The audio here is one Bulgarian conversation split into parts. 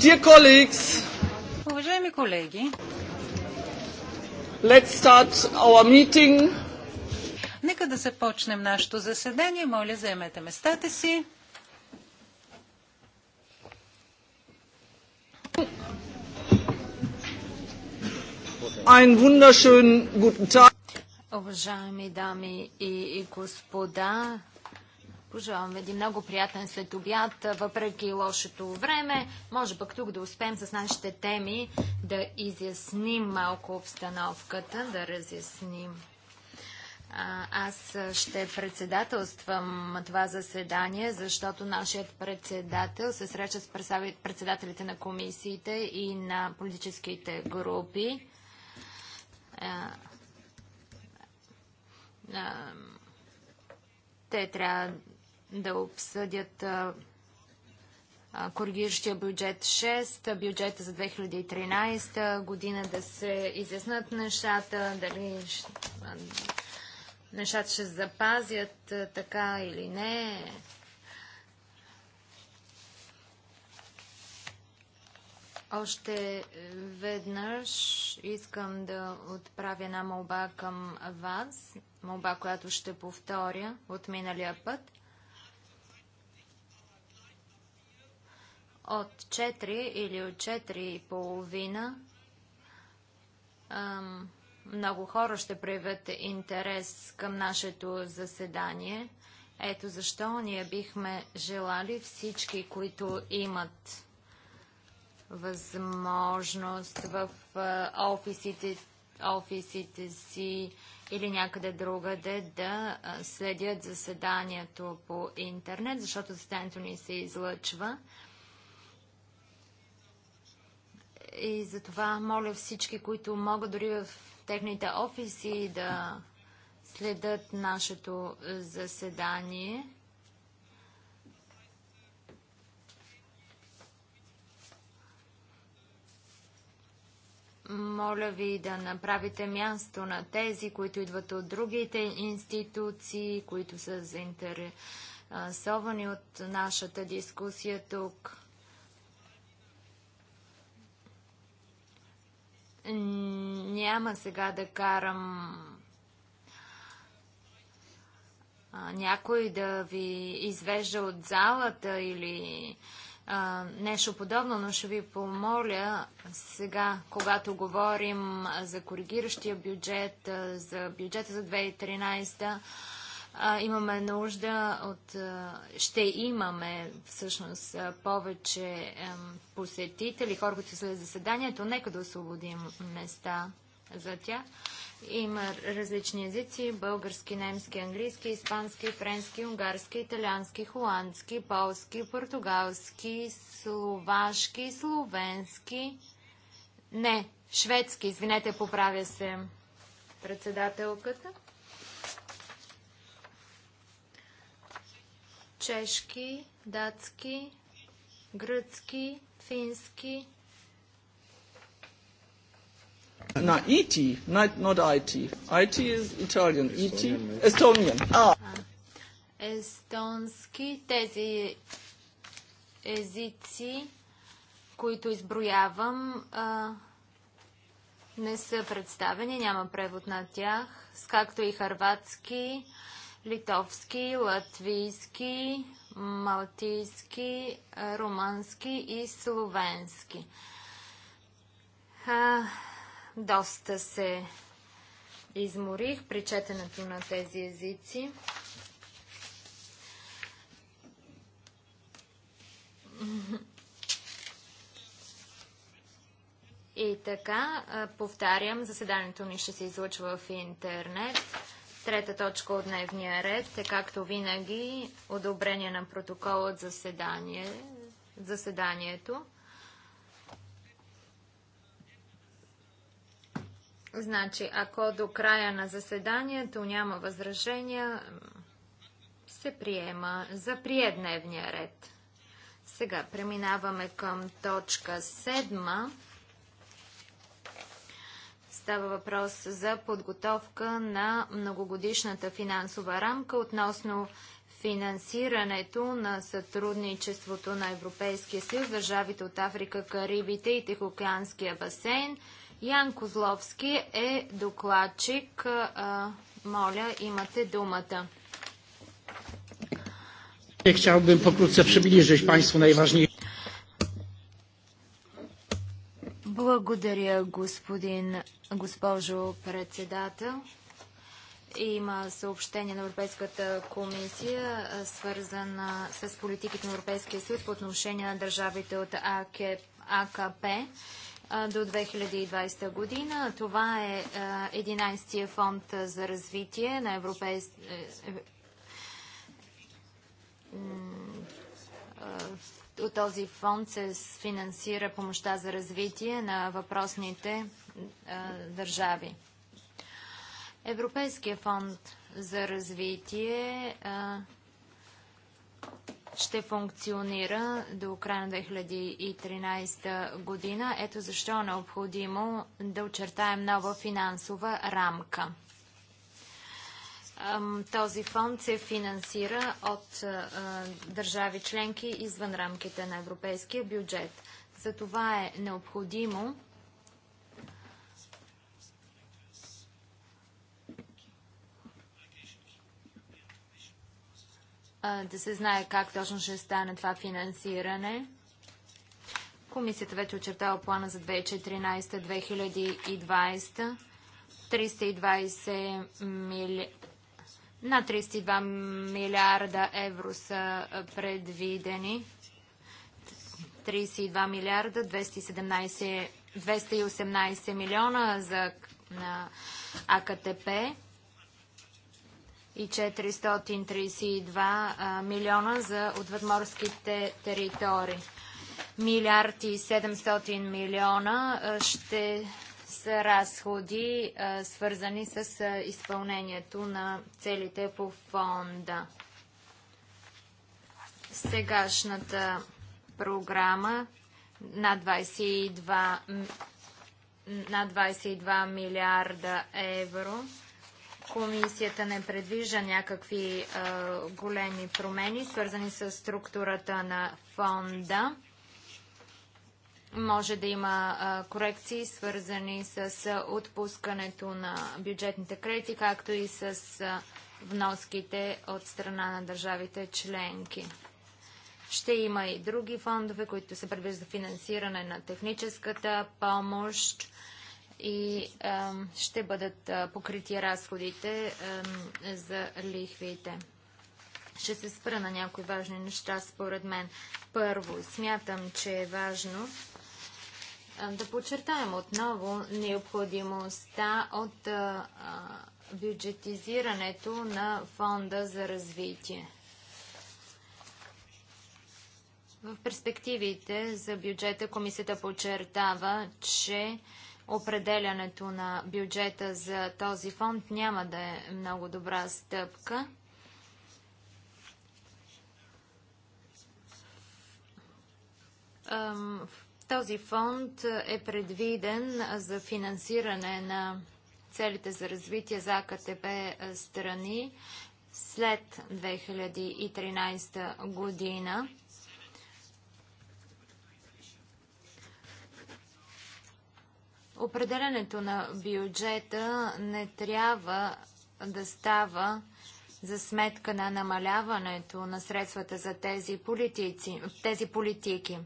Dear colleagues, уважаеми колеги, let's start our meeting. Нека да започнем нашето заседание. Моля, заемете местата си. Ein wunderschönen guten Tag. Уважаеми дами и господа, Пожелавам ви много приятен след обяд, въпреки лошото време. Може пък тук да успеем с нашите теми да изясним малко обстановката, да разясним. Аз ще председателствам това заседание, защото нашият председател се среща с председателите на комисиите и на политическите групи. Те трябва да обсъдят коригиращия бюджет 6, бюджета за 2013 година, да се изяснат нещата, дали нещата ще запазят така или не. Още веднъж искам да отправя една молба към вас, молба, която ще повторя от миналия път. от 4 или от 4 половина много хора ще проявят интерес към нашето заседание. Ето защо ние бихме желали всички, които имат възможност в офисите, офисите си или някъде другаде да следят заседанието по интернет, защото заседанието ни се излъчва. И затова моля всички, които могат дори в техните офиси да следят нашето е, заседание. Моля ви да направите място на тези, които идват от другите институции, които са заинтересовани от нашата дискусия тук. няма сега да карам някой да ви извежда от залата или нещо подобно, но ще ви помоля сега, когато говорим за коригиращия бюджет, за бюджета за 2013, а, имаме нужда от... А, ще имаме всъщност повече посетители, хора, които след заседанието. Нека да освободим места за тях. Има различни езици български, немски, английски, испански, френски, унгарски, италиански, холандски, полски, португалски, словашки, словенски. Не, шведски, извинете, поправя се председателката. чешки, датски, гръцки, фински. На IT, not, not IT. IT is Italian. IT, e Estonian. Ah. Естонски, тези езици, които изброявам, а, не са представени, няма превод на тях, както и харватски, литовски, латвийски, малтийски, румънски и словенски. А, доста се изморих при четенето на тези езици. И така, повтарям, заседанието ни ще се излъчва в интернет. Трета точка от дневния ред е, както винаги, одобрение на протокол от заседание, заседанието. Значи, ако до края на заседанието няма възражения, се приема за прие дневния ред. Сега преминаваме към точка седма. Става въпрос за подготовка на многогодишната финансова рамка относно финансирането на сътрудничеството на Европейския съюз, държавите от Африка, Карибите и Тихоокеанския басейн. Ян Козловски е докладчик. Моля, имате думата. Chciałbym pokrótce przybliżyć най-важните. Благодаря, господин, госпожо председател. Има съобщение на Европейската комисия, свързана с политиките на Европейския съюз по отношение на държавите от АКП до 2020 година. Това е 11-тия фонд за развитие на Европейския е, е, от този фонд се финансира помощта за развитие на въпросните държави. Европейския фонд за развитие ще функционира до края на 2013 година. Ето защо е необходимо да очертаем нова финансова рамка този фонд се финансира от държави членки извън рамките на европейския бюджет. За това е необходимо да се знае как точно ще стане това финансиране. Комисията вече очертава плана за 2014-2020. 320 милиона на 32 милиарда евро са предвидени. 32 милиарда 217, 218 милиона за АКТП и 432 милиона за отвъдморските територии. Милиарди и 700 милиона ще разходи, свързани с изпълнението на целите по фонда. Сегашната програма на 22, на 22 милиарда евро. Комисията не предвижда някакви а, големи промени, свързани с структурата на фонда може да има корекции, свързани с отпускането на бюджетните кредити, както и с вноските от страна на държавите членки. Ще има и други фондове, които се предвижда финансиране на техническата помощ и ще бъдат покрити разходите за лихвите. Ще се спра на някои важни неща, според мен. Първо, смятам, че е важно да подчертаем отново необходимостта от бюджетизирането на фонда за развитие. В перспективите за бюджета комисията подчертава, че определянето на бюджета за този фонд няма да е много добра стъпка. В този фонд е предвиден за финансиране на целите за развитие за АКТБ страни след 2013 година. Определенето на бюджета не трябва да става за сметка на намаляването на средствата за тези, тези политики.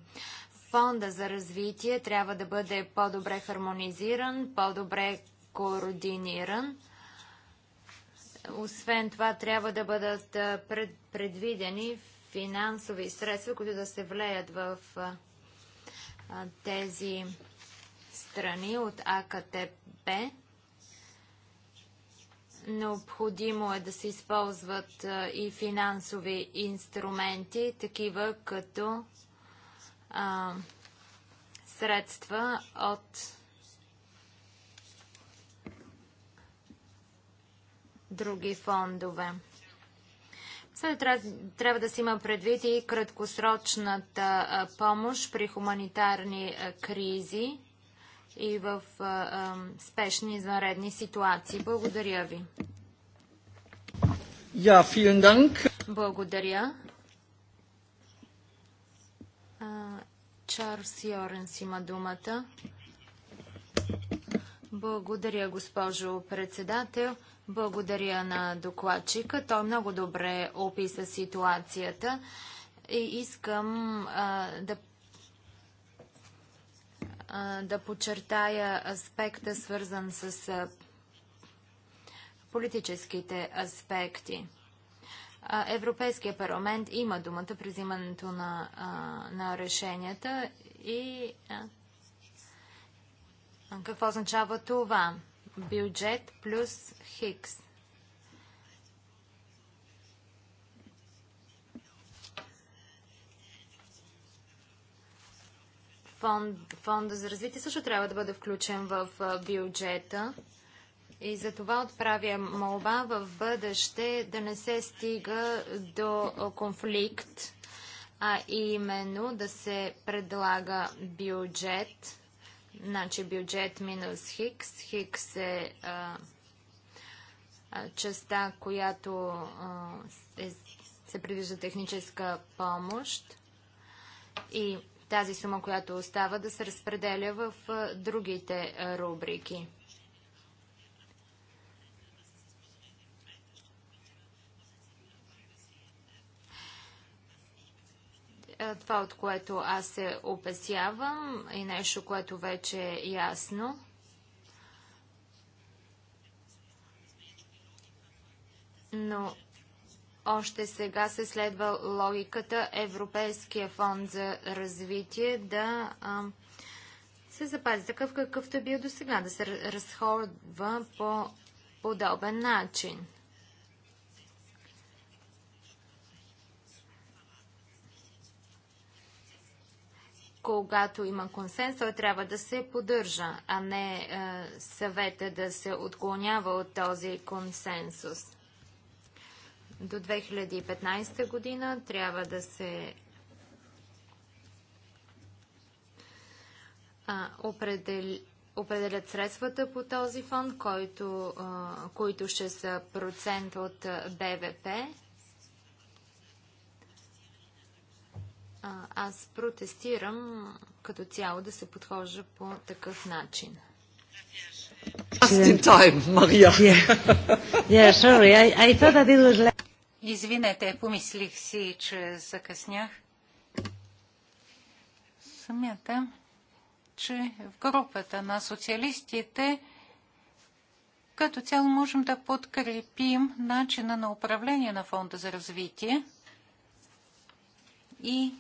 Фонда за развитие трябва да бъде по-добре хармонизиран, по-добре координиран. Освен това, трябва да бъдат предвидени финансови средства, които да се влеят в тези страни от АКТП. Необходимо е да се използват и финансови инструменти, такива като а, средства от други фондове. Сега трябва да си има предвид и краткосрочната помощ при хуманитарни кризи и в а, спешни извънредни ситуации. Благодаря ви. Ja, Dank. Благодаря. Чарлз Йоренс има думата. Благодаря, госпожо председател. Благодаря на докладчика. Той много добре описа ситуацията и искам а, да а, да подчертая аспекта, свързан с а, политическите аспекти. Европейския парламент има думата при взимането на, на решенията и какво означава това? Бюджет плюс Хикс. Фонд, фонда за развитие също трябва да бъде включен в бюджета. И за това отправя молба в бъдеще да не се стига до конфликт, а именно да се предлага бюджет, значи бюджет минус Хикс. Хикс е а, частта, която а, е, се предвижда техническа помощ и тази сума, която остава да се разпределя в а, другите рубрики. Е, това, от което аз се опасявам и е нещо, което вече е ясно. Но още сега се следва логиката Европейския фонд за развитие да се запази такъв какъвто е бил до сега, да се разходва по подобен начин. когато има консенс, той трябва да се поддържа, а не е, съвета да се отклонява от този консенсус. До 2015 година трябва да се определят средствата по този фонд, който, които ще са процент от БВП. аз протестирам като цяло да се подхожа по такъв начин. Извинете, помислих си, че закъснях. Смятам, че в групата на социалистите като цяло можем да подкрепим начина на управление на фонда за развитие и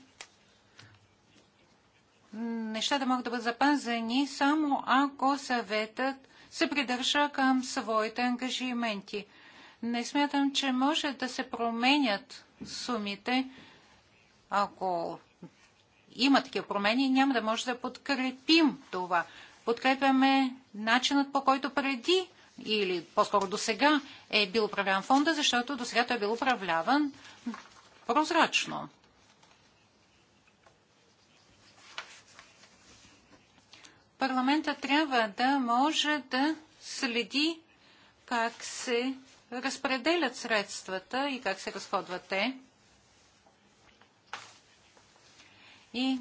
нещата могат да бъдат запазени само ако съветът се придържа към своите ангажименти. Не смятам, че може да се променят сумите, ако има такива промени, няма да може да подкрепим това. Подкрепяме начинът по който преди или по-скоро до сега е бил управляван фонда, защото до сега той е бил управляван прозрачно. Парламента трябва да може да следи как се разпределят средствата и как се разходват те. И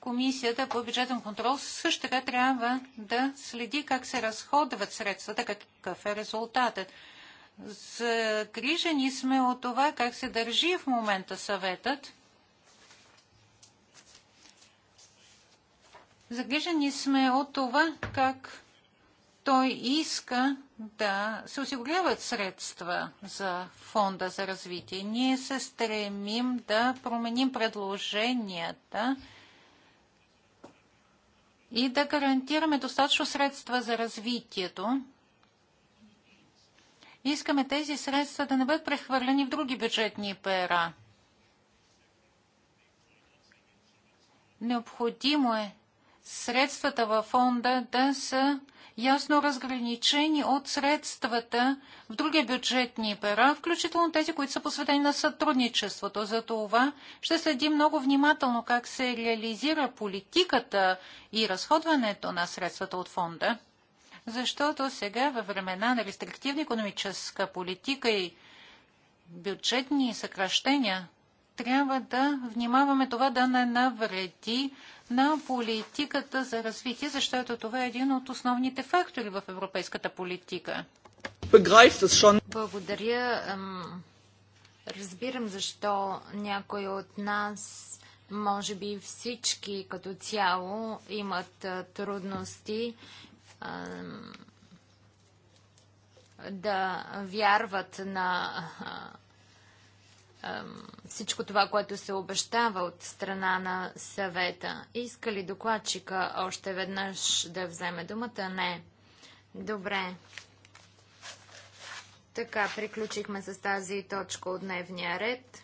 Комисията по бюджетен контрол също така трябва да следи как се разходват средствата, какъв е резултатът. Загрижени сме от това как се държи в момента съветът Загрижени сме от това, как той иска да се осигуряват средства за фонда за развитие. Ние се стремим да променим предложенията и да гарантираме достатъчно средства за развитието. Искаме тези средства да не бъдат прехвърлени в други бюджетни пера. Необходимо е средствата във фонда да са ясно разграничени от средствата в други бюджетни пера, включително тези, които са посветени на сътрудничеството. За това ще следим много внимателно как се реализира политиката и разходването на средствата от фонда, защото сега във времена на рестриктивна економическа политика и бюджетни съкращения – трябва да внимаваме това да не навреди на политиката за развитие, защото това е един от основните фактори в европейската политика. Благодаря. Разбирам защо някой от нас, може би всички като цяло, имат трудности да вярват на всичко това, което се обещава от страна на съвета. Иска ли докладчика още веднъж да вземе думата? Не. Добре. Така, приключихме с тази точка от дневния ред.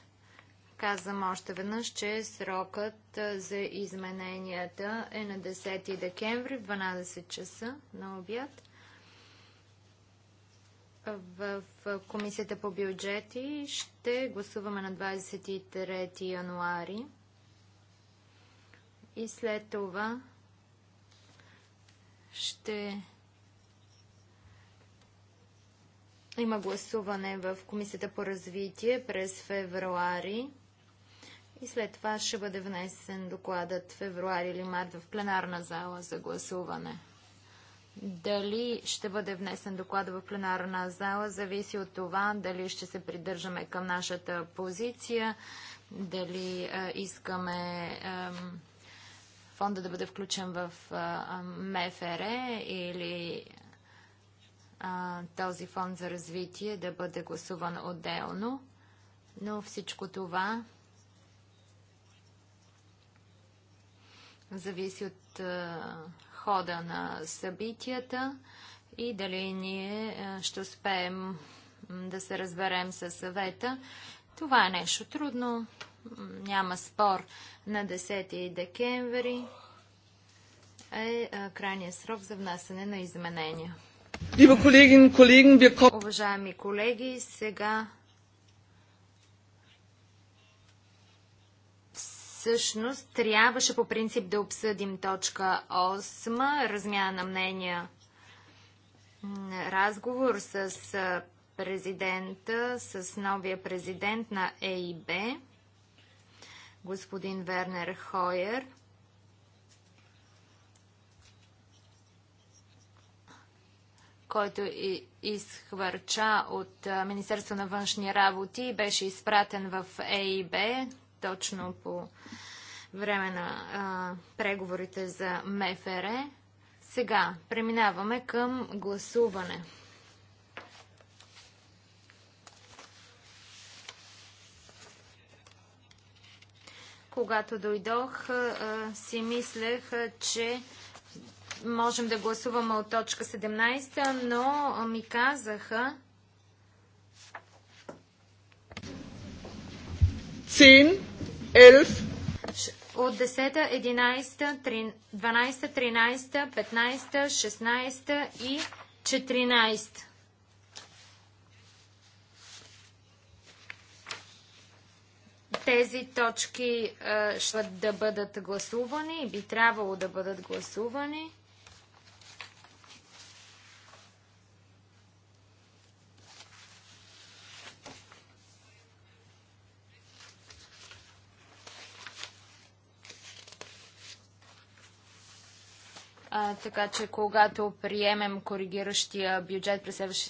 Казвам още веднъж, че срокът за измененията е на 10 декември в 12 часа на обяд в Комисията по бюджети ще гласуваме на 23 януари и след това ще има гласуване в Комисията по развитие през февруари и след това ще бъде внесен докладът февруари или март в пленарна зала за гласуване. Дали ще бъде внесен доклад в пленарна зала, зависи от това дали ще се придържаме към нашата позиция, дали искаме фонда да бъде включен в е, МФР или този фонд за развитие да бъде гласуван отделно. Но всичко това зависи от хода на събитията и дали ние ще успеем да се разберем със съвета. Това е нещо трудно, няма спор. На 10 декември е крайният срок за внасяне на изменения. Уважаеми колеги, сега всъщност трябваше по принцип да обсъдим точка 8, размяна на мнения, разговор с президента, с новия президент на ЕИБ, господин Вернер Хойер. който изхвърча от Министерство на външни работи и беше изпратен в ЕИБ точно по време на а, преговорите за МФР. Сега преминаваме към гласуване. Когато дойдох, а, си мислех, а, че можем да гласуваме от точка 17, но ми казаха. Цин. 11. От 10, 11, 12, 13, 15, 16 и 14. Тези точки ще да бъдат гласувани и би трябвало да бъдат гласувани. А, така че когато приемем коригиращия бюджет през следващ,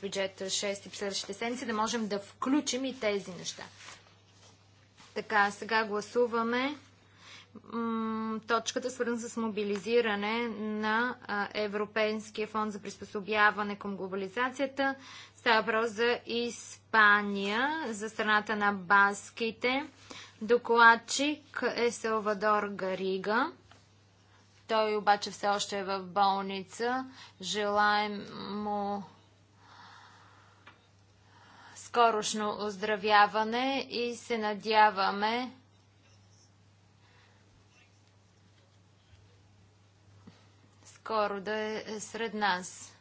бюджет 6 и следващите седмици, да можем да включим и тези неща. Така, сега гласуваме точката свързана с мобилизиране на Европейския фонд за приспособяване към глобализацията. Става въпрос за Испания, за страната на баските. Докладчик е Салвадор Гарига. Той обаче все още е в болница. Желаем му скорошно оздравяване и се надяваме скоро да е сред нас.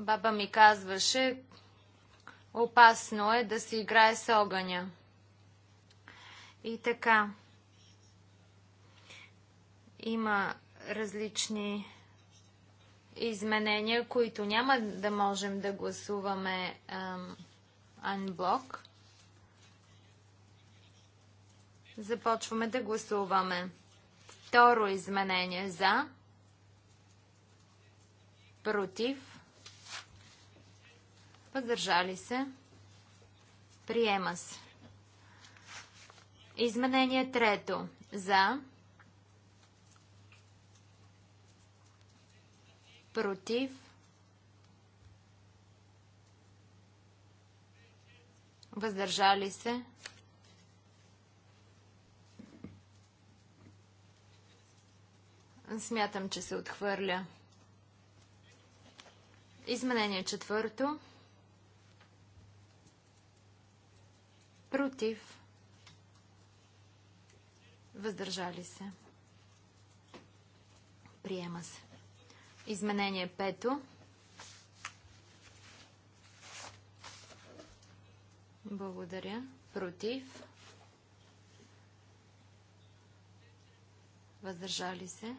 Баба ми казваше, опасно е да се играе с огъня. И така. Има различни изменения, които няма да можем да гласуваме анблок. Започваме да гласуваме. Второ изменение за, против, Въздържали се. Приема се. Изменение трето. За. Против. Въздържали се. Смятам, че се отхвърля. Изменение четвърто. против, въздържали се. Приема се. Изменение пето. Благодаря. Против. Въздържали се.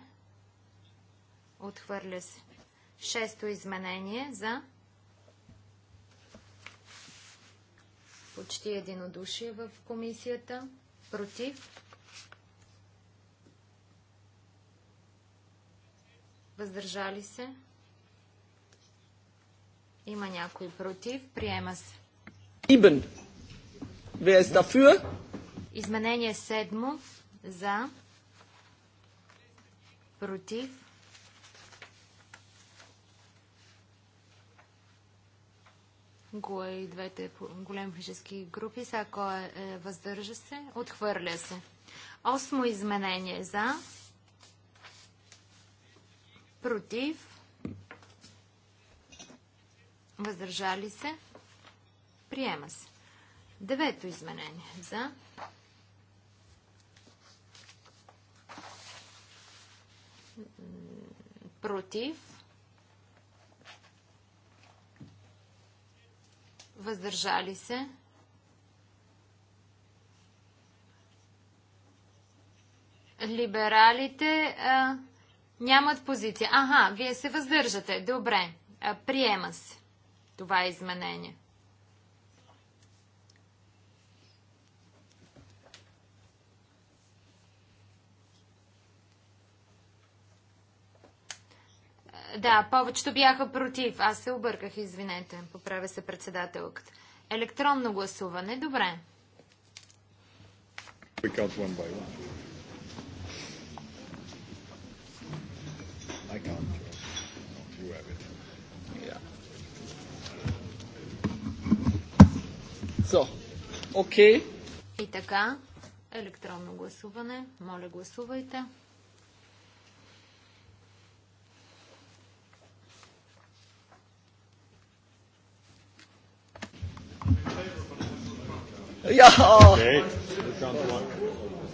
Отхвърля се. Шесто изменение за почти единодушие в комисията. Против? Въздържали се? Има някой против. Приема се. Ибн. Wer ist dafür? Изменение седмо. За. Против. го и двете големи физически групи. Сега кой е, е въздържа се, отхвърля се. Осмо изменение за, против, въздържали се, приема се. Девето изменение за, против, въздържали се. Либералите а, нямат позиция. Аха, вие се въздържате. Добре, а, приема се това е изменение. Да, повечето бяха против. Аз се обърках, извинете. Поправя се председателката. Електронно гласуване, добре. So, okay. И така, електронно гласуване. Моля, гласувайте. Ja. Okay.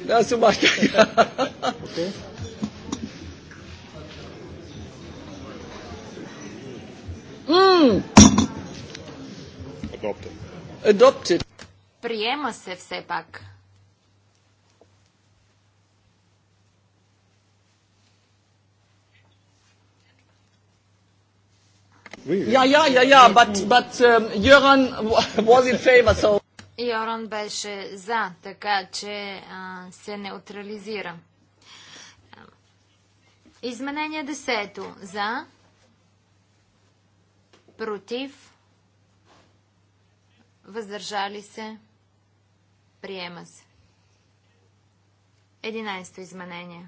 Ja, so macht er. Okay. Mm. Adopted. Adopted. Приема се все пак. Yeah, yeah, yeah, yeah, but, but um, was in favor, so... Йоран беше за, така че а, се неутрализира. Изменение 10. За. Против. Въздържали се. Приема се. 11 изменение.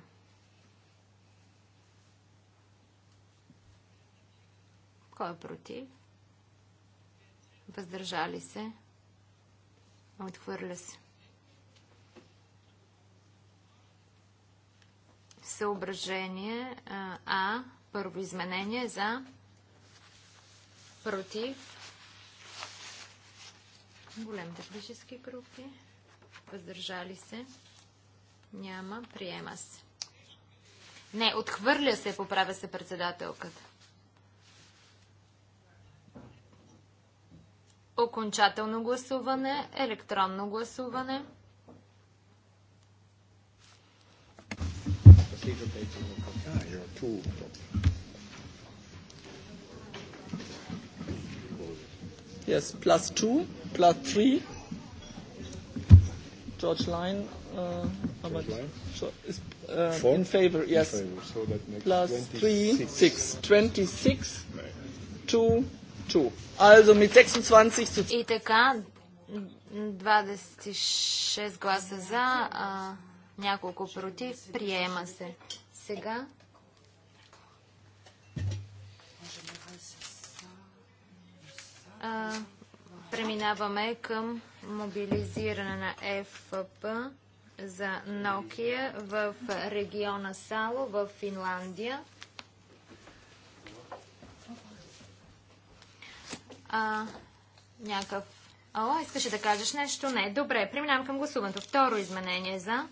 Кой е против? Въздържали се? Отхвърля се. Съображение А. Първо изменение за против големите политически групи. Е, въздържали се. Няма. Приема се. Не, отхвърля се, поправя се председателката. Окончателно гласуване, електронно гласуване. Yes, plus two, plus three. George Line, uh, George Line? So is, uh, Four? in favor, yes. In favor, so that makes plus 26. three, six, Twenty-six, two, и така, 26 гласа за, а, няколко против. Приема се. Сега. А, преминаваме към мобилизиране на ФП за Nokia в региона Сало в Финландия. а, някакъв... О, искаше да кажеш нещо? Не. Добре, преминавам към гласуването. Второ изменение за...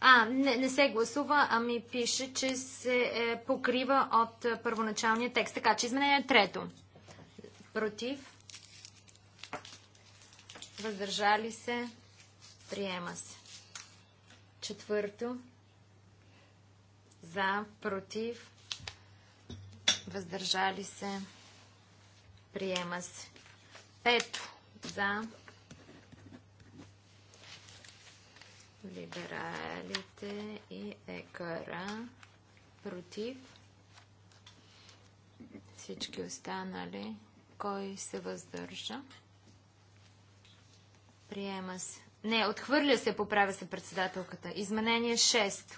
А, не, не се гласува, а ми пише, че се е, покрива от е, първоначалния текст. Така че изменение е трето. Против. Въздържали се. Приема се. Четвърто. За, против въздържали се, приема се. Пето за либералите и екара против всички останали. Кой се въздържа? Приема се. Не, отхвърля се, поправя се председателката. Изменение 6.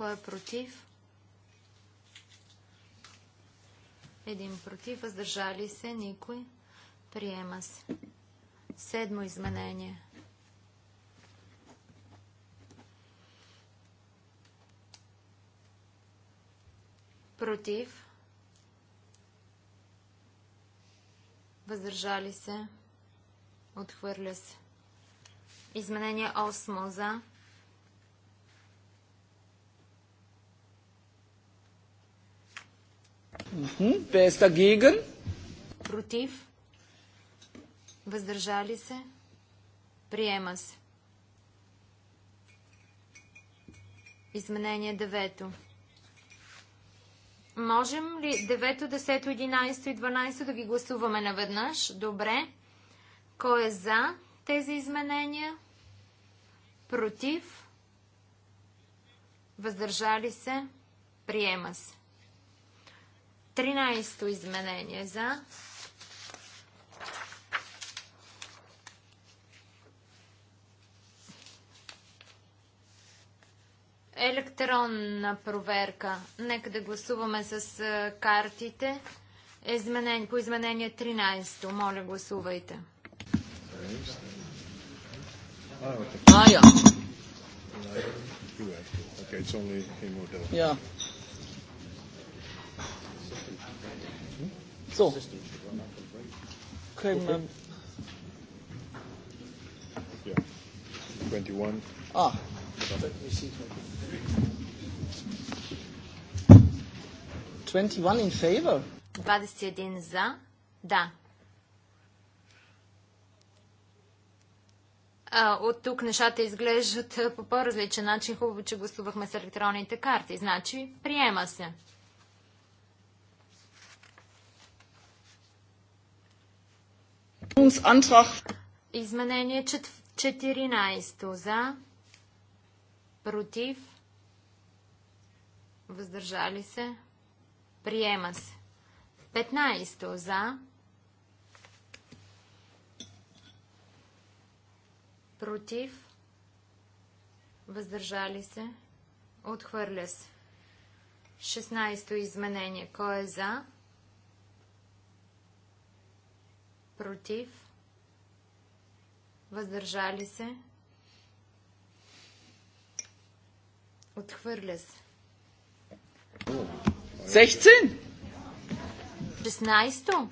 Кой е против? Един против. Въздържали се? Никой. Приема се. Седмо изменение. Против. Въздържали се. Отхвърля се. Изменение 8 за. Mhm. Wer ist dagegen? Против. Въздържали се. Приема се. Изменение 9. Можем ли 9, 10, 11 и 12 да ги гласуваме наведнъж? Добре. Кой е за тези изменения? Против? Въздържали се? Приема се. 13-то изменение за. Електронна проверка. Нека да гласуваме с картите. по изменение 13-то. Моля, гласувайте. А, ja. Okay, it's only him Yeah. So, können wir. 21. Ah, let me see. 21 in favor? 21 за. Да. А, от тук нещата изглеждат по по-различен начин. Хубаво, че гласувахме с електронните карти. Значи, приема се. Изменение 14 за, против, въздържали се, приема се. 15 за, против, въздържали се, отхвърля се. 16 изменение. Кой е за? против, въздържали се, отхвърля се. 16. 16.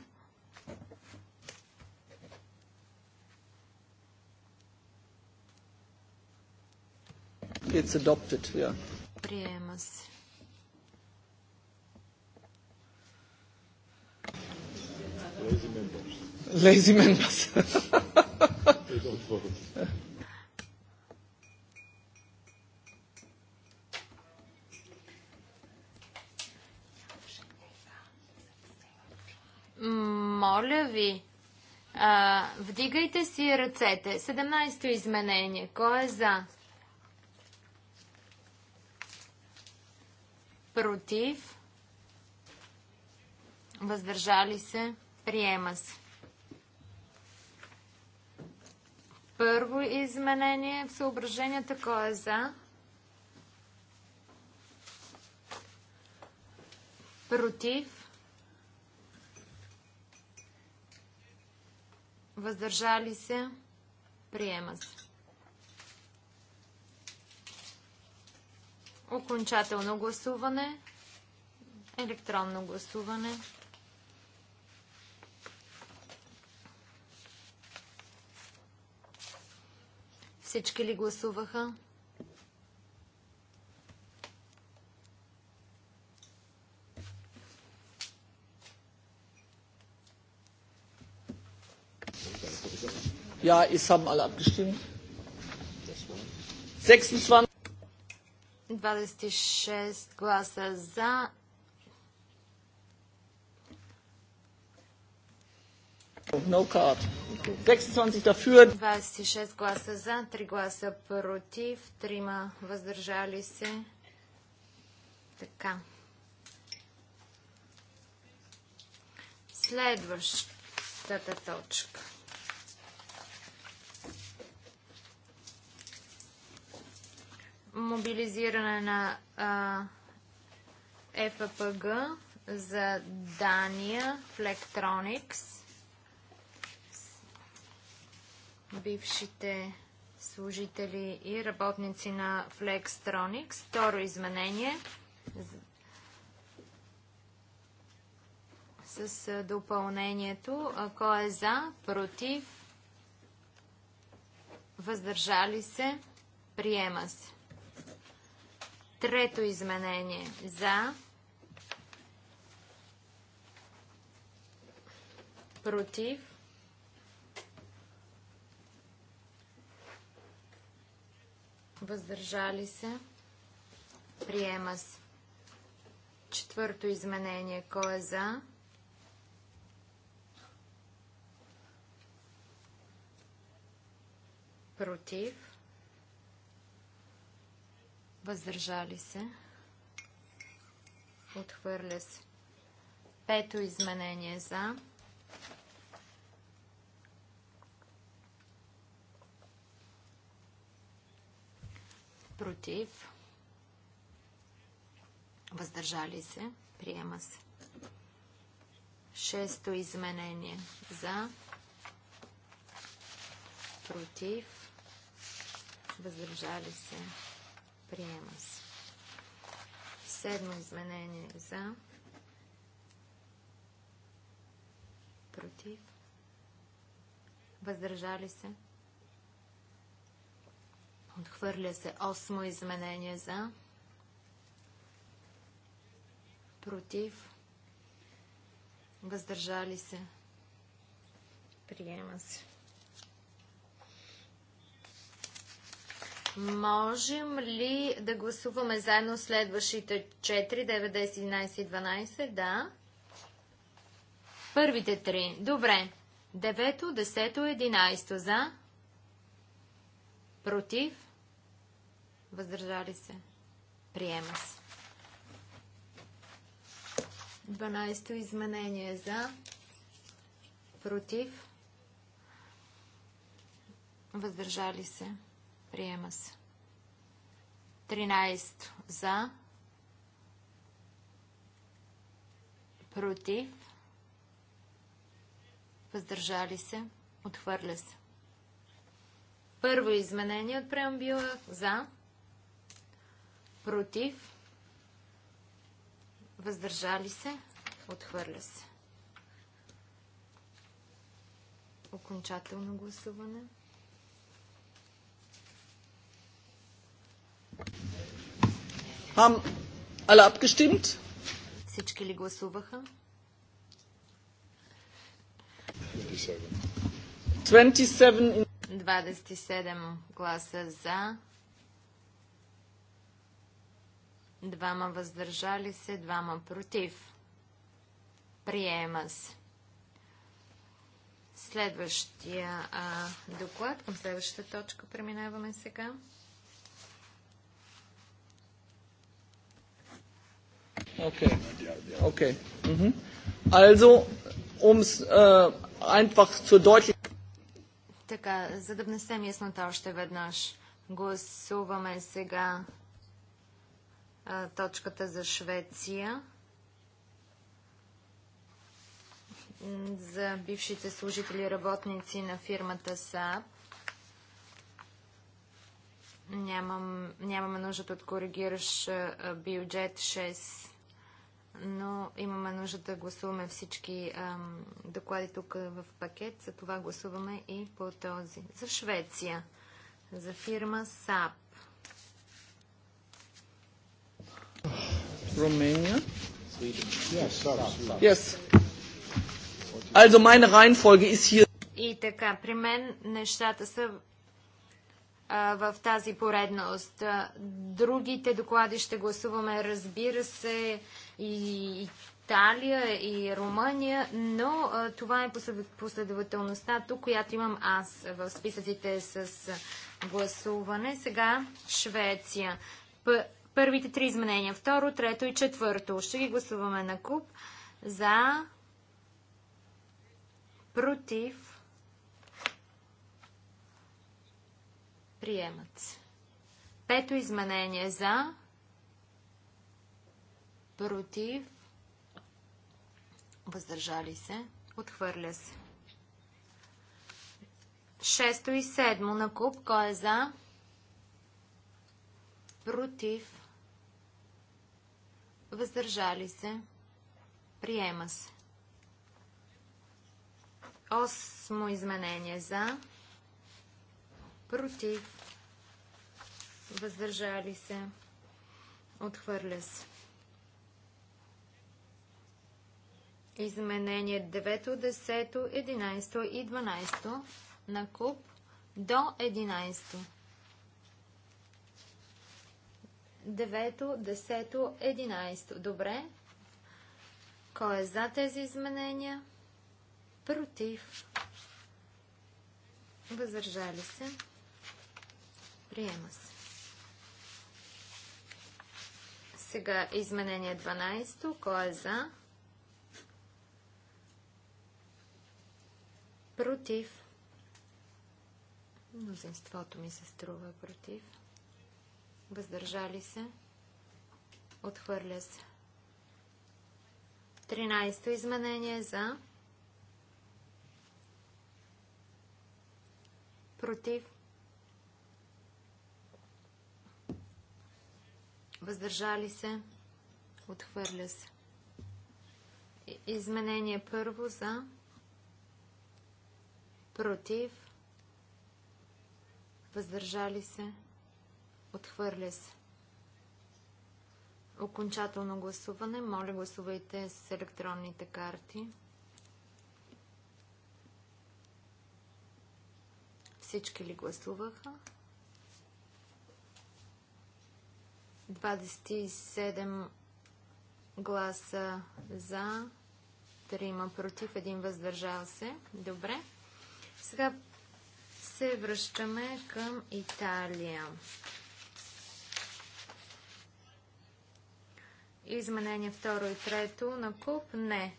It's adopted, yeah. Приема се. Lazy members lazy members. Моля ви, а, вдигайте си ръцете. 17-то изменение. Кой е за? Против? Въздържали се? Приема се. Първо изменение в съображенията. Кой е за? Против? Въздържали се? Приема се. Окончателно гласуване. Електронно гласуване. Всички ли гласуваха? Ja, es haben alle abgestimmt. 26 гласа за, No card. 26 26 гласа за, 3 гласа против, 3 въздържали се. Така. Следващата точка. Мобилизиране на а, ФПГ за Дания в Electronics бившите служители и работници на Flextronics. Второ изменение с допълнението. Кой е за, против, въздържали се, приема се. Трето изменение. За, против, въздържали се, приема се. Четвърто изменение, кой е за? Против, въздържали се, отхвърля се. Пето изменение за. против, въздържали се, приема се. Шесто изменение за, против, въздържали се, приема се. Седмо изменение за, против, въздържали се, приема се. Отхвърля се осмо изменение за. Против. Въздържали се. Приема се. Можем ли да гласуваме заедно следващите 4, 9, 10, 11 и 12? Да. Първите три. Добре. 9, 10, 11 за. Против въздържали се, приема се. 12-то изменение за, против, въздържали се, приема се. 13 за, против, въздържали се, отхвърля се. Първо изменение от преамбила за, против, въздържали се, отхвърля се. Окончателно гласуване. Ам. ала abgestimmt? Всички ли гласуваха? 27. 27 гласа за, двама въздържали се, двама против. Приема се. Следващия а, доклад, към следващата точка преминаваме сега. Окей. Окей. Mhm. Also, um es äh, einfach Така, за да внесем яснота още веднъж, гласуваме сега точката за Швеция, за бившите служители и работници на фирмата САП. Нямам, нямаме нужда от коригиращ бюджет 6 но имаме нужда да гласуваме всички ам, доклади тук в пакет, за това гласуваме и по този. За Швеция, за фирма САП. Romania? Yes. Also meine Reihenfolge ist hier. И така, при мен нещата са в тази поредност. Другите доклади ще гласуваме, разбира се, и Италия и Румъния, но това е последователността, тук, която имам аз в списъците с гласуване. Сега Швеция. Първите три изменения. Второ, трето и четвърто. Ще ги гласуваме на куп. За. Против. Приемат се. Пето изменение за. Против. Въздържали се. Отхвърля се. Шесто и седмо на куп. Кой е за? Против. Въздържали се. Приема се. Осмо изменение за. Против. Въздържали се. Отхвърля се. Изменение 9, 10, 11 и 12 на куп до 11. Девето, десето, единайсто. Добре. Кой е за тези изменения? Против. Въздържали се. Приема се. Сега изменение 12. Кой е за? Против. Мнозинството ми се струва против въздържали се, отхвърля се. Тринайсто изменение за, против, въздържали се, отхвърля се. Изменение първо за, против, въздържали се, Отхвърля се. Окончателно гласуване. Моля, гласувайте с електронните карти. Всички ли гласуваха? 27 гласа за, 3 против, 1 въздържал се. Добре. Сега се връщаме към Италия. Изменение второ и трето на куп? Не.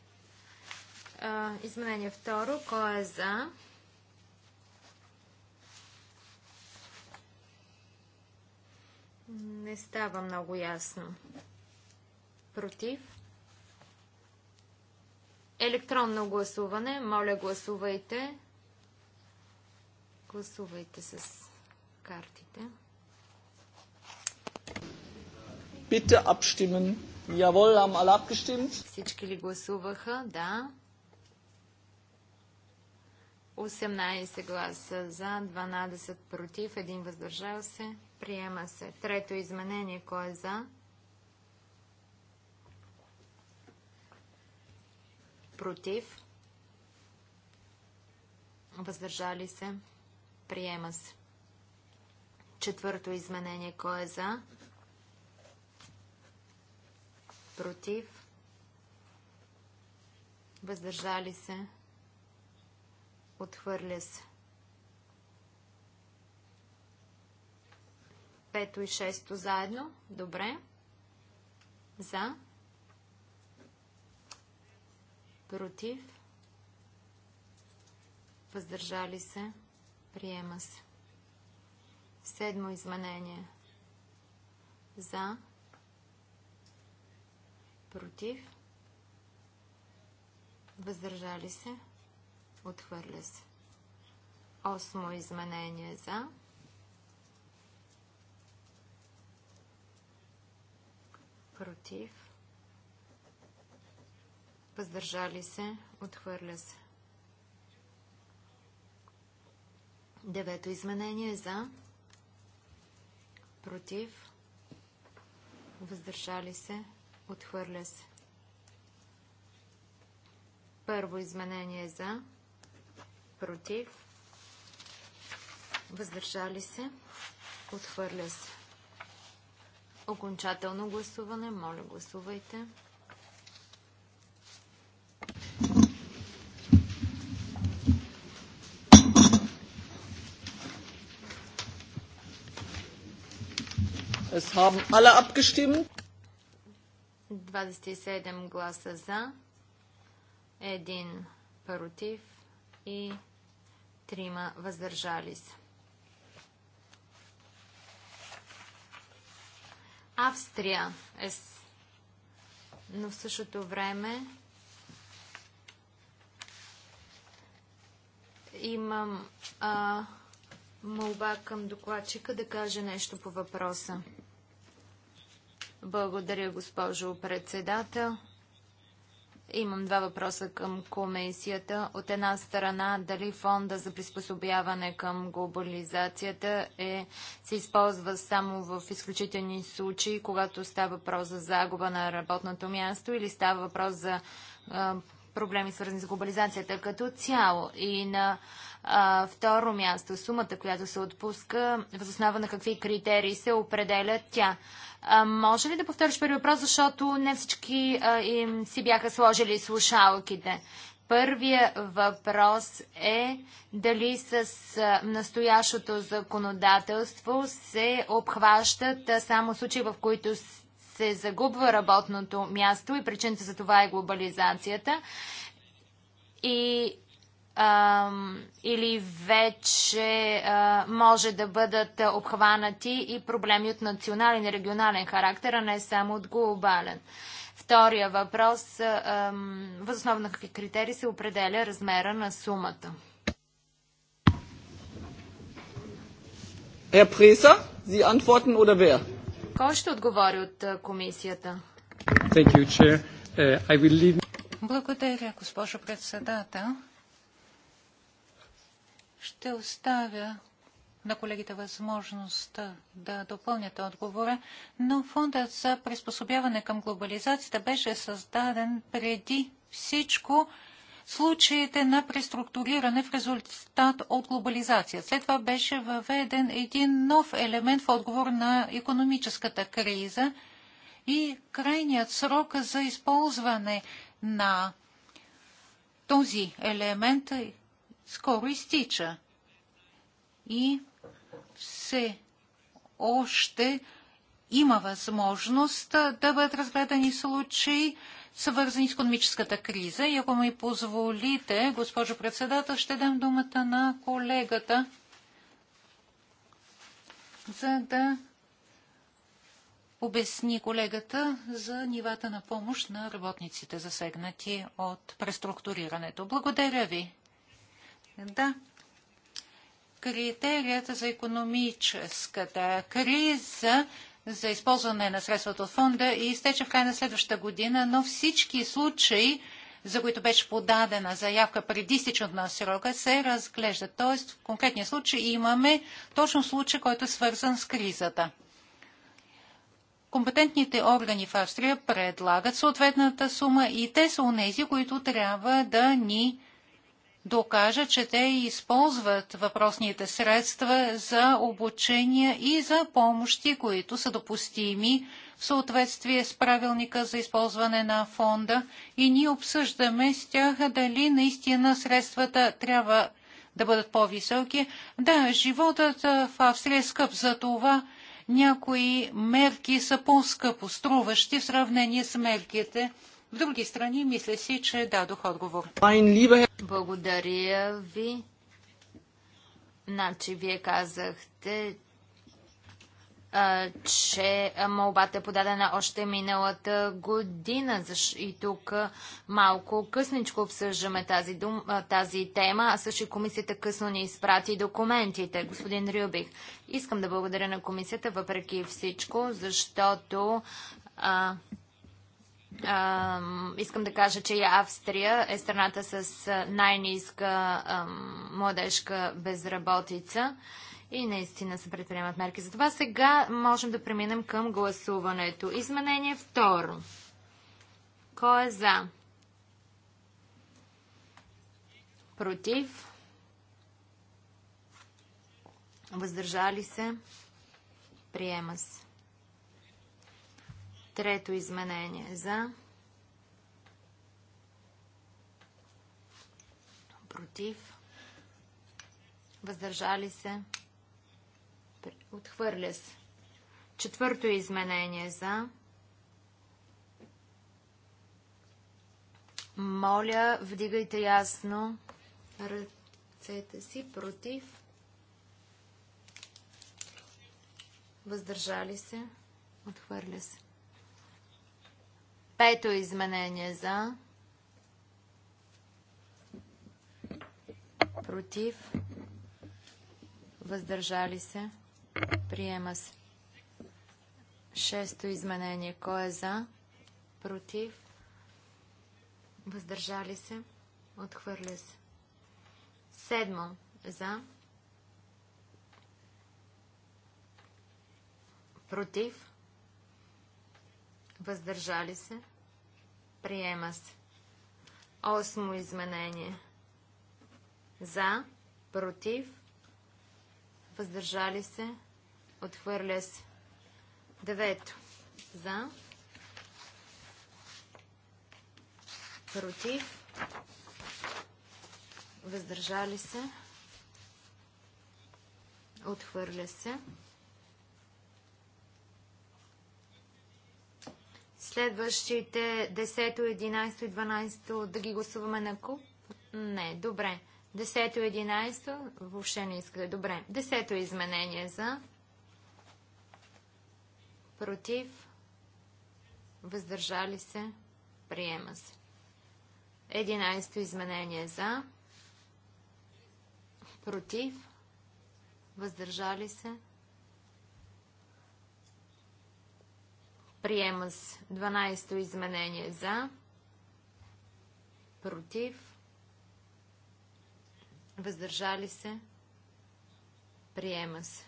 Изменение второ. Кой е за? Не става много ясно. Против? Електронно гласуване. Моля, гласувайте. Гласувайте с картите. Питте абстимен. Jawohl, haben alle abgestimmt. Всички ли гласуваха? Да. 18 гласа за, 12 против, 1 въздържал се. Приема се. Трето изменение. Кой е за? Против. Въздържали се. Приема се. Четвърто изменение. Кой е за? Против против, въздържали се, отхвърля се. Пето и шесто заедно. Добре. За. Против. Въздържали се. Приема се. Седмо изменение. За против, въздържали се, отхвърля се. Осмо изменение за, против, въздържали се, отхвърля се. Девето изменение за, против, въздържали се, Отхвърля се. Първо изменение за. Против. Въздържали се. Отхвърля се. Окончателно гласуване. Моля, гласувайте. Es haben alle abgestimmt. 27 гласа за, 1 против и 3 въздържали се. Австрия е но в същото време имам а, молба към докладчика да каже нещо по въпроса. Благодаря, госпожо председател. Имам два въпроса към комисията. От една страна, дали фонда за приспособяване към глобализацията е, се използва само в изключителни случаи, когато става въпрос за загуба на работното място или става въпрос за проблеми, свързани с глобализацията като цяло. И на а, второ място, сумата, която се отпуска, възоснава на какви критерии се определя тя. А, може ли да повториш първи въпрос, защото не всички а, им си бяха сложили слушалките? Първия въпрос е дали с настоящото законодателство се обхващат само случаи, в които се загубва работното място и причината за това е глобализацията. И или вече може да бъдат обхванати и проблеми от национален и регионален характер, а не само от глобален. Втория въпрос. Възоснова на какви критерии се определя размера на сумата? Ер Преса, Си антворен или wer? Кой ще отговори от комисията? Thank you, chair. Uh, I will leave... Благодаря, госпожо председател. Ще оставя на колегите възможност да допълнят отговора, но фондът за приспособяване към глобализацията беше създаден преди всичко случаите на преструктуриране в резултат от глобализация. След това беше въведен един нов елемент в отговор на економическата криза и крайният срок за използване на този елемент скоро изтича. И все още има възможност да бъдат разгледани случаи свързани с економическата криза. И ако ми позволите, госпожо председател, ще дам думата на колегата, за да обясни колегата за нивата на помощ на работниците, засегнати от преструктурирането. Благодаря ви. Да. Критерията за економическата криза за използване на средствата от фонда и изтече в края на следващата година, но всички случаи, за които беше подадена заявка преди стичането на срока, се разглежда. Тоест, в конкретния случай имаме точно случай, който е свързан с кризата. Компетентните органи в Австрия предлагат съответната сума и те са унези, които трябва да ни докажа, че те използват въпросните средства за обучение и за помощи, които са допустими в съответствие с правилника за използване на фонда и ние обсъждаме с тях дали наистина средствата трябва да бъдат по-високи. Да, животът в Австрия е скъп, за това някои мерки са по-скъпо струващи в сравнение с мерките в други страни мисля си, че дадох отговор. Благодаря ви. Значи, вие казахте, че молбата е подадена още миналата година. И тук малко късничко обсъждаме тази, дум, тази тема, а също и комисията късно ни изпрати документите. Господин Рюбих, искам да благодаря на комисията въпреки всичко, защото а, искам да кажа, че и Австрия е страната с най-низка младежка безработица и наистина се предприемат мерки. Затова сега можем да преминем към гласуването. Изменение второ. Кой е за? Против? Въздържали се? Приема се. Трето изменение за. Против. Въздържали се. Отхвърля се. Четвърто изменение за. Моля, вдигайте ясно ръцете си против. Въздържали се. Отхвърля се. Пето изменение за. Против. Въздържали се. Приема се. Шесто изменение. Кой е за? Против. Въздържали се. Отхвърля се. Седмо. За. Против. Въздържали се. Приема се. Осмо изменение. За, против, въздържали се, отхвърля се. Девето. За, против, въздържали се, отхвърля се. следващите 10, 11 и 12 да ги гласуваме на куп? Не, добре. 10, 11 въобще не иска. Добре. 10 изменение за против въздържали се приема се. 11 изменение за против въздържали се Приема с 12-то изменение за, против, въздържали се, приема се.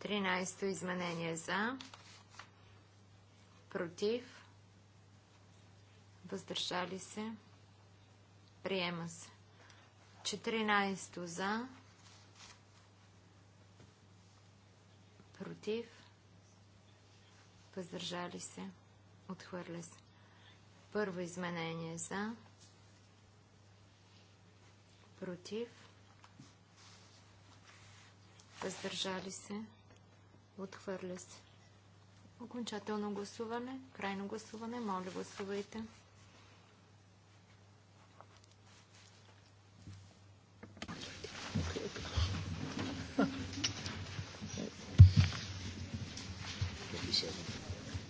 13-то изменение за, против, въздържали се, приема се. 14-то за, против, въздържали се, отхвърля се. Първо изменение за, против, въздържали се, отхвърля се. Окончателно гласуване, крайно гласуване, моля гласувайте.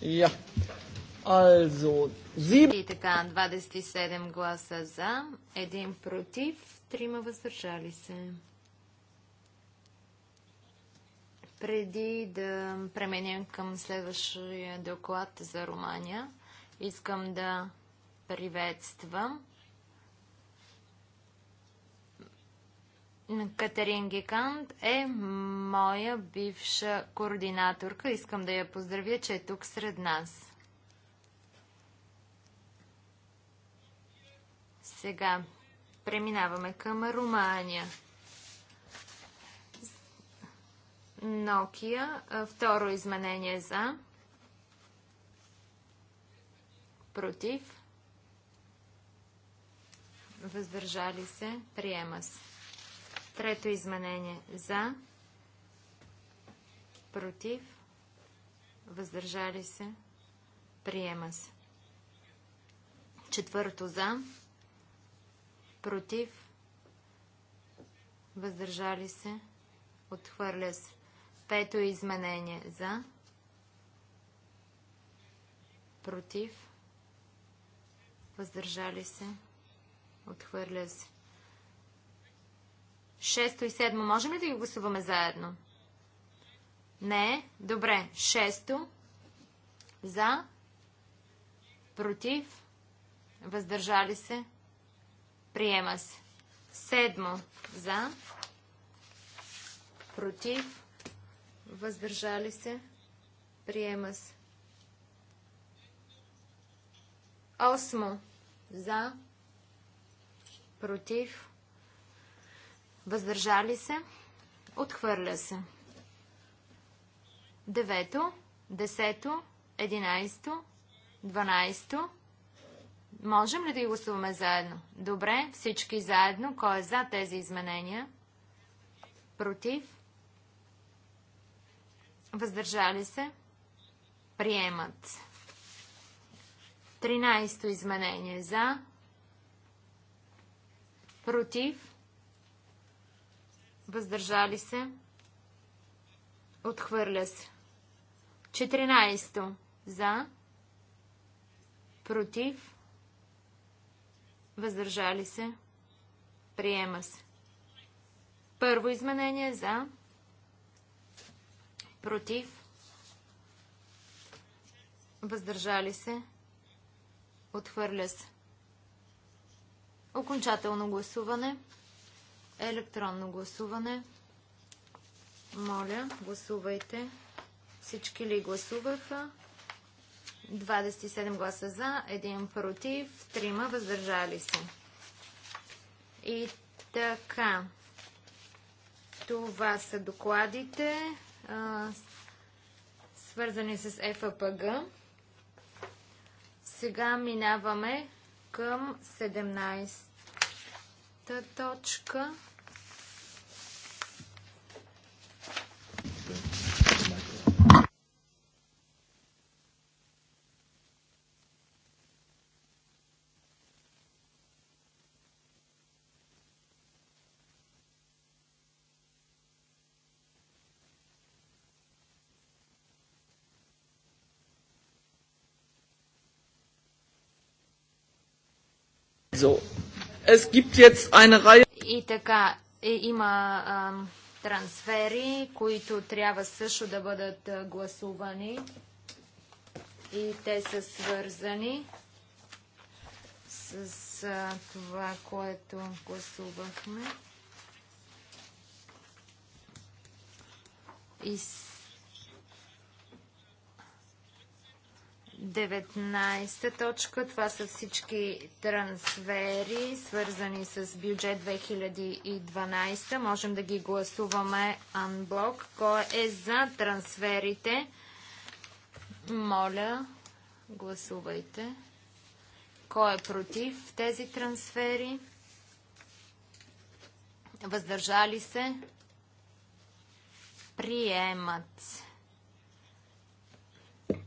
Ja. Also, sieb... И така, 27 гласа за, един против, трима въздържали се. Преди да пременем към следващия доклад за Румания, искам да приветствам Катерин Гекант е моя бивша координаторка. Искам да я поздравя, че е тук сред нас. Сега преминаваме към Румания. Nokia, второ изменение за, против, въздържали се, приема се. Трето изменение за, против, въздържали се, приема се. Четвърто за, против, въздържали се, отхвърля се. Пето изменение за, против, въздържали се, отхвърля се. 6 и седмо, можем ли да ги гласуваме заедно? Не. Добре. 6 за, против, въздържали се, приема се. Седмо за, против, въздържали се, приема се. Осмо за, против, въздържали се, отхвърля се. Девето, десето, единайсто, дванайсто. Можем ли да ги гласуваме заедно? Добре, всички заедно. Кой е за тези изменения? Против? Въздържали се? Приемат. Тринайсто изменение за. Против? въздържали се, отхвърля се. 14 за, против, въздържали се, приема се. Първо изменение за, против, въздържали се, отхвърля се. Окончателно гласуване. Електронно гласуване. Моля, гласувайте. Всички ли гласуваха? 27 гласа за, 1 против, 3 въздържали се. И така. Това са докладите, а, свързани с ФПГ. Сега минаваме към 17 Пета точка. So, Es gibt jetzt eine Reihe. И така, е, има а, трансфери, които трябва също да бъдат гласувани. И те са свързани с а, това, което гласувахме. И 19 точка. Това са всички трансфери, свързани с бюджет 2012. Можем да ги гласуваме анблок. Кой е за трансферите? Моля, гласувайте. Кой е против тези трансфери? Въздържали се? Приемат се.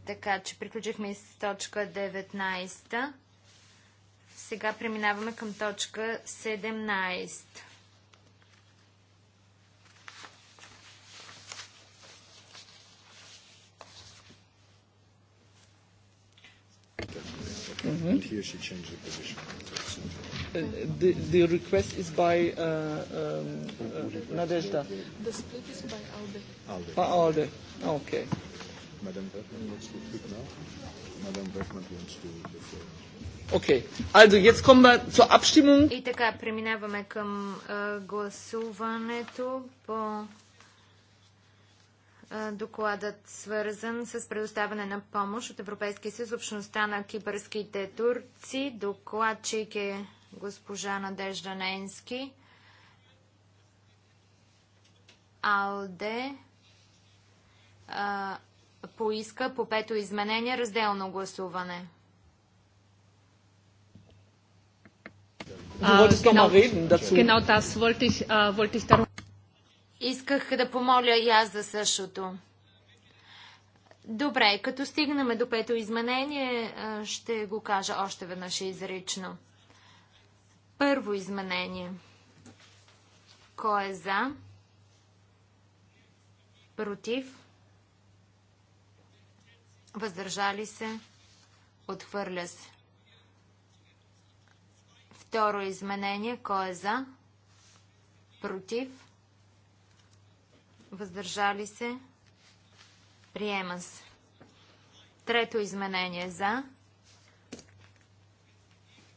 Така че приключихме с точка 19. Сега преминаваме към точка 17. Mm-hmm. the the, the request is by uh, um, uh, Nadezhda. The split is by Alde. Alde. By Alde. Okay. Madame Madame Okay. Also jetzt kommen wir zur Abstimmung. И така преминаваме към гласуването по докладът свързан с предоставяне на помощ от Европейския съюз общността на кипърските турци. Докладчик е госпожа Надежда Ненски. Алде. А, поиска по пето изменение разделно гласуване. Äh, Исках да помоля и аз за същото. Добре, като стигнем до пето изменение, е, ще го кажа още веднъж изрично. Първо изменение. Кой е за? Против? въздържали се, отхвърля се. Второ изменение, кой е за, против, въздържали се, приема се. Трето изменение за,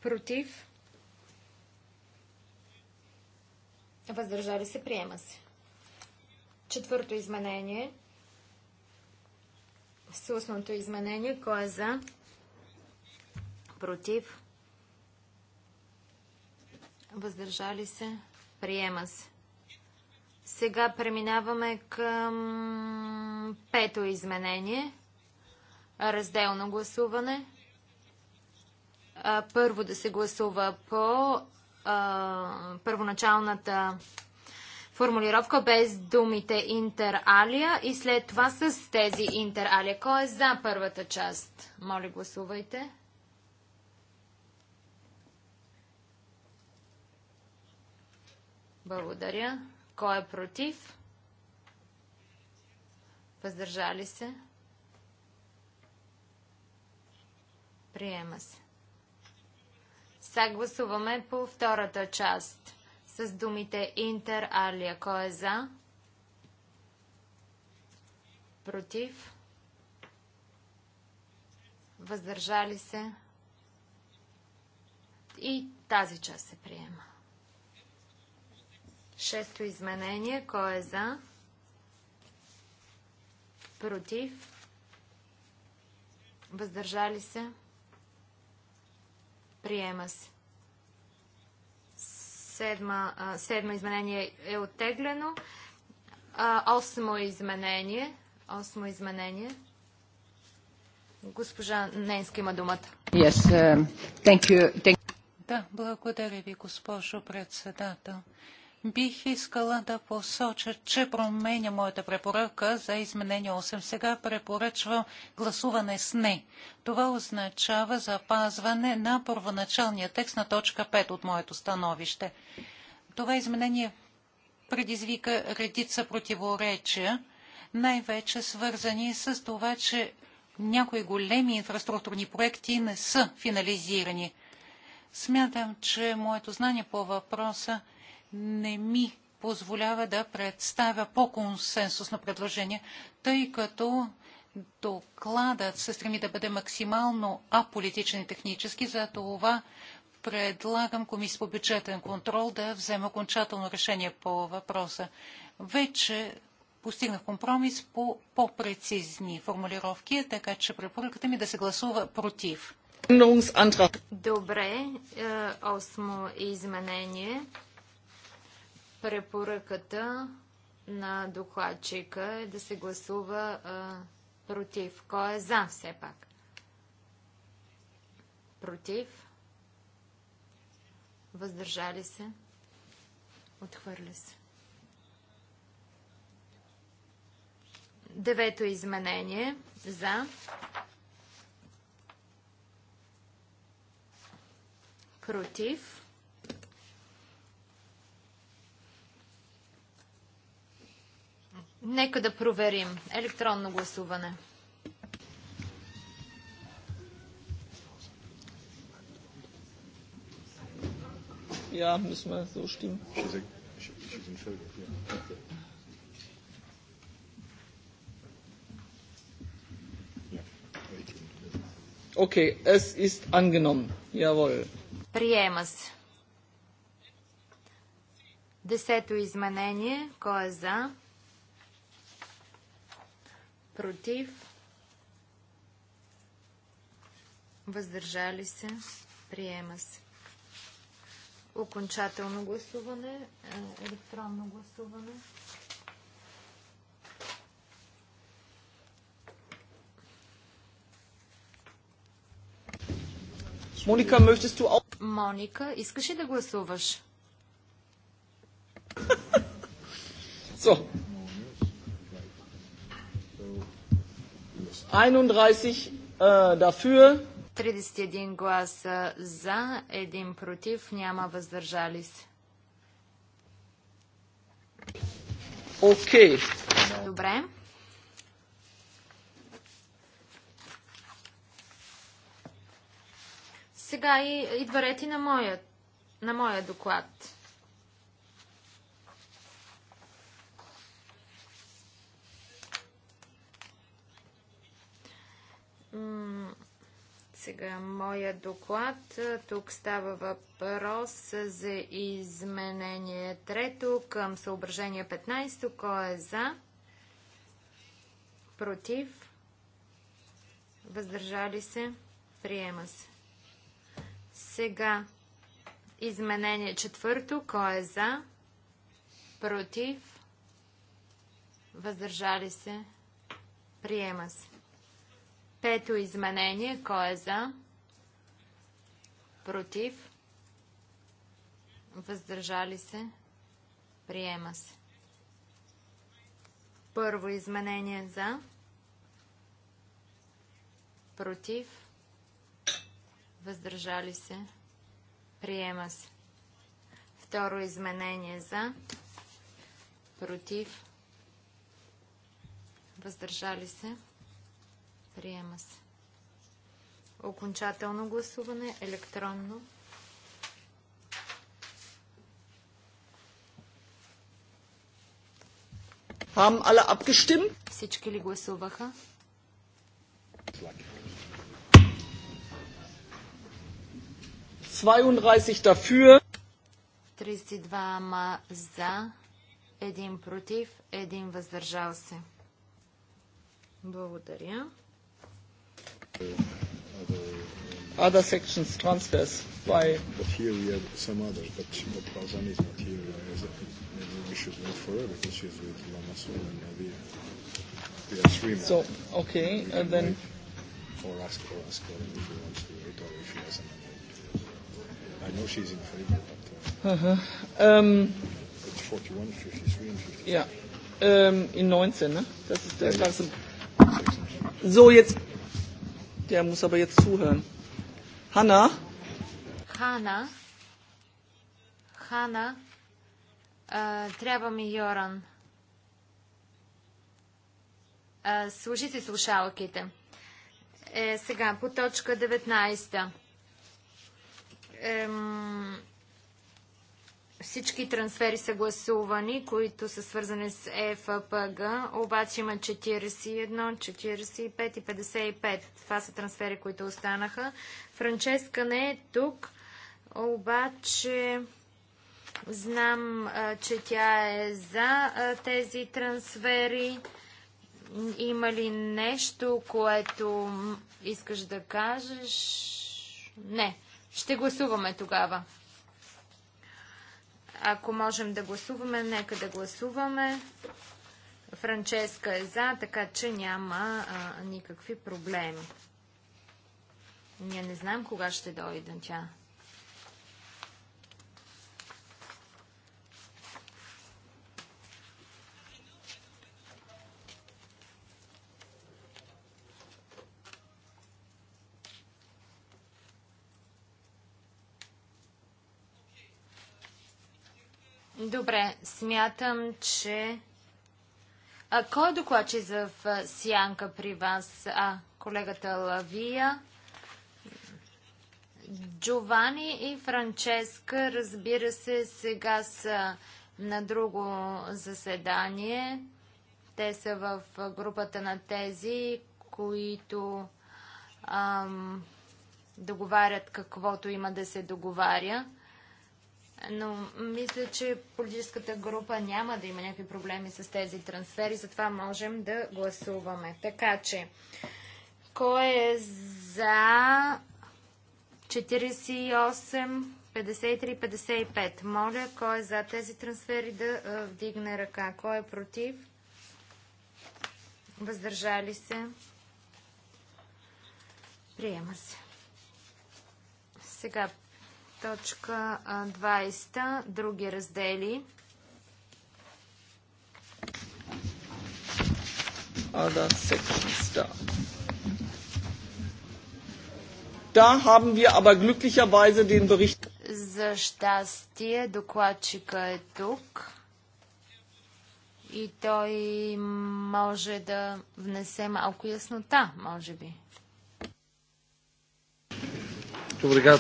против, въздържали се, приема се. Четвърто изменение – с устното изменение. Кой е за? Против? Въздържали се? Приема се. Сега преминаваме към пето изменение. Разделно гласуване. Първо да се гласува по първоначалната формулировка без думите интералия и след това с тези интералия. Кой е за първата част? Моля, гласувайте. Благодаря. Кой е против? Въздържали се? Приема се. Сега гласуваме по втората част с думите Интер Алия. Кой е за? Против? Въздържали се? И тази част се приема. Шесто изменение. Кой е за? Против? Въздържали се? Приема се. Седма, седма изменение е оттеглено. Осмо изменение. Осмо изменение. Госпожа Ненска има думата. Yes, uh, thank you. Thank... Да, благодаря ви, госпожо председател. Бих искала да посоча, че променя моята препоръка за изменение 8. Сега препоръчвам гласуване с не. Това означава запазване на първоначалния текст на точка 5 от моето становище. Това изменение предизвика редица противоречия, най-вече свързани с това, че някои големи инфраструктурни проекти не са финализирани. Смятам, че моето знание по въпроса – не ми позволява да представя по-консенсусно предложение, тъй като докладът се стреми да бъде максимално аполитичен и технически, за това предлагам Комисия по бюджетен контрол да вземе окончателно решение по въпроса. Вече постигнах компромис по по-прецизни формулировки, така че препоръката ми е да се гласува против. Добре, е, осмо изменение. Препоръката на докладчика е да се гласува а, против. Кой е за все пак? Против. Въздържали се. Отхвърля се. Девето изменение за против. Нека да проверим. Електронно гласуване. Ja, müssen wir so stimmen. Okay, es ist angenommen. Jawohl. Приема се. Десето изменение. Кой е за? против, въздържали се, приема се. Окончателно гласуване, е, електронно гласуване. Моника, Моника, искаш ли да гласуваш? So, 31 äh, dafür. 31 гласа за, 1 против, няма въздържали се. Окей. Okay. Добре. Сега и, идва на моя, на моя доклад. Сега моя доклад. Тук става въпрос за изменение трето към съображение 15. Кой е за? Против? Въздържали се? Приема се. Сега изменение четвърто. Кой е за? Против? Въздържали се? Приема се. Пето изменение. Кой е за? Против? Въздържали се? Приема се. Първо изменение за? Против? Въздържали се? Приема се. Второ изменение за? Против? Въздържали се? Приема се. Окончателно гласуване. Електронно. Haben alle abgestimmt? Всички ли гласуваха? Dafür. 32 ма за, 1 против, 1 въздържал се. Благодаря other sections transfers by but here we have some others but, but Balzan is not here as maybe we should wait for her because she's with Lamassoul and Nadia we have three more so okay and then or ask or ask her if she wants to wait or if she has another. amendment I know she's in favor but uh, huh um, it's 41, 53 and 53 yeah um, in 19 ne? das ist der ja, So, jetzt Der muss aber jetzt zuhören. Hanna? Hanna? Хана. А, äh, трябва ми Йоран. А, е, служи си слушалките. Е, сега, по точка 19. Ем, всички трансфери са гласувани, които са свързани с ЕФПГ, обаче има 41, 45 и 55. Това са трансфери, които останаха. Франческа не е тук, обаче знам, че тя е за тези трансфери. Има ли нещо, което искаш да кажеш? Не. Ще гласуваме тогава. Ако можем да гласуваме, нека да гласуваме. Франческа е за, така че няма а, никакви проблеми. Ние не знаем кога ще дойде тя. Добре, смятам, че... А кой е докладчи за сянка при вас? А, колегата Лавия. Джовани и Франческа, разбира се, сега са на друго заседание. Те са в групата на тези, които ам, договарят каквото има да се договаря но мисля, че политическата група няма да има някакви проблеми с тези трансфери, затова можем да гласуваме. Така че, кой е за 48, 53, 55? Моля, кой е за тези трансфери да вдигне ръка? Кой е против? Въздържали се? Приема се. Сега Точка 20. Други раздели. Other second stuff. Da haben wir aber glücklicherweise den Bericht. За щастие, докладчика е тук и той може да внесе малко яснота, може би. Благодаря,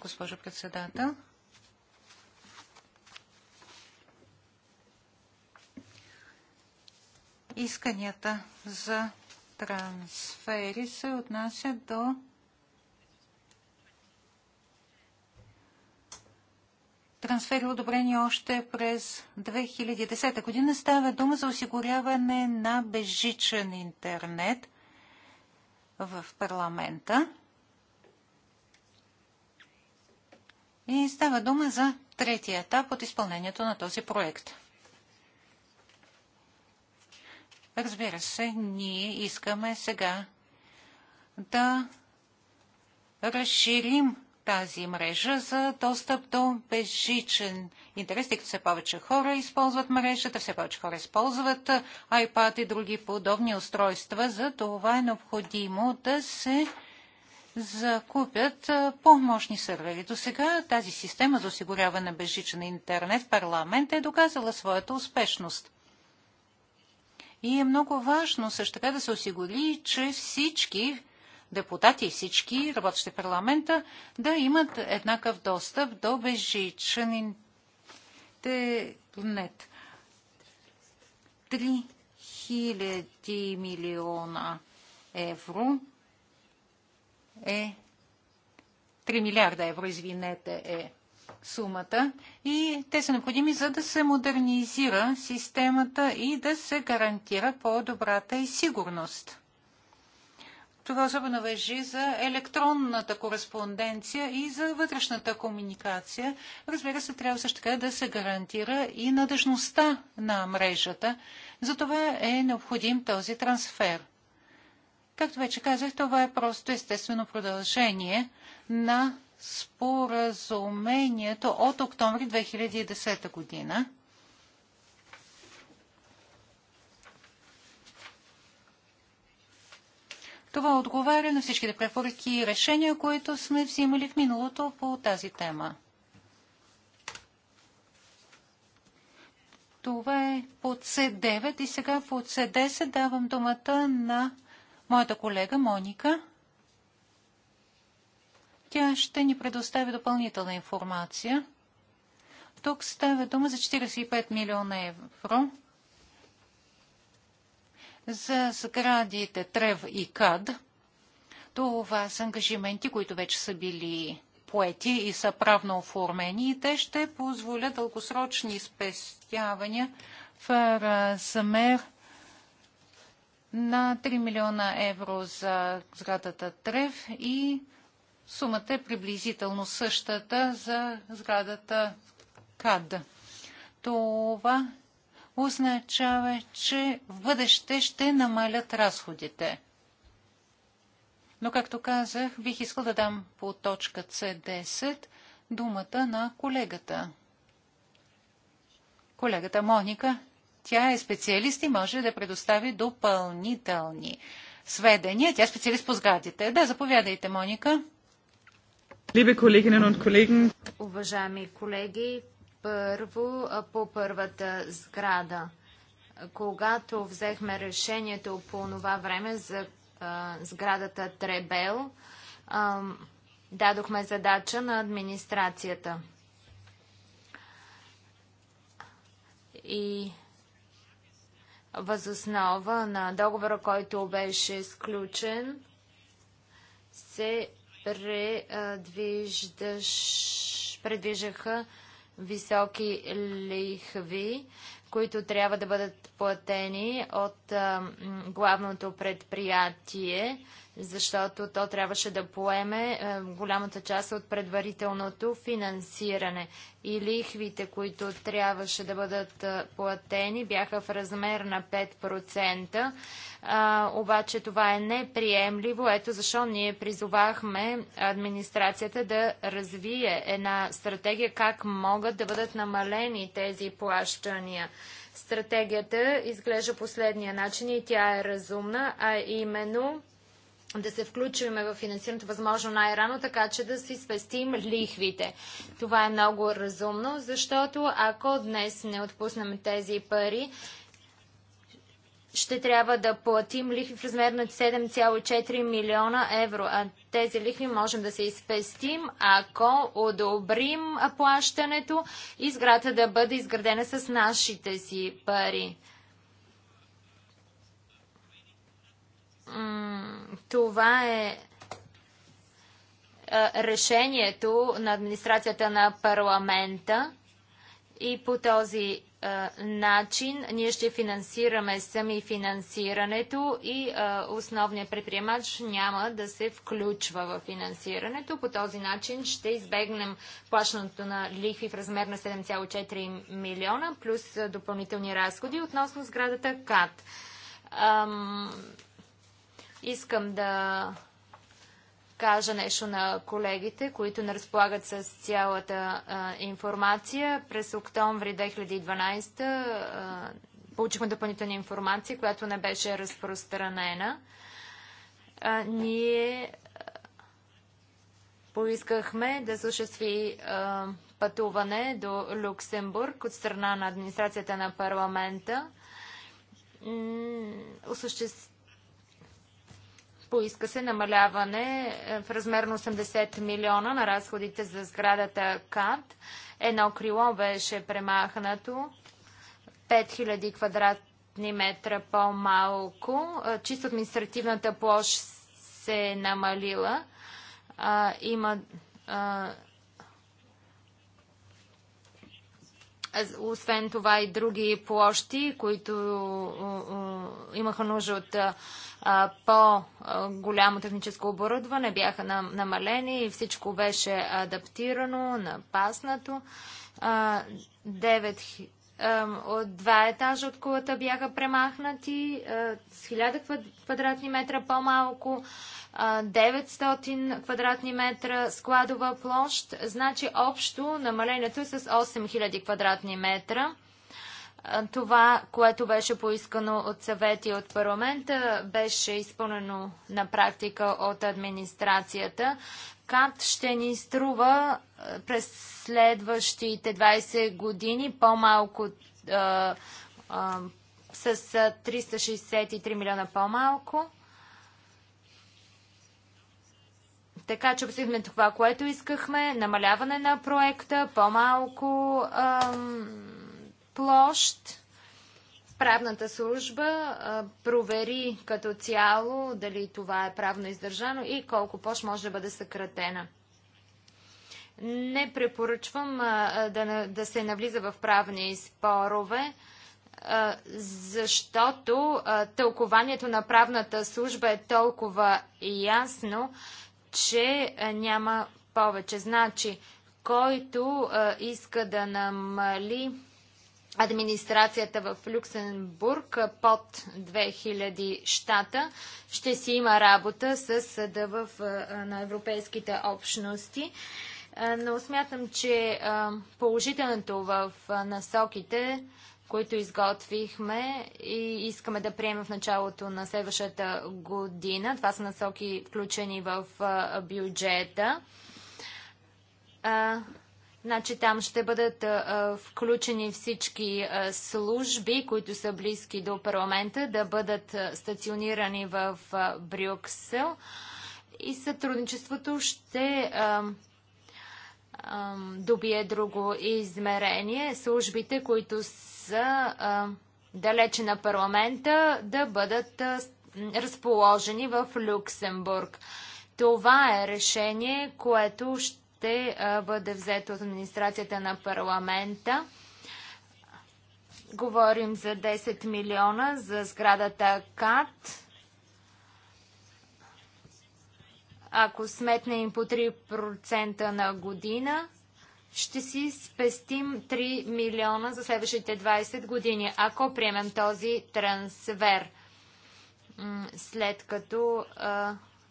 госпожо председател. Исканията за трансфери се отнасят до трансфери, одобрени още през 2010 година. Става дума за осигуряване на безжичен интернет в парламента. И става дума за третия етап от изпълнението на този проект. Разбира се, ние искаме сега да разширим тази мрежа за достъп до безжичен интерес, тъй като все повече хора използват мрежата, все повече хора използват iPad и други подобни устройства. За това е необходимо да се закупят помощни сървъри. До сега тази система за осигуряване на безжичен интернет в парламент е доказала своята успешност. И е много важно също така да се осигури, че всички депутати и всички работещи в парламента да имат еднакъв достъп до безжичен интернет. 3000 милиона евро е 3 милиарда евро, извинете, е сумата и те са необходими за да се модернизира системата и да се гарантира по-добрата и сигурност. Това особено въжи за електронната кореспонденция и за вътрешната комуникация. Разбира се, трябва също така да се гарантира и надежността на мрежата. Затова е необходим този трансфер. Както вече казах, това е просто естествено продължение на споразумението от октомври 2010 година. Това отговаря на всичките препоръки и решения, които сме взимали в миналото по тази тема. Това е по с 9 и сега по с 10 давам думата на моята колега Моника. Тя ще ни предостави допълнителна информация. Тук става дума за 45 милиона евро за сградите ТРЕВ и КАД, това са ангажименти, които вече са били поети и са правно оформени и те ще позволят дългосрочни спестявания в размер на 3 милиона евро за сградата ТРЕВ и сумата е приблизително същата за сградата КАД. Това означава, че в бъдеще ще намалят разходите. Но, както казах, бих искал да дам по точка с 10 думата на колегата. Колегата Моника, тя е специалист и може да предостави допълнителни сведения. Тя е специалист по сградите. Да, заповядайте, Моника. Либе колегинен от колеги. Уважаеми колеги, първо по първата сграда. Когато взехме решението по това време за а, сградата Требел, а, дадохме задача на администрацията. И възоснова на договора, който беше сключен, се предвиждаш, предвиждаха високи лихви, които трябва да бъдат платени от главното предприятие защото то трябваше да поеме е, голямата част от предварителното финансиране. И лихвите, които трябваше да бъдат е, платени, бяха в размер на 5%. Е, обаче това е неприемливо. Ето защо ние призовахме администрацията да развие една стратегия как могат да бъдат намалени тези плащания. Стратегията изглежда последния начин и тя е разумна, а именно да се включваме в финансирането възможно най-рано, така че да си спестим лихвите. Това е много разумно, защото ако днес не отпуснем тези пари, ще трябва да платим лихви в размер на 7,4 милиона евро. А тези лихви можем да се изпестим, ако одобрим плащането и сградата да бъде изградена с нашите си пари. това е решението на администрацията на парламента и по този начин ние ще финансираме сами финансирането и основният предприемач няма да се включва в финансирането. По този начин ще избегнем плащането на лихви в размер на 7,4 милиона плюс допълнителни разходи относно сградата КАТ. Искам да кажа нещо на колегите, които не разполагат с цялата а, информация. През октомври 2012 а, получихме допълнителна информация, която не беше разпространена. А, ние поискахме да съществи пътуване до Люксембург от страна на администрацията на парламента. Осъществи Поиска се намаляване е, в размер на 80 милиона на разходите за сградата КАТ. Едно крило беше премахнато, 5000 квадратни метра по-малко. Е, чисто административната площ се е намалила. Има Освен това и други площи, които имаха нужда от по-голямо техническо оборудване, бяха намалени и всичко беше адаптирано, напаснато. 9 от два етажа от кулата бяха премахнати, с 1000 квадратни метра по-малко, 900 квадратни метра складова площ, значи общо намалението е с 8000 квадратни метра. Това, което беше поискано от съвети и от парламента, беше изпълнено на практика от администрацията. КАТ ще ни струва през следващите 20 години по-малко с 363 милиона по-малко. Така че обсъдихме това, което искахме. Намаляване на проекта, по-малко площ. Правната служба а, провери като цяло дали това е правно издържано и колко площ може да бъде съкратена. Не препоръчвам да, да се навлиза в правни спорове, защото тълкованието на правната служба е толкова ясно, че няма повече. Значи, който иска да намали администрацията в Люксембург под 2000 щата ще си има работа с съда в, на европейските общности но смятам, че положителното в насоките, които изготвихме и искаме да приемем в началото на следващата година, това са насоки включени в бюджета, Значи там ще бъдат а, включени всички а, служби, които са близки до парламента, да бъдат а, стационирани в Брюксел и сътрудничеството ще добие друго измерение. Службите, които са далече на парламента, да бъдат разположени в Люксембург. Това е решение, което ще бъде взето от администрацията на парламента. Говорим за 10 милиона за сградата КАТ Ако сметнем по 3% на година, ще си спестим 3 милиона за следващите 20 години, ако приемем този трансфер, след като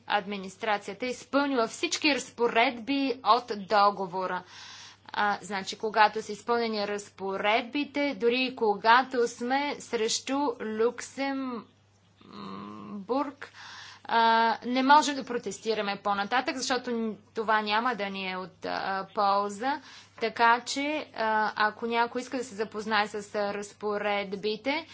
администрацията изпълнила всички разпоредби от договора. А, значи, когато са изпълнени разпоредбите, дори и когато сме срещу Люксембург, а, не може да протестираме по-нататък, защото това няма да ни е от а, полза. Така че, а, ако някой иска да се запознае с разпоредбите,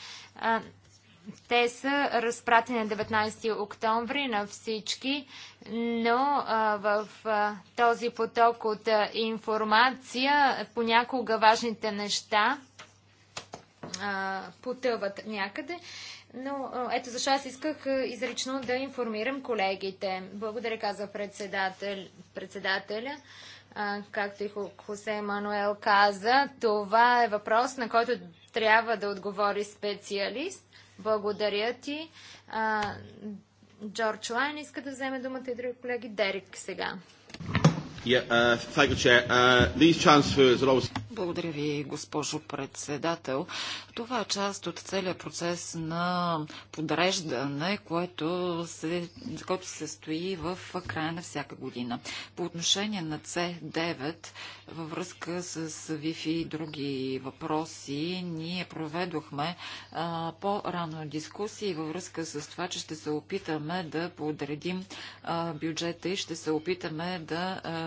те са разпратени на 19 октомври на всички, но а, в а, този поток от а, информация понякога важните неща потъват някъде. Но ето защо аз исках изрично да информирам колегите. Благодаря, каза председател, председателя. както и Хосе Мануел каза, това е въпрос, на който трябва да отговори специалист. Благодаря ти. Джордж Лайн иска да вземе думата и други колеги. Дерик сега. Uh, uh, Благодаря ви, госпожо председател. Това е част от целия процес на подреждане, което се, който се стои в края на всяка година. По отношение на C9, във връзка с Wi-Fi и други въпроси, ние проведохме по-рано дискусии във връзка с това, че ще се опитаме да подредим бюджета и ще се опитаме да а,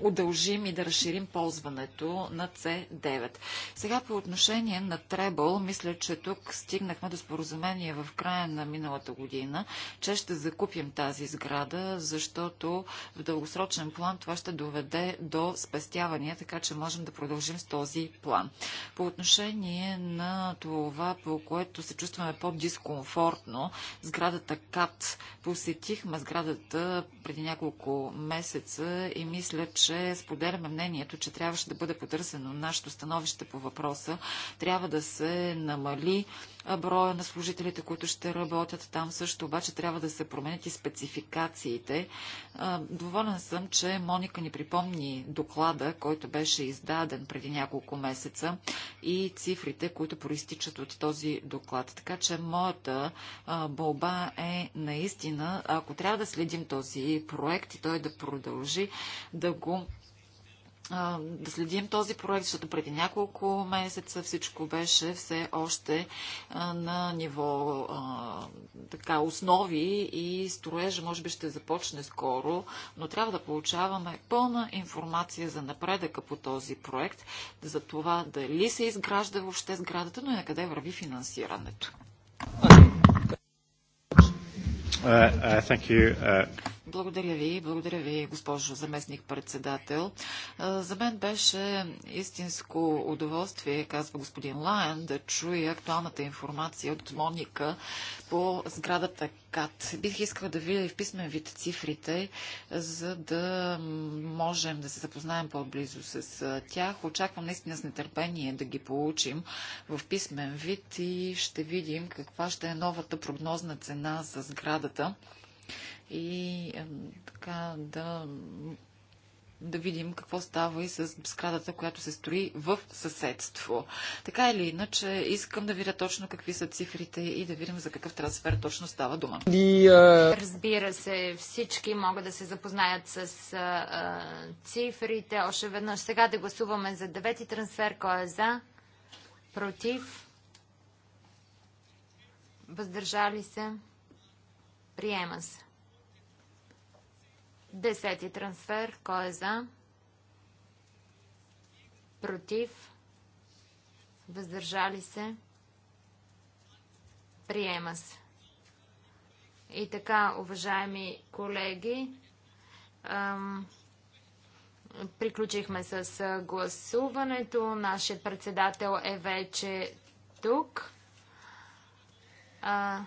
удължим и да разширим ползването на C9. Сега по отношение на Требъл, мисля, че тук стигнахме до споразумение в края на миналата година, че ще закупим тази сграда, защото в дългосрочен план това ще доведе до спестявания, така че можем да продължим с този план. По отношение на това, по което се чувстваме по-дискомфортно, сградата КАТ, посетихме сградата преди няколко месеца и мисля, че че споделяме мнението, че трябваше да бъде потърсено нашето становище по въпроса. Трябва да се намали броя на служителите, които ще работят там също. Обаче трябва да се променят и спецификациите. Доволен съм, че Моника ни припомни доклада, който беше издаден преди няколко месеца и цифрите, които проистичат от този доклад. Така че моята болба е наистина, ако трябва да следим този проект и той да продължи, да го да следим този проект, защото преди няколко месеца всичко беше все още на ниво така, основи и строежа може би ще започне скоро, но трябва да получаваме пълна информация за напредъка по този проект, за това дали се изгражда въобще сградата, но и на къде върви финансирането. Uh, uh, thank you. Uh... Благодаря ви. Благодаря ви, госпожо заместник-председател. За мен беше истинско удоволствие, казва господин Лайен, да чуя актуалната информация от Моника по сградата КАТ. Бих искала да видя и в писмен вид цифрите, за да можем да се запознаем по-близо с тях. Очаквам наистина с нетърпение да ги получим в писмен вид и ще видим каква ще е новата прогнозна цена за сградата и така да, да видим какво става и с сградата, която се строи в съседство. Така или иначе, искам да видя точно какви са цифрите и да видим за какъв трансфер точно става дума. Разбира се, всички могат да се запознаят с а, цифрите. Още веднъж сега да гласуваме за девети трансфер. Кой е за? Против? Въздържали се? Приема се. Десети трансфер. Кой е за? Против? Въздържали се? Приема се. И така, уважаеми колеги, ам, приключихме с гласуването. Нашият председател е вече тук. А,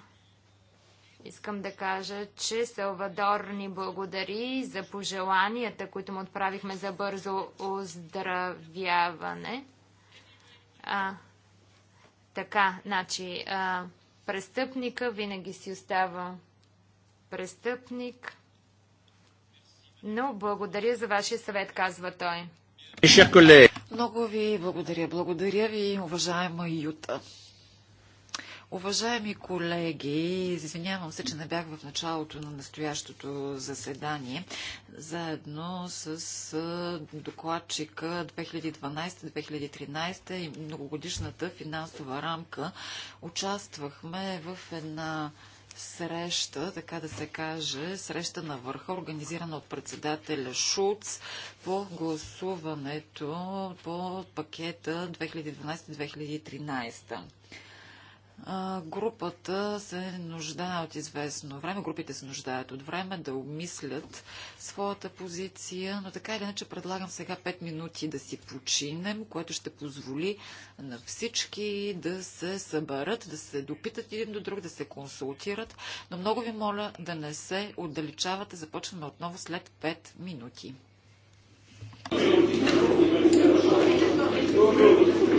Искам да кажа, че Салвадор ни благодари за пожеланията, които му отправихме за бързо оздравяване. А, така, значи, а, престъпника винаги си остава престъпник. Но благодаря за вашия съвет, казва той. Много ви благодаря. Благодаря ви, уважаема Юта. Уважаеми колеги, извинявам се, че не бях в началото на настоящото заседание, заедно с докладчика 2012-2013 и многогодишната финансова рамка участвахме в една среща, така да се каже, среща на върха, организирана от председателя Шуц по гласуването по пакета 2012-2013 групата се нуждае от известно време, групите се нуждаят от време да обмислят своята позиция, но така или иначе предлагам сега 5 минути да си починем, което ще позволи на всички да се съберат, да се допитат един до друг, да се консултират, но много ви моля да не се отдалечавате, започваме отново след 5 минути. Thank you.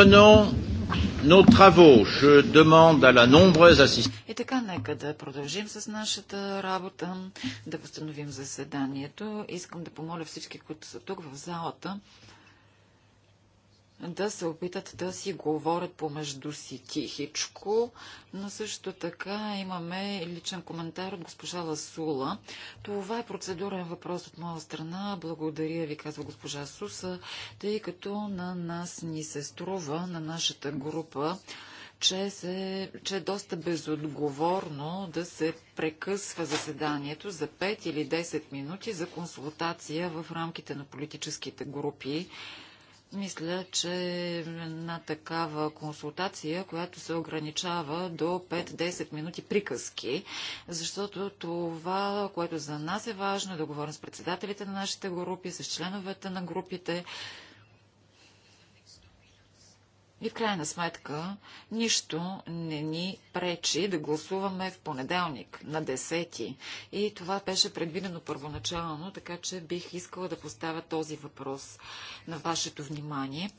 Reprenons nos travaux. Je demande à la nombreuse assistante. И така, нека да продължим с нашата работа, да възстановим заседанието. Искам да помоля всички, които са тук в залата, да се опитат да си говорят помежду си тихичко, но също така имаме личен коментар от госпожа Ласула. Това е процедурен въпрос от моя страна. Благодаря ви, казва госпожа Суса, тъй като на нас ни се струва, на нашата група, че, се, че е доста безотговорно да се прекъсва заседанието за 5 или 10 минути за консултация в рамките на политическите групи мисля, че една такава консултация, която се ограничава до 5-10 минути приказки, защото това, което за нас е важно, е да говорим с председателите на нашите групи, с членовете на групите, и в крайна сметка нищо не ни пречи да гласуваме в понеделник на 10. И това беше предвидено първоначално, така че бих искала да поставя този въпрос на вашето внимание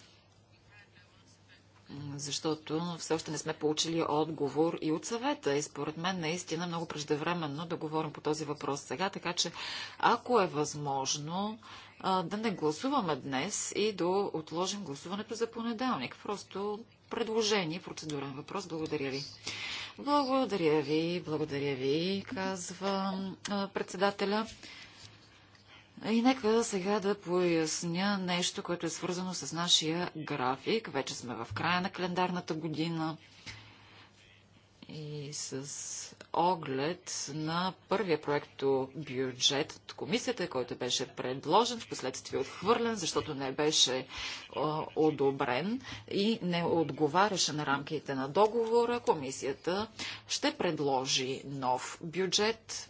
защото все още не сме получили отговор и от съвета. И според мен наистина много преждевременно да говорим по този въпрос сега, така че ако е възможно, да не гласуваме днес и да отложим гласуването за понеделник. Просто предложение, процедурен въпрос. Благодаря ви. Благодаря ви, благодаря ви, казва председателя. И нека сега да поясня нещо, което е свързано с нашия график. Вече сме в края на календарната година и с оглед на първия проекто бюджет от комисията, който беше предложен, в последствие отхвърлен, защото не беше одобрен и не отговаряше на рамките на договора, комисията ще предложи нов бюджет.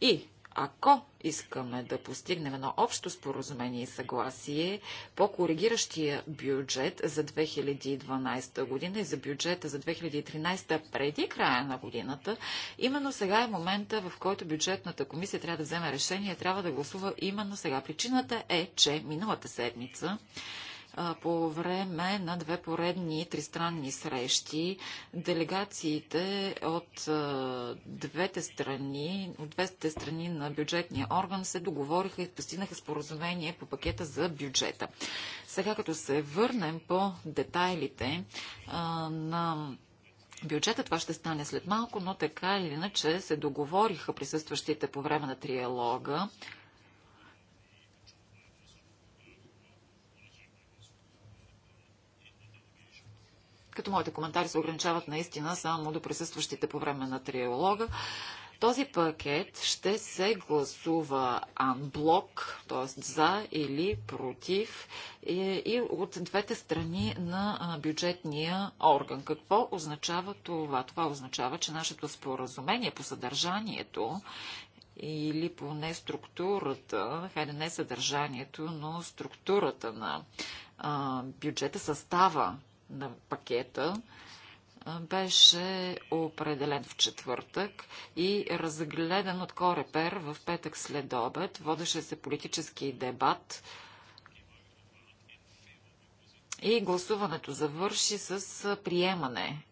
И ако искаме да постигнем едно общо споразумение и съгласие по коригиращия бюджет за 2012 година и за бюджета за 2013 преди края на годината, именно сега е момента, в който бюджетната комисия трябва да вземе решение, трябва да гласува именно сега. Причината е, че миналата седмица по време на две поредни тристранни срещи делегациите от двете страни, от двете страни на бюджетния орган се договориха и постигнаха споразумение по пакета за бюджета. Сега като се върнем по детайлите на бюджета. Това ще стане след малко, но така или иначе се договориха присъстващите по време на триалога като моите коментари се ограничават наистина само до присъстващите по време на триолога. Този пакет ще се гласува анблок, т.е. за или против и, и от двете страни на бюджетния орган. Какво означава това? Това означава, че нашето споразумение по съдържанието или поне структурата, хайде не съдържанието, но структурата на бюджета, състава на пакета беше определен в четвъртък и разгледан от Корепер в петък след обед. Водеше се политически дебат и гласуването завърши с приемане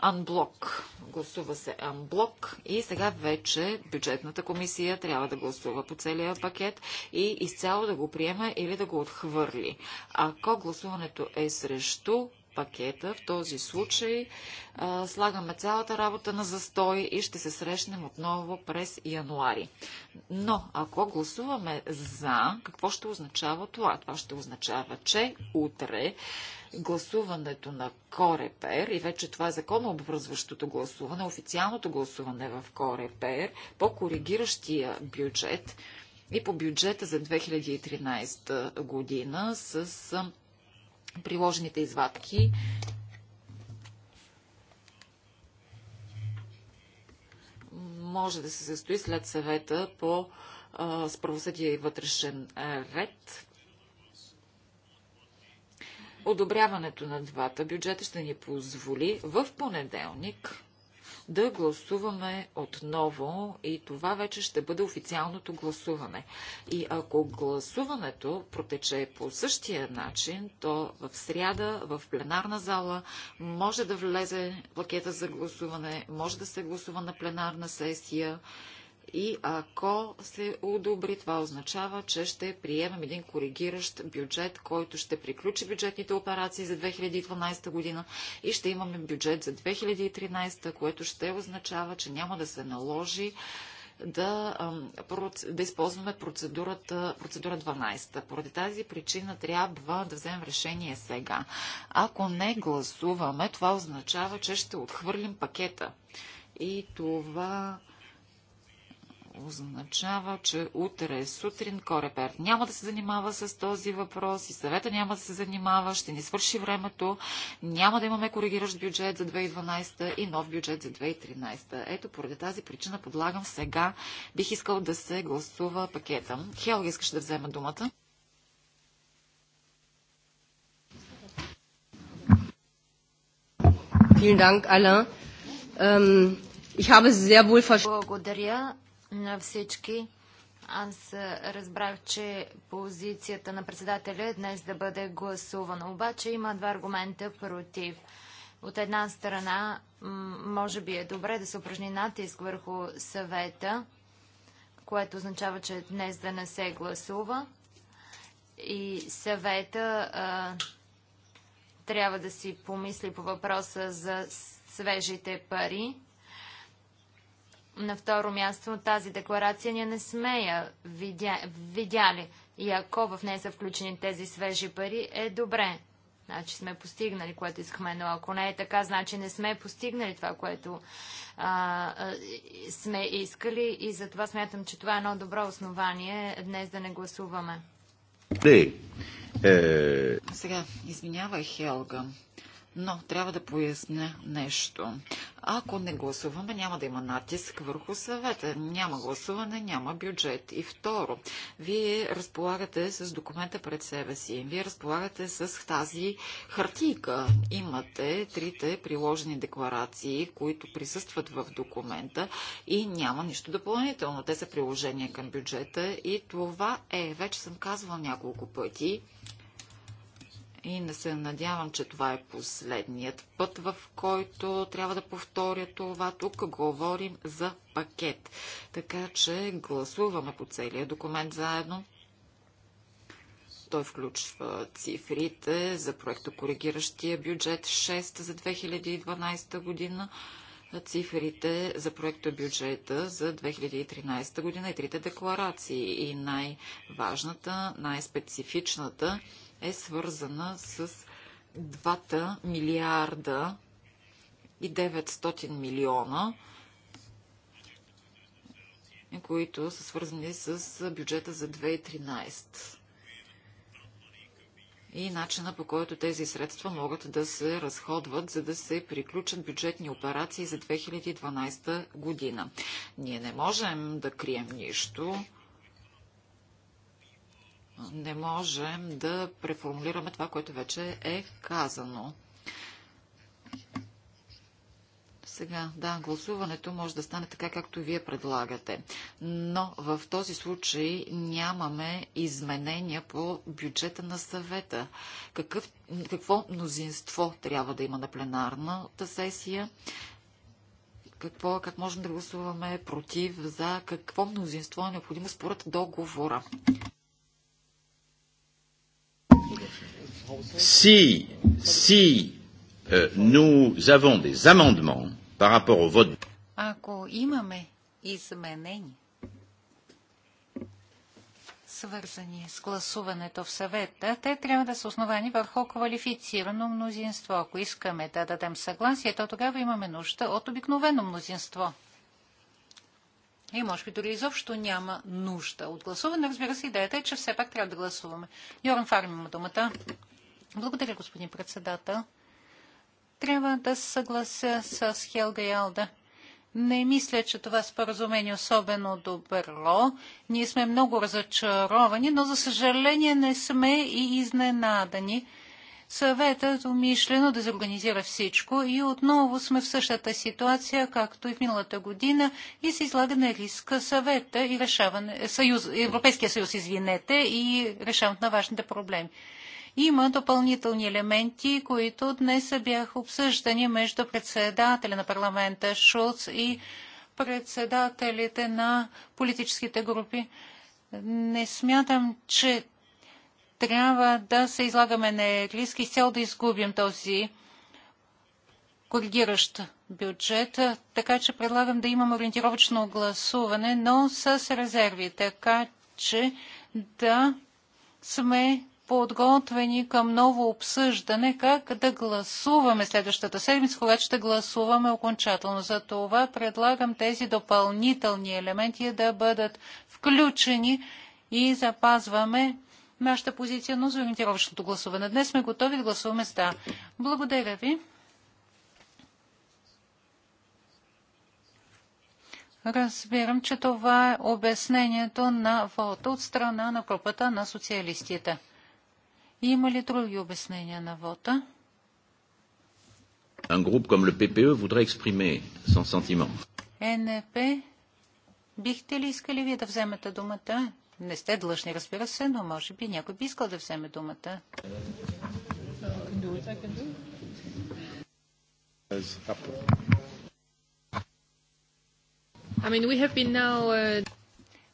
Анблок. Гласува се анблок и сега вече бюджетната комисия трябва да гласува по целия пакет и изцяло да го приеме или да го отхвърли. Ако гласуването е срещу пакета, в този случай а, слагаме цялата работа на застой и ще се срещнем отново през януари. Но ако гласуваме за, какво ще означава това? Това ще означава, че утре гласуването на Корепер и вече това е законообвързващото гласуване, официалното гласуване в Корепер по коригиращия бюджет и по бюджета за 2013 година с приложените извадки може да се състои след съвета по с правосъдие и вътрешен ред Одобряването на двата бюджета ще ни позволи в понеделник да гласуваме отново и това вече ще бъде официалното гласуване. И ако гласуването протече по същия начин, то в сряда в пленарна зала може да влезе пакета за гласуване, може да се гласува на пленарна сесия и ако се удобри, това означава, че ще приемем един коригиращ бюджет, който ще приключи бюджетните операции за 2012 година и ще имаме бюджет за 2013, което ще означава, че няма да се наложи да, да използваме процедурата, процедура 12. Поради тази причина трябва да вземем решение сега. Ако не гласуваме, това означава, че ще отхвърлим пакета. И това означава, че утре сутрин Корепер няма да се занимава с този въпрос и съвета няма да се занимава, ще ни свърши времето, няма да имаме коригиращ бюджет за 2012 и нов бюджет за 2013. Ето, поради тази причина подлагам сега, бих искал да се гласува пакета. Хелга искаш да взема думата. Vielen Dank, Alain. Ähm, ich habe sehr wohl verstanden на всички. Аз разбрах, че позицията на председателя е днес да бъде гласувана. Обаче има два аргумента против. От една страна, може би е добре да се упражни натиск върху съвета, което означава, че днес да не се гласува. И съвета а, трябва да си помисли по въпроса за свежите пари на второ място тази декларация ние не сме я видя... видяли. И ако в нея са включени тези свежи пари, е добре. Значи сме постигнали, което искаме, но ако не е така, значи не сме постигнали това, което а, а, сме искали и затова смятам, че това е едно добро основание днес да не гласуваме. Е, Сега, извинявай, Хелга. Но трябва да поясня нещо. Ако не гласуваме, няма да има натиск върху съвета. Няма гласуване, няма бюджет. И второ, вие разполагате с документа пред себе си. Вие разполагате с тази хартийка. Имате трите приложени декларации, които присъстват в документа и няма нищо допълнително. Те са приложения към бюджета и това е, вече съм казвала няколко пъти, и не се надявам, че това е последният път, в който трябва да повторя това. Тук говорим за пакет. Така че гласуваме по целия документ заедно. Той включва цифрите за проекта коригиращия бюджет 6 за 2012 година, цифрите за проекта бюджета за 2013 година и трите декларации. И най-важната, най-специфичната е свързана с 2 милиарда и 900 милиона, които са свързани с бюджета за 2013 и начина по който тези средства могат да се разходват, за да се приключат бюджетни операции за 2012 година. Ние не можем да крием нищо не можем да преформулираме това, което вече е казано. Сега, да, гласуването може да стане така, както вие предлагате. Но в този случай нямаме изменения по бюджета на съвета. Какъв, какво мнозинство трябва да има на пленарната сесия? Какво, как можем да гласуваме против, за какво мнозинство е необходимо според договора? Si, si euh, nous avons des amendements par rapport au vote. Ако имаме изменения, свързани с гласуването в съвета, те трябва да са основани върху квалифицирано мнозинство. Ако искаме да дадем съгласие, то тогава имаме нужда от обикновено мнозинство. И може би дори изобщо няма нужда от гласуване. Разбира се, идеята е, че все пак трябва да гласуваме. Йоран Фарм има думата. Благодаря, господин председател. Трябва да съглася с Хелга Ялда. Не мисля, че това споразумение е особено добро. Ние сме много разочаровани, но за съжаление не сме и изненадани. Съветът умишлено да заорганизира всичко и отново сме в същата ситуация, както и в миналата година и се излага на риск съвета и решаване, съюз, Европейския съюз, извинете, и решаването на важните проблеми. Има допълнителни елементи, които днес бяха обсъждани между председателя на парламента Шулц и председателите на политическите групи. Не смятам, че трябва да се излагаме на риски с цел да изгубим този коригиращ бюджет, така че предлагам да имам ориентировачно гласуване, но с резерви, така че да сме подготвени към ново обсъждане как да гласуваме следващата седмица, когато ще гласуваме окончателно. За това предлагам тези допълнителни елементи да бъдат включени и запазваме нашата позиция на ориентировъчното гласуване. Днес сме готови да гласуваме с да. Благодаря ви. Разбирам, че това е обяснението на вода от страна на групата на социалистите. Има ли други обяснения на вота? Un groupe comme le PPE voudrait exprimer son sentiment. НП, бихте ли искали вие да вземете думата? Не сте длъжни, разбира се, но може би някой би искал да вземе думата. I mean, we have been now, uh...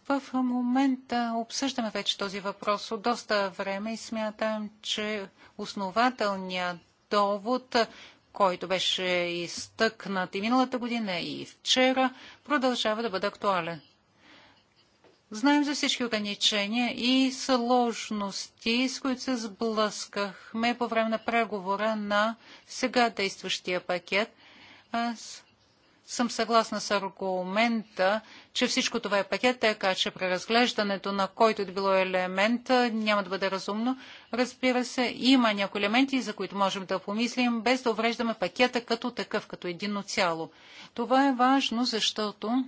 В момента обсъждаме вече този въпрос от доста време и смятам, че основателният довод, който беше изтъкнат и миналата година, и вчера, продължава да бъде актуален. Знаем за всички ограничения и сложности, с които се сблъскахме по време на преговора на сега действащия пакет. Аз съм съгласна с аргумента, че всичко това е пакет, така че преразглеждането на който да било елемент няма да бъде разумно. Разбира се, има някои елементи, за които можем да помислим, без да увреждаме пакета като такъв, като едино цяло. Това е важно, защото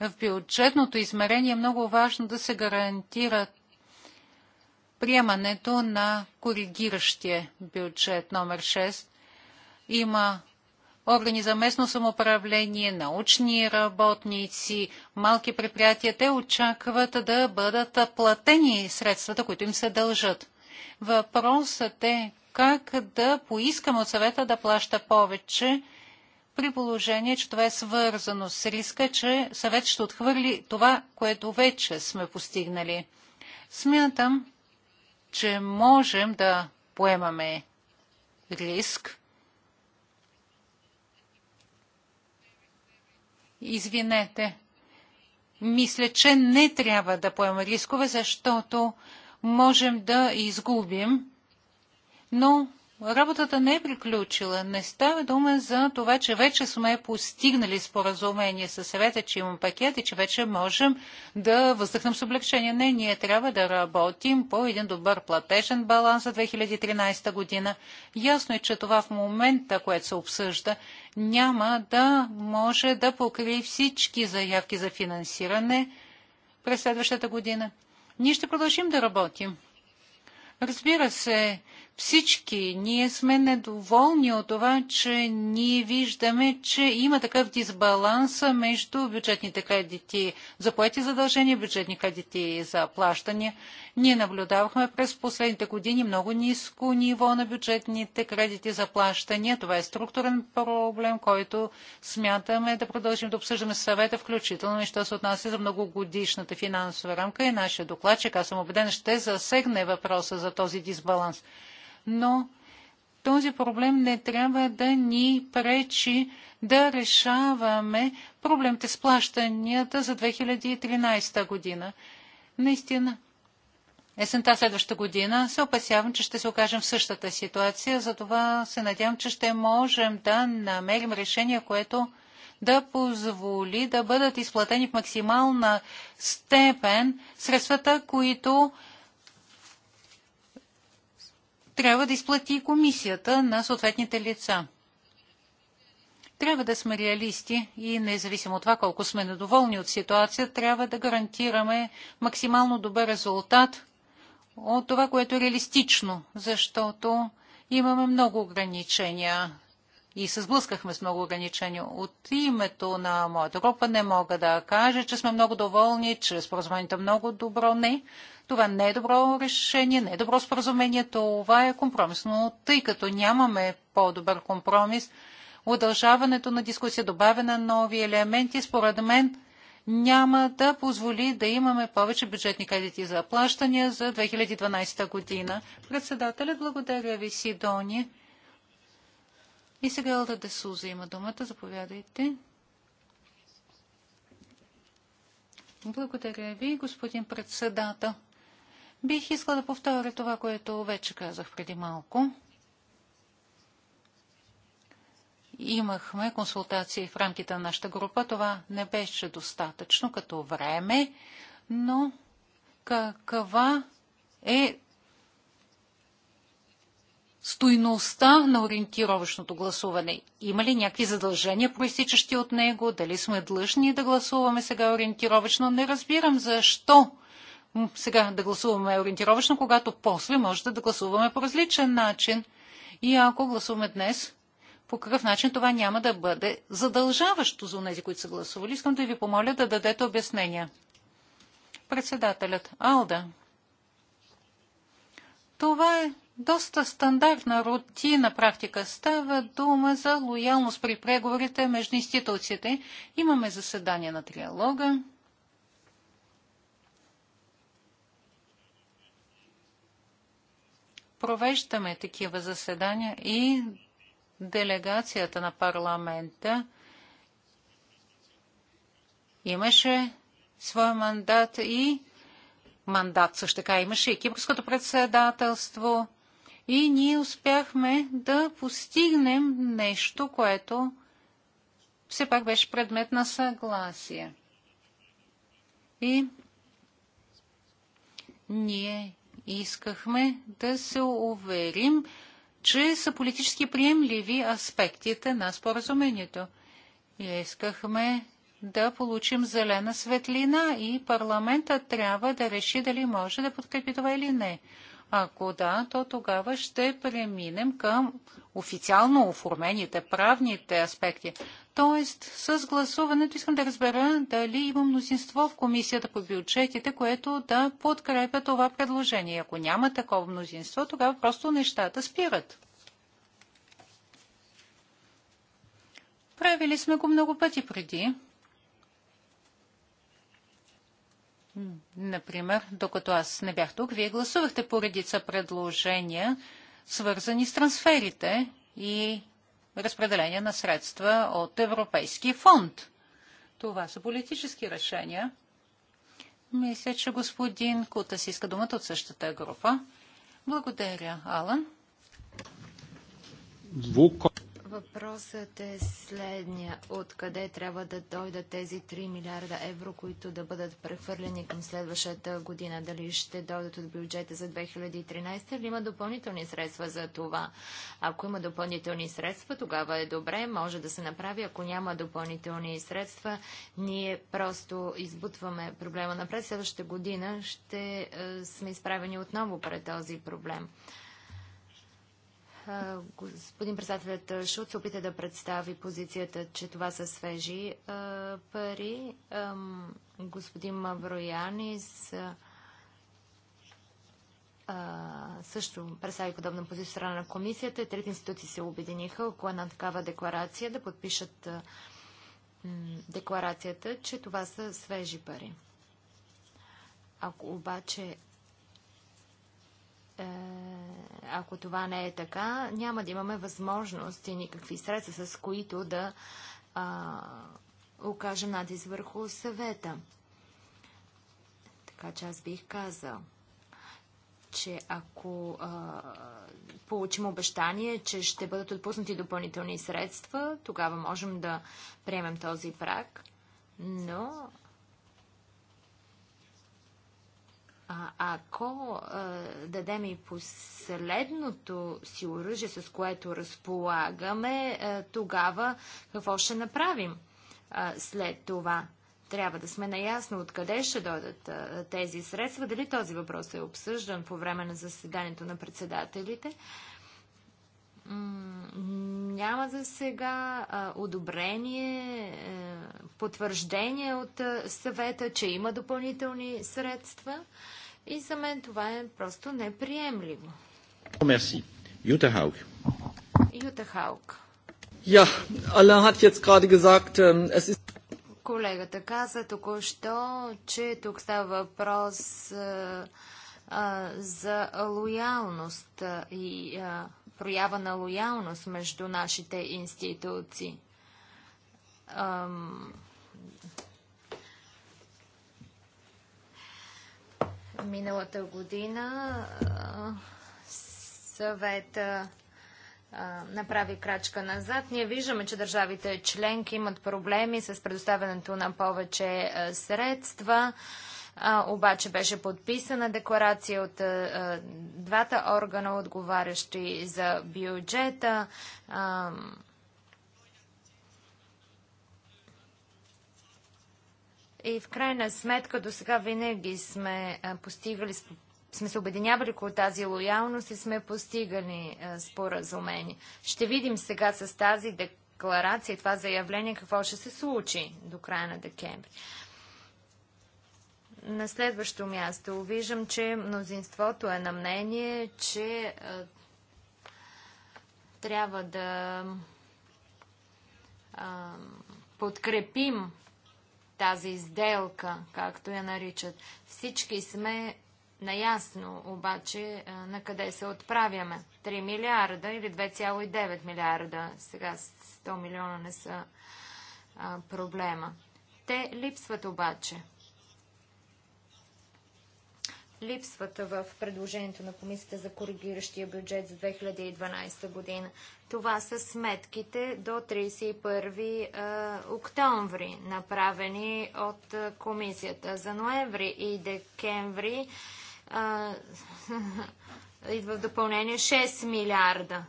в бюджетното измерение е много важно да се гарантира приемането на коригиращия бюджет номер 6. Има органи за местно самоуправление, научни работници, малки предприятия, те очакват да бъдат платени средствата, които им се дължат. Въпросът е как да поискаме от съвета да плаща повече, при положение, че това е свързано с риска, че съвет ще отхвърли това, което вече сме постигнали. Смятам, че можем да поемаме риск, извинете, мисля, че не трябва да поема рискове, защото можем да изгубим, но работата не е приключила. Не става дума за това, че вече сме постигнали споразумение с съвета, че имам пакет и че вече можем да въздъхнем с облегчение. Не, ние трябва да работим по един добър платежен баланс за 2013 година. Ясно е, че това в момента, което се обсъжда, няма да може да покрие всички заявки за финансиране през следващата година. Ние ще продължим да работим. Разбира се, всички ние сме недоволни от това, че ние виждаме, че има такъв дисбаланс между бюджетните кредити за поети задължения, бюджетни кредити за плащания. Ние наблюдавахме през последните години много ниско ниво на бюджетните кредити за плащания. Това е структурен проблем, който смятаме да продължим да обсъждаме съвета, включително и що се отнася за многогодишната финансова рамка и нашия докладчик. Аз съм убеден, ще засегне въпроса за този дисбаланс но този проблем не трябва да ни пречи да решаваме проблемите с плащанията за 2013 година. Наистина, есента следващата година се опасявам, че ще се окажем в същата ситуация, затова се надявам, че ще можем да намерим решение, което да позволи да бъдат изплатени в максимална степен средствата, които трябва да изплати и комисията на съответните лица. Трябва да сме реалисти и независимо от това колко сме недоволни от ситуация, трябва да гарантираме максимално добър резултат от това, което е реалистично, защото имаме много ограничения и се сблъскахме с много ограничения. От името на моята група не мога да кажа, че сме много доволни, че споразумението е много добро. Не, това не е добро решение, не е добро споразумение, това е компромис. Но Тъй като нямаме по-добър компромис, удължаването на дискусия, добавяне на нови елементи, според мен, няма да позволи да имаме повече бюджетни кредити за плащания за 2012 година. Председателя, благодаря ви, Сидони. И сега Елда Десуза има думата. Заповядайте. Благодаря ви, господин председател. Бих искал да повторя това, което вече казах преди малко. Имахме консултации в рамките на нашата група. Това не беше достатъчно като време, но каква е стойността на ориентировъчното гласуване? Има ли някакви задължения, проистичащи от него? Дали сме длъжни да гласуваме сега ориентировъчно? Не разбирам защо сега да гласуваме ориентировъчно, когато после може да гласуваме по различен начин. И ако гласуваме днес, по какъв начин това няма да бъде задължаващо за тези, които са гласували. Искам да ви помоля да дадете обяснения. Председателят Алда. Това е доста стандартна рутина практика. Става дума за лоялност при преговорите между институциите. Имаме заседание на триалога. провеждаме такива заседания и делегацията на парламента имаше своя мандат и мандат също така имаше и кипрското председателство. И ние успяхме да постигнем нещо, което все пак беше предмет на съгласие. И ние искахме да се уверим, че са политически приемливи аспектите на споразумението. И искахме да получим зелена светлина и парламента трябва да реши дали може да подкрепи това или не. Ако да, то тогава ще преминем към официално оформените правните аспекти. Тоест, с гласуването искам да разбера дали има мнозинство в комисията по бюджетите, което да подкрепя това предложение. Ако няма такова мнозинство, тогава просто нещата спират. Правили сме го много пъти преди. Например, докато аз не бях тук, вие гласувахте поредица предложения, свързани с трансферите и разпределение на средства от Европейски фонд. Това са политически решения. Мисля, че господин Кутас иска думата от същата група. Благодаря, Алан. Звук. Въпросът е следния. Откъде трябва да дойдат тези 3 милиарда евро, които да бъдат прехвърлени към следващата година? Дали ще дойдат от бюджета за 2013 или има допълнителни средства за това? Ако има допълнителни средства, тогава е добре, може да се направи. Ако няма допълнителни средства, ние просто избутваме проблема напред. Следващата година ще е, сме изправени отново пред този проблем господин председателят Шут се опита да представи позицията, че това са свежи пари. господин Мавроянис също представи подобна позиция страна на комисията. Трите институции се обединиха около една такава декларация да подпишат декларацията, че това са свежи пари. Ако обаче е, ако това не е така, няма да имаме възможност и никакви средства, с които да а, окажем натиск върху съвета. Така че аз бих казал, че ако а, получим обещание, че ще бъдат отпуснати допълнителни средства, тогава можем да приемем този прак, но А, ако а, дадем и последното си оръжие, с което разполагаме, а, тогава какво ще направим а, след това? Трябва да сме наясно откъде ще дойдат а, тези средства. Дали този въпрос е обсъждан по време на заседанието на председателите? няма за сега а, одобрение, а, е, потвърждение от а, съвета, че има допълнителни средства. И за мен това е просто неприемливо. Мерси. Юта Хаук. Юта Хаук. Ja, Alain hat jetzt gerade gesagt, ähm, es ist колегата каза току-що, че тук става въпрос за лоялност и проява на лоялност между нашите институции. Миналата година съвета направи крачка назад. Ние виждаме, че държавите членки имат проблеми с предоставянето на повече средства. обаче беше подписана декларация от двата органа, отговарящи за бюджета. И в крайна сметка до сега винаги сме постигали, сме се обединявали около тази лоялност и сме постигали споразумение. Ще видим сега с тази декларация и това заявление какво ще се случи до края на декември. На следващо място виждам, че мнозинството е на мнение, че трябва да подкрепим тази изделка, както я наричат. Всички сме наясно обаче на къде се отправяме. 3 милиарда или 2,9 милиарда. Сега 100 милиона не са а, проблема. Те липсват обаче липсвата в предложението на комисията за коригиращия бюджет за 2012 година. Това са сметките до 31 октомври, направени от комисията. За ноември и декември идва в допълнение 6 милиарда.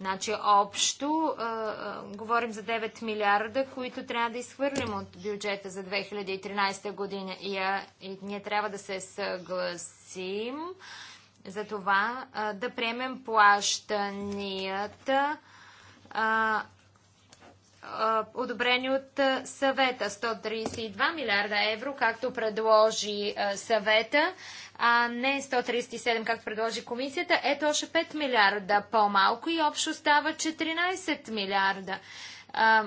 Значи общо а, говорим за 9 милиарда, които трябва да изхвърлим от бюджета за 2013 година и, а, и ние трябва да се съгласим за това а, да приемем плащанията а, одобрени от съвета 132 милиарда евро, както предложи съвета, а не 137, както предложи комисията. Ето още 5 милиарда по-малко и общо става 14 милиарда. А,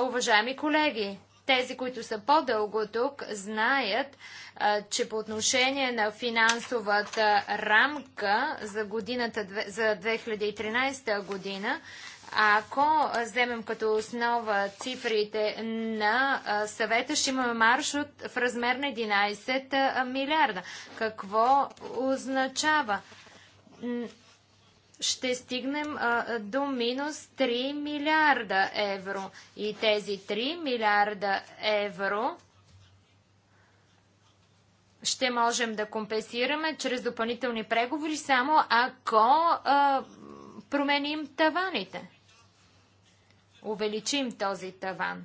уважаеми колеги, тези, които са по-дълго тук, знаят, а, че по отношение на финансовата рамка за годината за 2013 година, ако вземем като основа цифрите на съвета, ще имаме марш от, в размер на 11 милиарда. Какво означава? ще стигнем а, до минус 3 милиарда евро. И тези 3 милиарда евро ще можем да компенсираме чрез допълнителни преговори, само ако а, променим таваните увеличим този таван.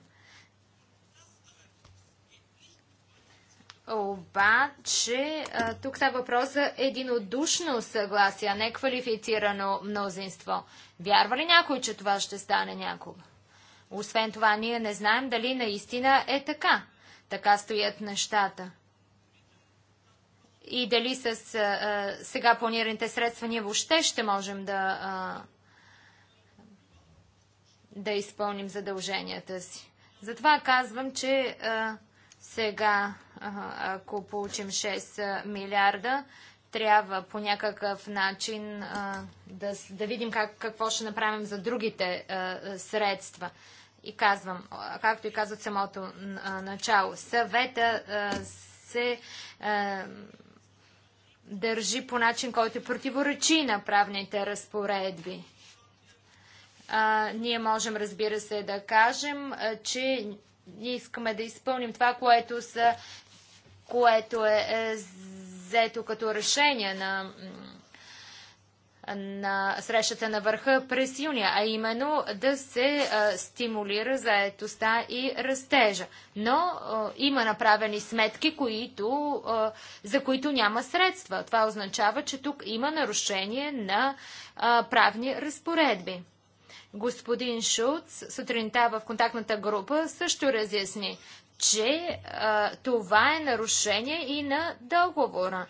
Обаче, тук става въпрос за единодушно съгласие, а не квалифицирано мнозинство. Вярва ли някой, че това ще стане някога? Освен това, ние не знаем дали наистина е така. Така стоят нещата. И дали с а, сега планираните средства ние въобще ще можем да а, да изпълним задълженията си. Затова казвам, че а, сега, а, ако получим 6 милиарда, трябва по някакъв начин а, да, да видим как, какво ще направим за другите а, средства. И казвам, както и казват самото начало, съвета а, се а, държи по начин, който противоречи на правните разпоредби ние можем, разбира се, да кажем, че ние искаме да изпълним това, което, са, което е, е взето като решение на, на срещата на върха през юния, а именно да се а, стимулира заетостта и растежа. Но а, има направени сметки, които, а, за които няма средства. Това означава, че тук има нарушение на правни разпоредби. Господин Шулц сутринта в контактната група също разясни, че а, това е нарушение и на договора.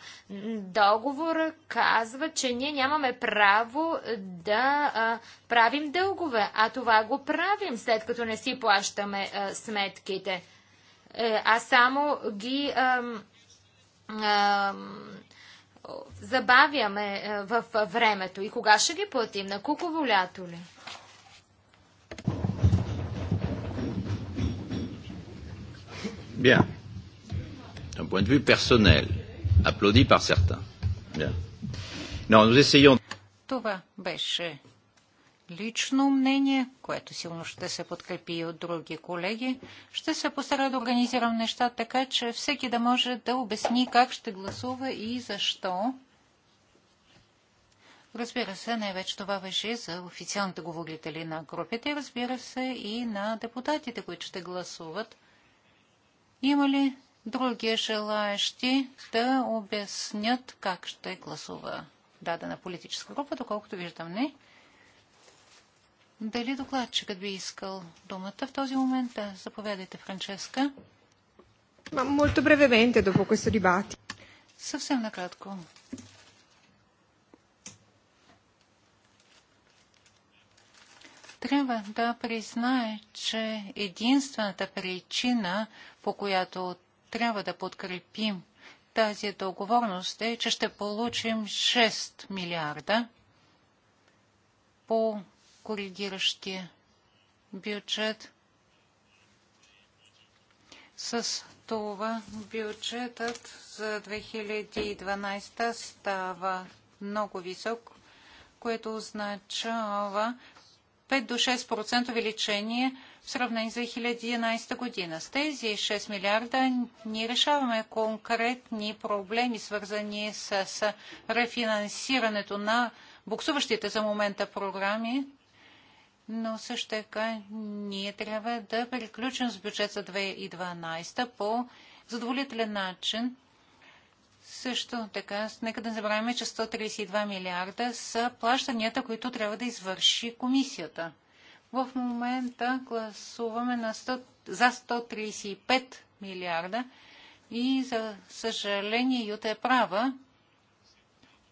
Договора казва, че ние нямаме право да а, правим дългове, а това го правим, след като не си плащаме а, сметките. Е, а само ги а, а, забавяме е, в времето. И кога ще ги платим? На куково лято ли? Bien. D'un point de vue personnel, applaudi par certains. Bien. Non, nous essayons... Това беше лично мнение, което силно ще се подкрепи и от други колеги. Ще се постара да организирам неща така, че всеки да може да обясни как ще гласува и защо. Разбира се, най-вече това въжи за официалните говорители на групите, разбира се, и на депутатите, които ще гласуват – има ли други желаящи да обяснят как ще гласува дадена политическа група, доколкото виждам не. Дали докладчикът би искал думата в този момент? Да, заповядайте, Франческа. Molto brevemente dopo questo dibattito. Съвсем накратко. трябва да признае, че единствената причина, по която трябва да подкрепим тази договорност е, че ще получим 6 милиарда по коригиращия бюджет. С това бюджетът за 2012 става много висок, което означава 5 до 6% увеличение в сравнение с 2011 година. С тези 6 милиарда ние решаваме конкретни проблеми, свързани с, с рефинансирането на буксуващите за момента програми, но също така ние трябва да приключим с бюджет за 2012 по задоволителен начин, също така, нека да не забравяме, че 132 милиарда са плащанията, които трябва да извърши комисията. В момента гласуваме на 100, за 135 милиарда и за съжаление Юта е права.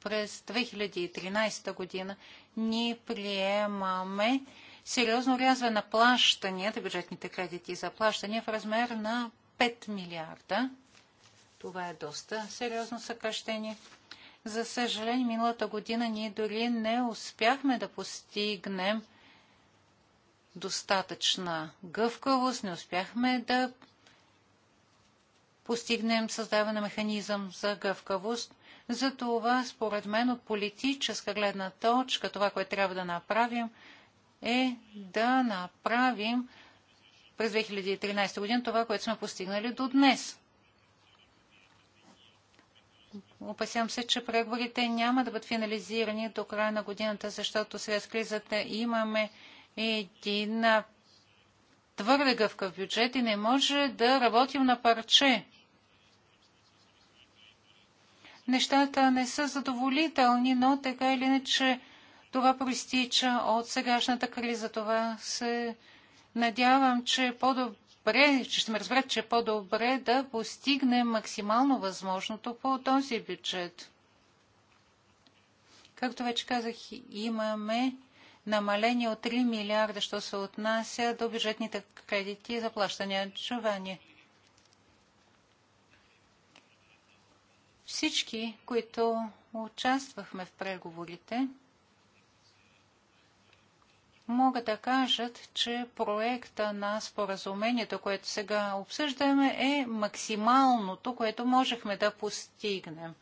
През 2013 година ние приемаме сериозно рязване на плащанията, бюджетните кредити за плащания в размер на 5 милиарда това е доста сериозно съкръщение. За съжаление, миналата година ние дори не успяхме да постигнем достатъчна гъвкавост, не успяхме да постигнем създаване на механизъм за гъвкавост. Затова, според мен, от политическа гледна точка, това, което трябва да направим, е да направим през 2013 година това, което сме постигнали до днес. Опасявам се, че преговорите няма да бъдат финализирани до края на годината, защото след кризата имаме един твърде гъвкав бюджет и не може да работим на парче. Нещата не са задоволителни, но така или иначе това проистича от сегашната криза. Това се надявам, че по-добре добре, че ще ме разберат, че е по-добре да постигнем максимално възможното по този бюджет. Както вече казах, имаме намаление от 3 милиарда, що се отнася до бюджетните кредити и на чуване. Всички, които участвахме в преговорите, Мога да кажат, че проекта на споразумението, което сега обсъждаме, е максималното, което можехме да постигнем.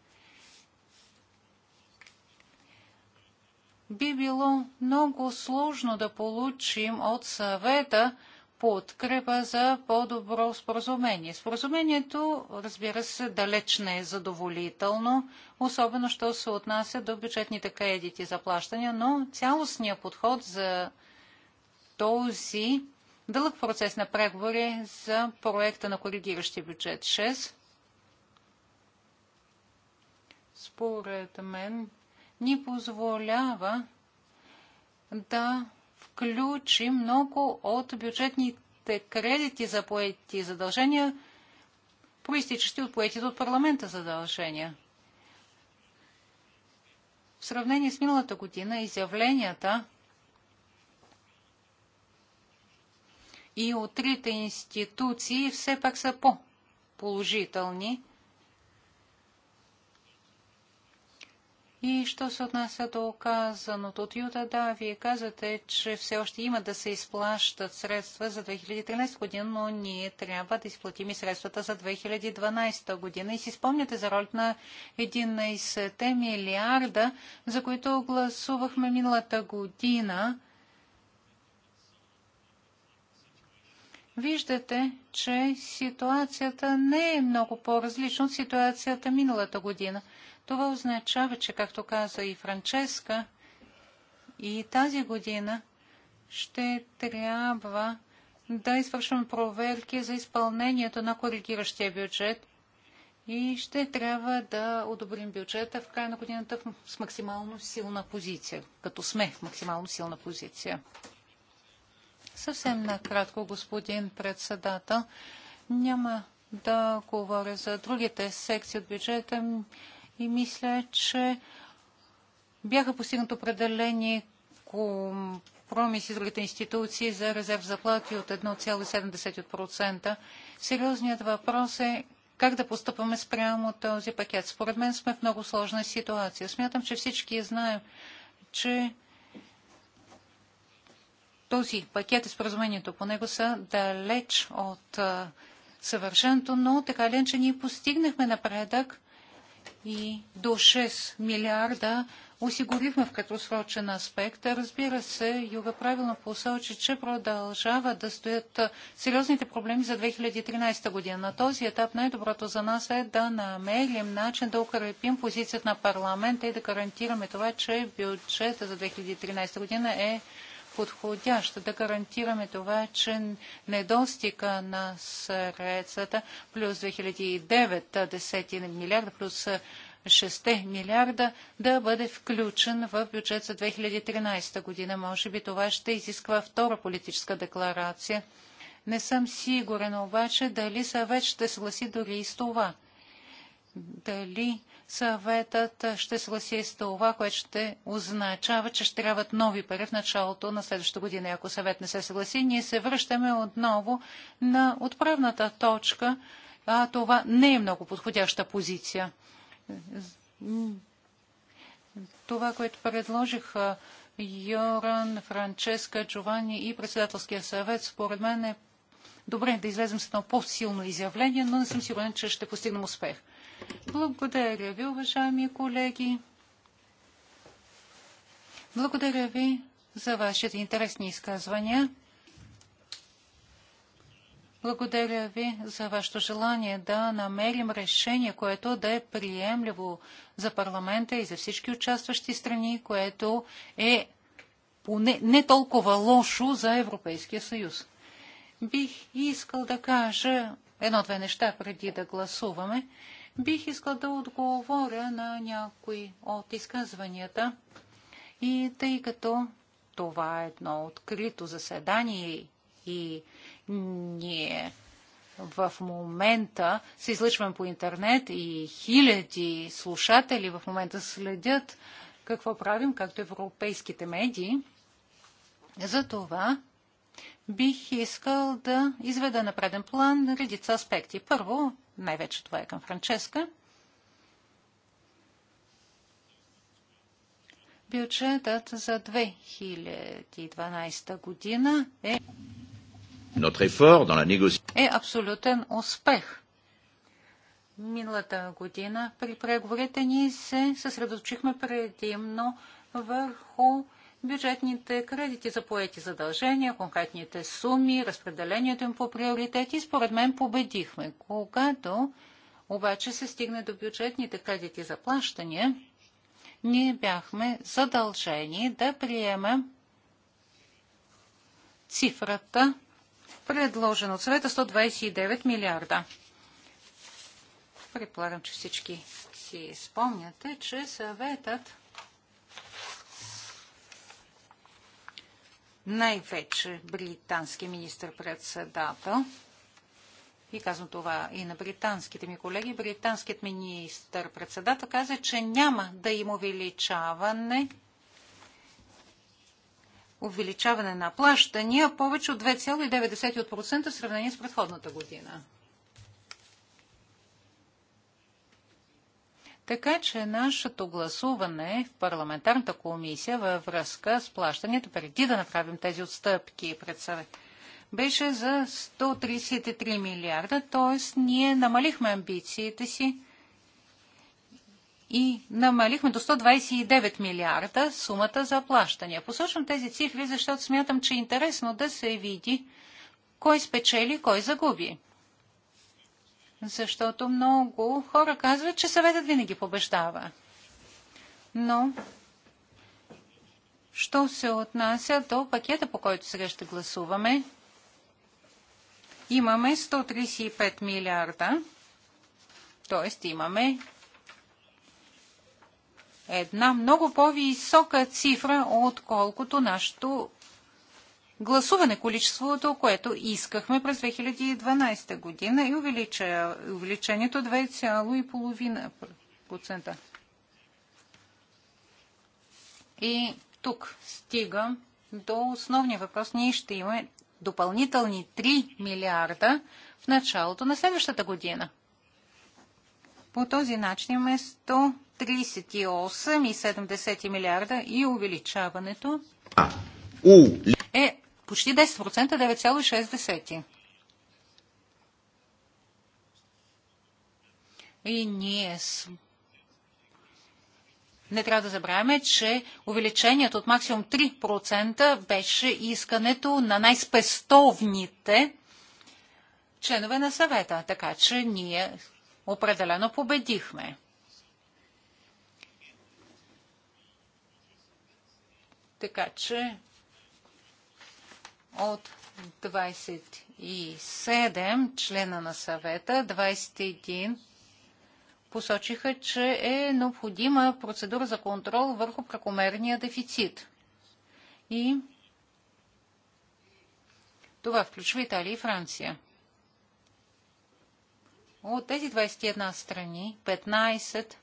Би било много сложно да получим от съвета подкрепа за по-добро споразумение. Споразумението, разбира се, далеч не е задоволително, особено що се отнася до бюджетните кредити за плащания, но цялостният подход за този дълъг процес на преговори за проекта на коригиращи бюджет 6 според мен ни позволява да включи много от бюджетните кредити за поети задължения, проистичащи от поетите от парламента задължения. В сравнение с миналата година изявленията и от трите институции все пак са по-положителни – И що се отнася до оказаното от Юта, да, вие казвате, че все още има да се изплащат средства за 2013 година, но ние трябва да изплатим и средствата за 2012 година. И си спомняте за ролята на 11 милиарда, за които гласувахме миналата година. Виждате, че ситуацията не е много по-различна от ситуацията миналата година – това означава, че, както каза и Франческа, и тази година ще трябва да извършваме проверки за изпълнението на коригиращия бюджет и ще трябва да одобрим бюджета в края на годината с максимално силна позиция, като сме в максимално силна позиция. Съвсем накратко, господин председател, няма да говоря за другите секции от бюджета и мисля, че бяха постигнат определени компромиси с другите институции за резерв заплати от 1,7%. Сериозният въпрос е как да поступаме спрямо този пакет. Според мен сме в много сложна ситуация. Смятам, че всички знаем, че този пакет и споразумението по него са далеч от съвършенто, но така ли, че ние постигнахме напредък и до 6 милиарда осигурихме в краткосрочен аспект. Разбира се, Юга правилно посочи, че продължава да стоят сериозните проблеми за 2013 година. На този етап най-доброто за нас е да намерим начин да укрепим позицията на парламента и да гарантираме това, че бюджета за 2013 година е подходящ да гарантираме това, че недостига на средствата плюс 2009 10 милиарда плюс 6 милиарда да бъде включен в бюджет за 2013 година. Може би това ще изисква втора политическа декларация. Не съм сигурен обаче дали съвет ще съгласи дори и с това. Дали съветът ще съгласи с това, което ще означава, че ще трябват нови пари в началото на следващата година. Ако съвет не се съгласи, ние се връщаме отново на отправната точка, а това не е много подходяща позиция. Това, което предложих Йоран, Франческа, Джовани и председателския съвет, според мен е добре да излезем с едно по-силно изявление, но не съм сигурен, че ще постигнем успех. Благодаря ви, уважаеми колеги. Благодаря ви за вашите интересни изказвания. Благодаря ви за вашето желание да намерим решение, което да е приемливо за парламента и за всички участващи страни, което е поне не толкова лошо за Европейския съюз. Бих искал да кажа едно-две неща преди да гласуваме. Бих искал да отговоря на някои от изказванията. И тъй като това е едно открито заседание и ние в момента се излъчваме по интернет и хиляди слушатели в момента следят какво правим, както европейските медии. За това бих искал да изведа на преден план редица аспекти. Първо, най-вече това е към Франческа. Бюджетът за 2012 година е, е абсолютен успех. Миналата година при преговорите ни се съсредоточихме предимно върху бюджетните кредити за поети задължения, конкретните суми, разпределението им по приоритети. Според мен победихме. Когато обаче се стигне до бюджетните кредити за плащания, ние бяхме задължени да приемем цифрата, предложена от съвета 129 милиарда. Предполагам, че всички си спомняте, че съветът най-вече британски министр-председател. И казвам това и на британските ми колеги. Британският министр-председател каза, че няма да има увеличаване увеличаване на плащания повече от 2,9% в сравнение с предходната година. Така че нашето гласуване в парламентарната комисия във връзка с плащането, преди да направим тези отстъпки пред съвет, беше за 133 милиарда, т.е. ние намалихме амбициите си и намалихме до 129 милиарда сумата за плащания. Посочвам тези цифри, защото смятам, че е интересно да се види кой спечели, кой загуби. Защото много хора казват, че съветът винаги побеждава. Но, що се отнася до пакета, по който сега ще гласуваме, имаме 135 милиарда, т.е. имаме една много по-висока цифра, отколкото нашето гласуване количеството, което искахме през 2012 година и увелича, увеличението 2,5%. И тук стигам до основния въпрос. Ние ще имаме допълнителни 3 милиарда в началото на следващата година. По този начин имаме 138,7 милиарда и увеличаването е почти 10%, 9,6%. И ние не трябва да забравяме, че увеличението от максимум 3% беше искането на най-спестовните членове на съвета, така че ние определено победихме. Така че от 27 члена на съвета, 21 посочиха, че е необходима процедура за контрол върху прекомерния дефицит. И това включва Италия и Франция. От тези 21 страни, 15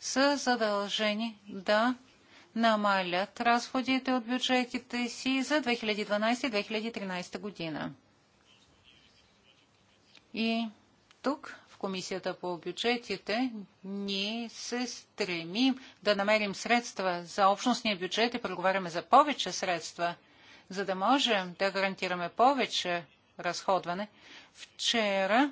са задължени да намалят разходите от бюджетите си за 2012-2013 година. И тук, в Комисията по бюджетите, ние се стремим да намерим средства за общностния бюджет и преговаряме за повече средства, за да можем да гарантираме повече разходване. Вчера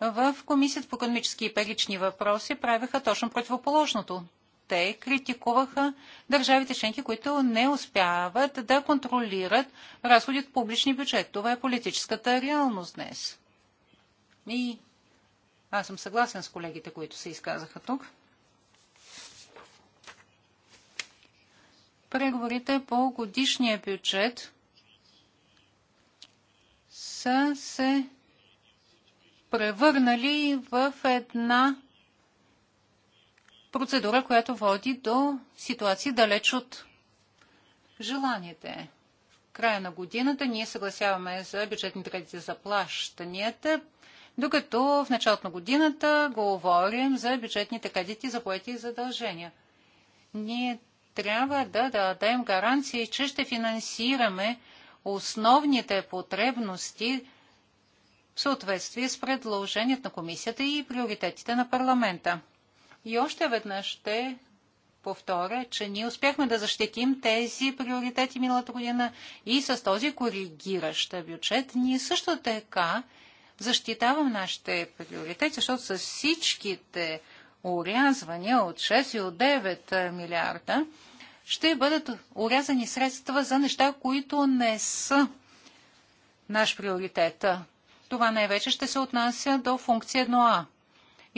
в Комисията по економически и парични въпроси правиха точно противоположното те критикуваха държавите членки, които не успяват да контролират разходи от публичния бюджет. Това е политическата реалност днес. И аз съм съгласен с колегите, които се изказаха тук. Преговорите по годишния бюджет са се превърнали в една процедура, която води до ситуации далеч от желаните. Края на годината ние съгласяваме за бюджетните кредити за плащанията, докато в началото на годината говорим за бюджетните кредити за поети и задължения. Ние трябва да дадем гаранции, че ще финансираме основните потребности в съответствие с предложението на комисията и приоритетите на парламента. И още веднъж ще повторя, че ние успяхме да защитим тези приоритети миналата година и с този коригиращ бюджет ние също така защитавам нашите приоритети, защото с всичките урязвания от 6 и от 9 милиарда ще бъдат урязани средства за неща, които не са наш приоритет. Това най-вече ще се отнася до функция 1А.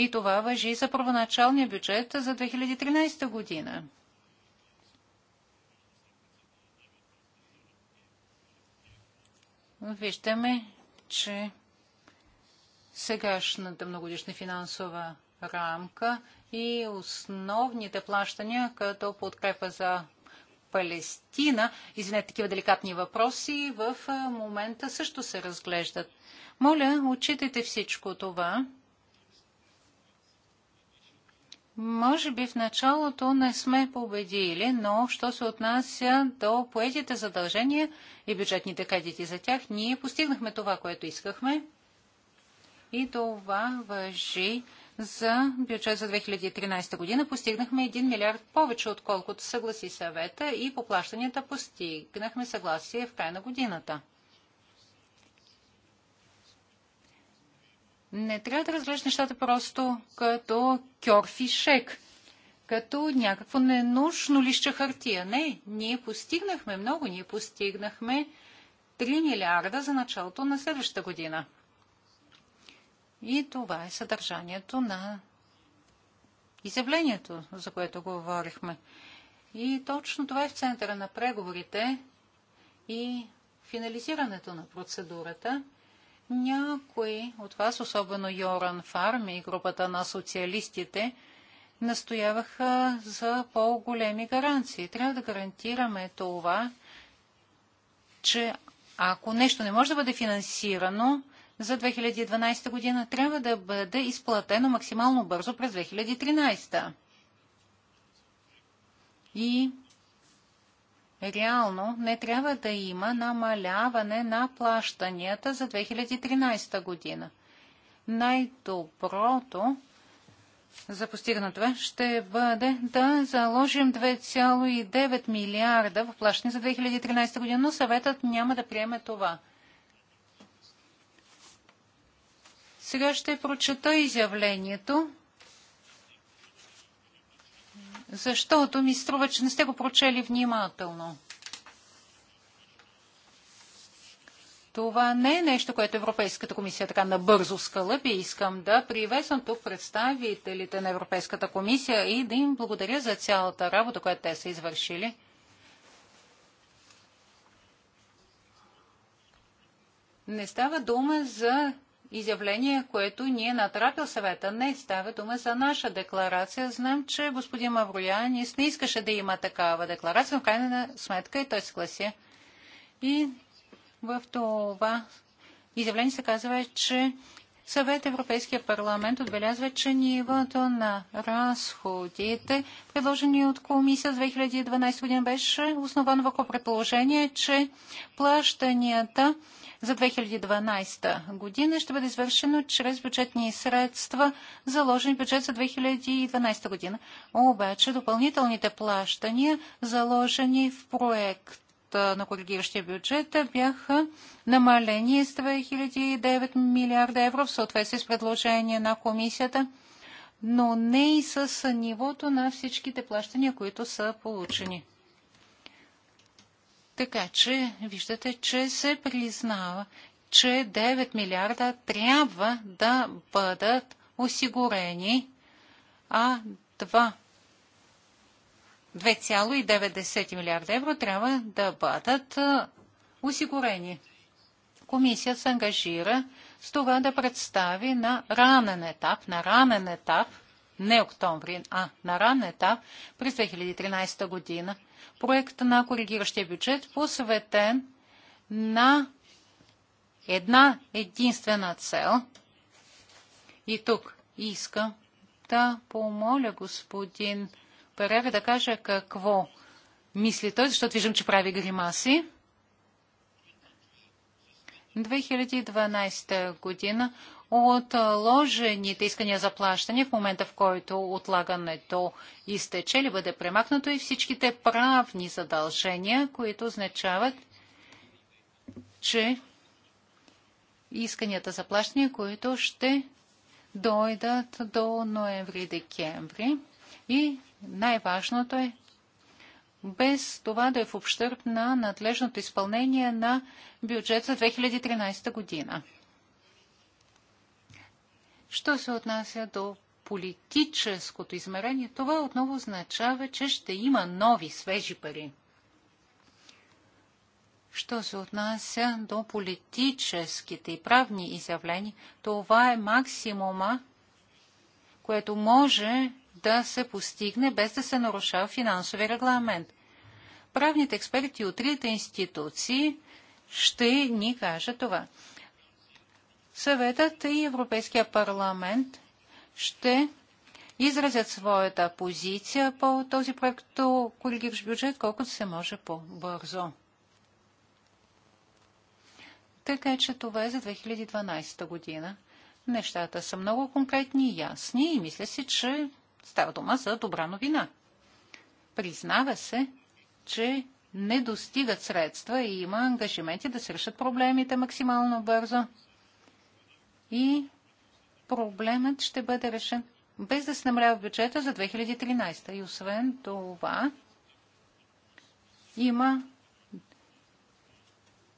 И това въжи за първоначалния бюджет за 2013 година. Виждаме, че сегашната многодишна финансова рамка и основните плащания като подкрепа за Палестина, извинете, такива деликатни въпроси в момента също се разглеждат. Моля, отчитайте всичко това може би в началото не сме победили, но що се отнася до поетите задължения и бюджетните кредити за тях, ние постигнахме това, което искахме. И това въжи за бюджет за 2013 година. Постигнахме 1 милиард повече, отколкото съгласи съвета и по плащанията постигнахме съгласие в края на годината. Не трябва да разглеждаш нещата просто като кьорфишек, като някакво ненужно лище хартия. Не, ние постигнахме много, ние постигнахме 3 милиарда за началото на следващата година. И това е съдържанието на изявлението, за което говорихме. И точно това е в центъра на преговорите и финализирането на процедурата – някои от вас, особено Йоран Фарм и групата на социалистите, настояваха за по-големи гаранции. Трябва да гарантираме това, че ако нещо не може да бъде финансирано за 2012 година, трябва да бъде изплатено максимално бързо през 2013. И реално не трябва да има намаляване на плащанията за 2013 година. Най-доброто за постигна е, ще бъде да заложим 2,9 милиарда в плащане за 2013 година, но съветът няма да приеме това. Сега ще прочета изявлението защото ми струва, че не сте го прочели внимателно. Това не е нещо, което Европейската комисия така набързо скалъпи. Искам да приветствам тук представителите на Европейската комисия и да им благодаря за цялата работа, която те са извършили. Не става дума за изявление, което ние натрапил съвета. Не става дума за наша декларация. Знам, че господин Мавроянис не искаше да има такава декларация, но в крайна сметка и той съгласи. И в това изявление се казва, че Съвет Европейския парламент отбелязва, че нивото на разходите, предложени от комисия за 2012 година, беше основано върху предположение, че плащанията за 2012 година ще бъде извършено чрез бюджетни средства, заложени в бюджет за 2012 година. Обаче допълнителните плащания, заложени в проект на коригиращия бюджет бяха намалени с 2009 милиарда евро в съответствие с предложение на комисията, но не и с нивото на всичките плащания, които са получени. Така че виждате, че се признава, че 9 милиарда трябва да бъдат осигурени, а 2,9 милиарда евро трябва да бъдат осигурени. Комисията се ангажира с това да представи на ранен етап, на ранен етап, не октомври, а на ранен етап през 2013 година проект на коригиращия бюджет, посветен на една единствена цел. И тук искам да помоля господин трябва да кажа какво мисли той, защото виждам, че прави гримаси. 2012 година отложените искания за плащане в момента, в който отлагането изтече или бъде премахнато и всичките правни задължения, които означават, че исканията за плащане, които ще дойдат до ноември-декември и най-важното е без това да е в общърп на надлежното изпълнение на бюджет за 2013 година. Що се отнася до политическото измерение, това отново означава, че ще има нови, свежи пари. Що се отнася до политическите и правни изявления, това е максимума, което може да се постигне без да се нарушава финансови регламент. Правните експерти от трите институции ще ни кажат това. Съветът и Европейския парламент ще изразят своята позиция по този проект коригиращ бюджет, колкото се може по-бързо. Така че това е за 2012 година. Нещата са много конкретни и ясни и мисля си, че Става дума за добра новина. Признава се, че не достигат средства и има ангажименти да се решат проблемите максимално бързо. И проблемът ще бъде решен без да се намалява бюджета за 2013. И освен това има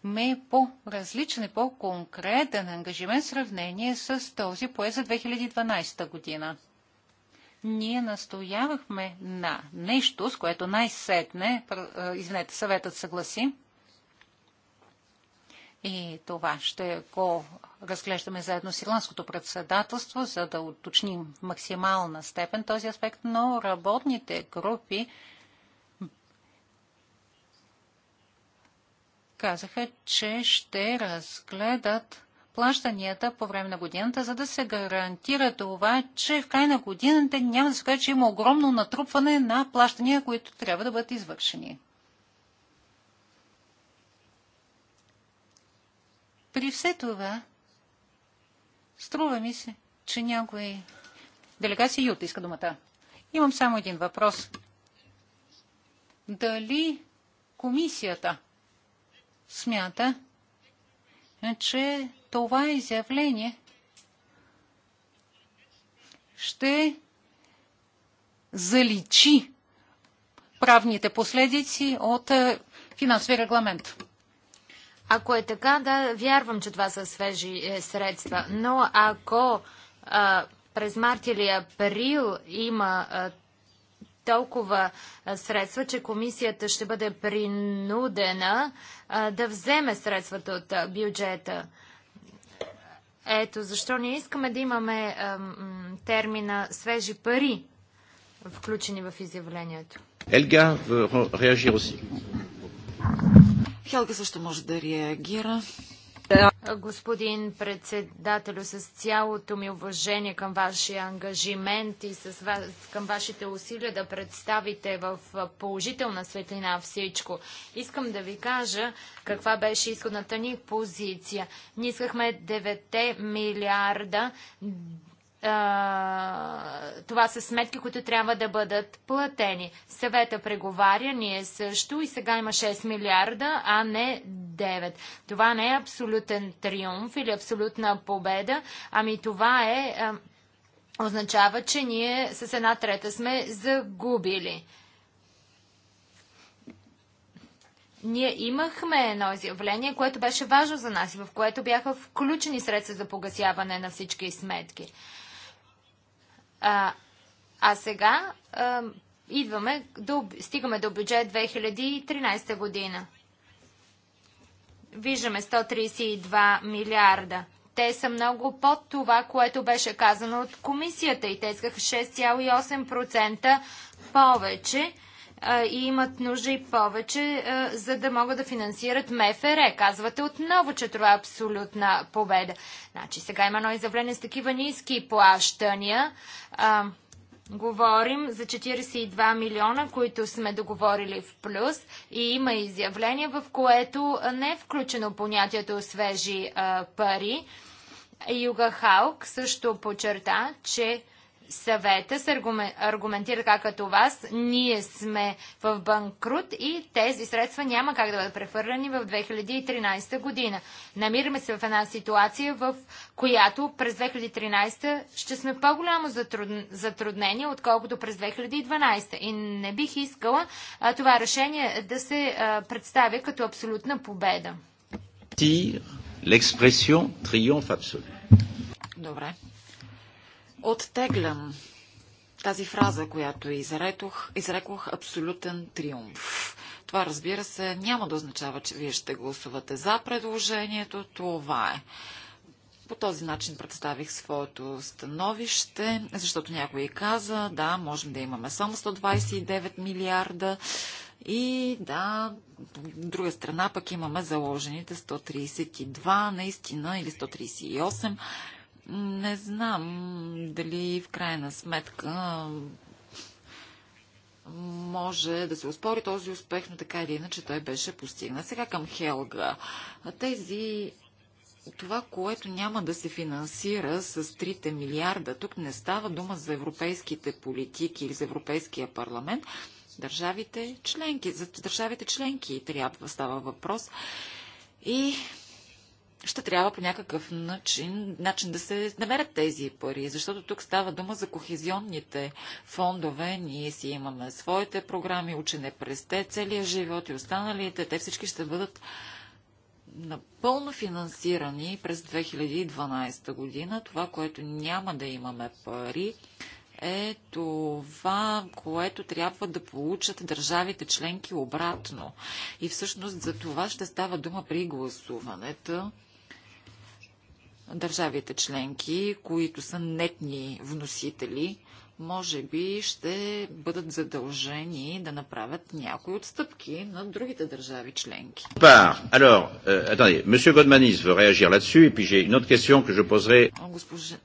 ме по-различен и по-конкретен ангажимент в сравнение с този пое за 2012 година ние настоявахме на нещо, с което най-сетне, извинете, съветът съгласи, и това ще го разглеждаме заедно с Ирландското председателство, за да уточним максимална степен този аспект, но работните групи казаха, че ще разгледат плащанията по време на годината, за да се гарантира това, че в край на годината няма да се каже, че има огромно натрупване на плащания, които трябва да бъдат извършени. При все това, струва ми се, че някой делегация Юта иска думата. Имам само един въпрос. Дали комисията смята, че това изявление ще заличи правните последици от е, финансови регламент. Ако е така, да, вярвам, че това са свежи е, средства. Но ако а, през март или април има а, толкова средства, че комисията ще бъде принудена да вземе средствата от бюджета. Ето защо ние искаме да имаме термина свежи пари, включени в изявлението. Елга реагира си. Хелга също може да реагира. Е, господин председател, с цялото ми уважение към вашия ангажимент и с вас, към вашите усилия да представите в положителна светлина всичко, искам да ви кажа каква беше изходната ни позиция. Ние искахме 9 милиарда това са сметки, които трябва да бъдат платени. Съвета преговаря, ние също и сега има 6 милиарда, а не 9. Това не е абсолютен триумф или абсолютна победа, ами това е, а, означава, че ние с една трета сме загубили. ние имахме едно изявление, което беше важно за нас и в което бяха включени средства за погасяване на всички сметки. А, а сега а, идваме до, стигаме до бюджет 2013 година. Виждаме 132 милиарда. Те са много под това, което беше казано от комисията и те искаха 6,8% повече и имат нужда и повече, за да могат да финансират МФР. Казвате отново, че това е абсолютна победа. Значи сега има едно изявление с такива ниски плащания. А, говорим за 42 милиона, които сме договорили в плюс и има изявление, в което не е включено понятието свежи а, пари. Юга Халк също подчерта, че съвета се аргументира как като вас, ние сме в банкрут и тези средства няма как да бъдат прехвърлени в 2013 година. Намираме се в една ситуация, в която през 2013 ще сме по-голямо затруднение, отколкото през 2012. И не бих искала това решение да се представя като абсолютна победа. L'expression triomphe Добре. Оттеглям тази фраза, която изретох, изрекох абсолютен триумф. Това, разбира се, няма да означава, че вие ще гласувате за предложението. Това е. По този начин представих своето становище, защото някой каза, да, можем да имаме само 129 милиарда и да, от друга страна пък имаме заложените 132, наистина, или 138 не знам дали в крайна сметка може да се успори този успех, но така или иначе той беше постигнат. Сега към Хелга. Тези това, което няма да се финансира с 3 милиарда, тук не става дума за европейските политики или за Европейския парламент, държавите членки. За държавите членки трябва става въпрос. И ще трябва по някакъв начин, начин да се намерят тези пари, защото тук става дума за кохезионните фондове. Ние си имаме своите програми, учене през те, целия живот и останалите. Те всички ще бъдат напълно финансирани през 2012 година. Това, което няма да имаме пари, е това, което трябва да получат държавите членки обратно. И всъщност за това ще става дума при гласуването държавите членки, които са нетни вносители, може би ще бъдат задължени да направят някои отстъпки на другите държави членки. Euh,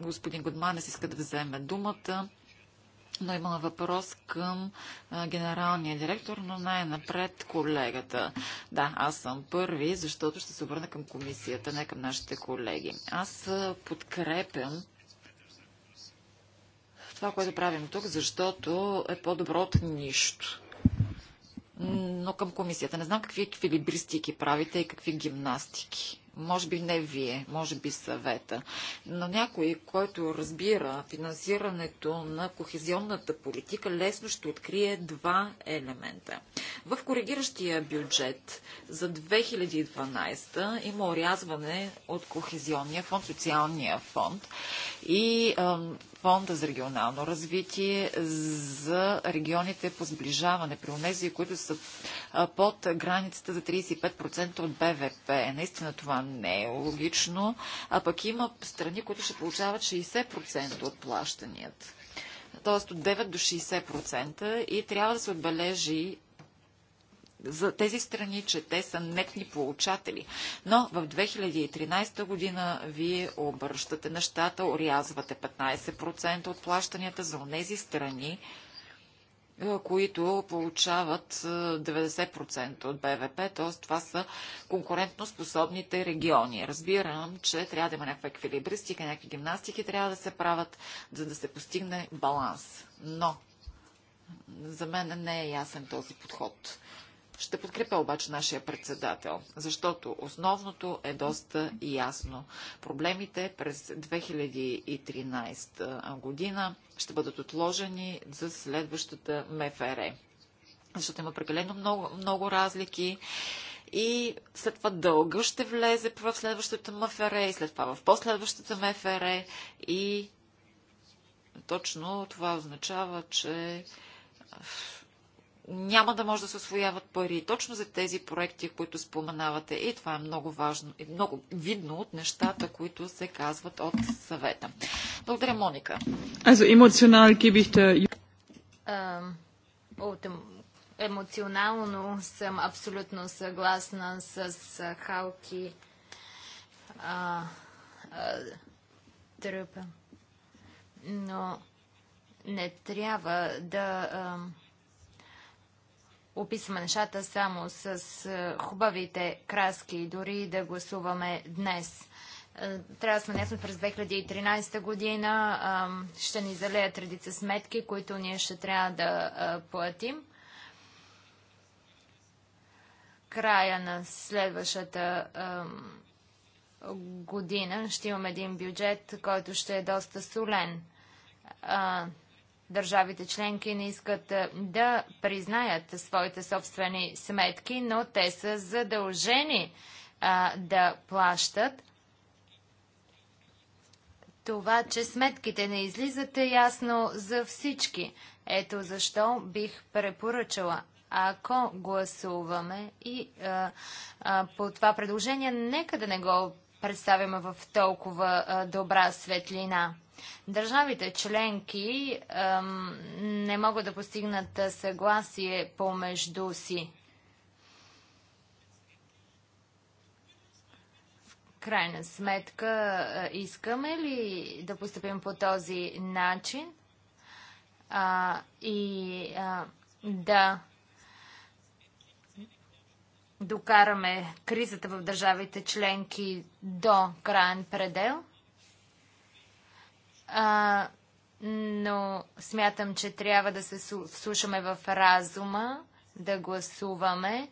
господин Годманес иска да вземе думата но има въпрос към а, генералния директор, но най-напред колегата. Да, аз съм първи, защото ще се обърна към комисията, не към нашите колеги. Аз подкрепям това, което правим тук, защото е по-добро от нищо. Но към комисията. Не знам какви еквилибристики правите и какви гимнастики. Може би не вие, може би съвета. Но някой, който разбира финансирането на кохезионната политика, лесно ще открие два елемента. В коригиращия бюджет за 2012 има орязване от кохезионния фонд, социалния фонд и фонда за регионално развитие за регионите по сближаване, при унези, които са под границата за 35% от БВП. Наистина това не е логично, а пък има страни, които ще получават 60% от плащанията т.е. от 9 до 60% и трябва да се отбележи за тези страни, че те са нетни получатели. Но в 2013 година вие обръщате нещата, орязвате 15% от плащанията за тези страни, е, които получават 90% е, от БВП, т.е. това са конкурентно способните региони. Разбирам, че трябва да има някаква еквилибристика, някакви гимнастики трябва да се правят, за да се постигне баланс. Но за мен не е ясен този подход. Ще подкрепя обаче нашия председател, защото основното е доста ясно. Проблемите през 2013 година ще бъдат отложени за следващата МФР. Защото има прекалено много, много разлики и след това дълга ще влезе в следващата МФР и след това в последващата МФР и точно това означава, че няма да може да се освояват пари точно за тези проекти, които споменавате. И това е много важно и много видно от нещата, които се казват от съвета. Благодаря, Моника. Also, emotional ich Uh, от емоционално съм абсолютно съгласна с Халки Тръпа. Uh, uh, Но не трябва да... uh, описваме нещата само с е, хубавите краски, дори да гласуваме днес. Е, трябва да сме наясно през 2013 година. Е, ще ни залеят редица сметки, които ние ще трябва да платим. Края на следващата година ще имаме един бюджет, който ще е доста солен. Държавите членки не искат да признаят своите собствени сметки, но те са задължени а, да плащат. Това, че сметките не излизат е ясно за всички. Ето защо бих препоръчала ако гласуваме и а, а, по това предложение, нека да не го представяме в толкова а, добра светлина. Държавите членки ем, не могат да постигнат съгласие помежду си. В крайна сметка, искаме ли да поступим по този начин а, и а, да докараме кризата в държавите членки до крайен предел? а, но смятам, че трябва да се слушаме в разума, да гласуваме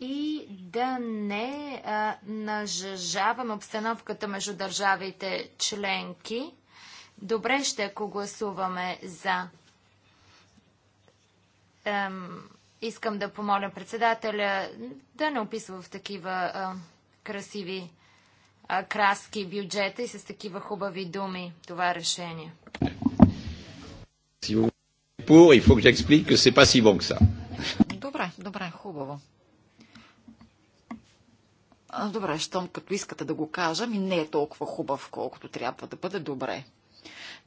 и да не а, нажажаваме обстановката между държавите членки. Добре ще, ако гласуваме за. Ем, искам да помоля председателя да не описва в такива а, красиви краски бюджета и с такива хубави думи това е решение. Добре, добре, хубаво. Добре, щом като искате да го кажа, ми не е толкова хубав, колкото трябва да бъде добре.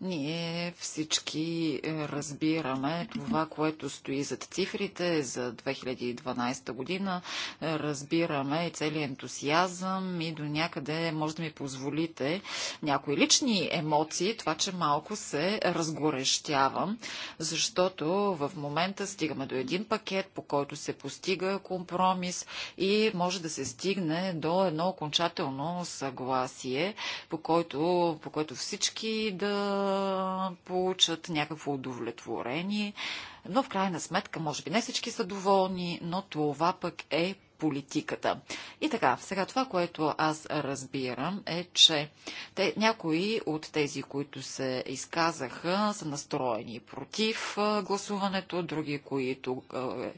Ние всички е, разбираме това, което стои зад цифрите за 2012 година. Е, разбираме и целият ентусиазъм и до някъде може да ми позволите някои лични емоции, това, че малко се разгорещявам, защото в момента стигаме до един пакет, по който се постига компромис и може да се стигне до едно окончателно съгласие, по който, по който всички да получат някакво удовлетворение. Но в крайна сметка, може би не всички са доволни, но това пък е политиката. И така, сега това, което аз разбирам е, че те, някои от тези, които се изказаха, са настроени против гласуването, други, които е,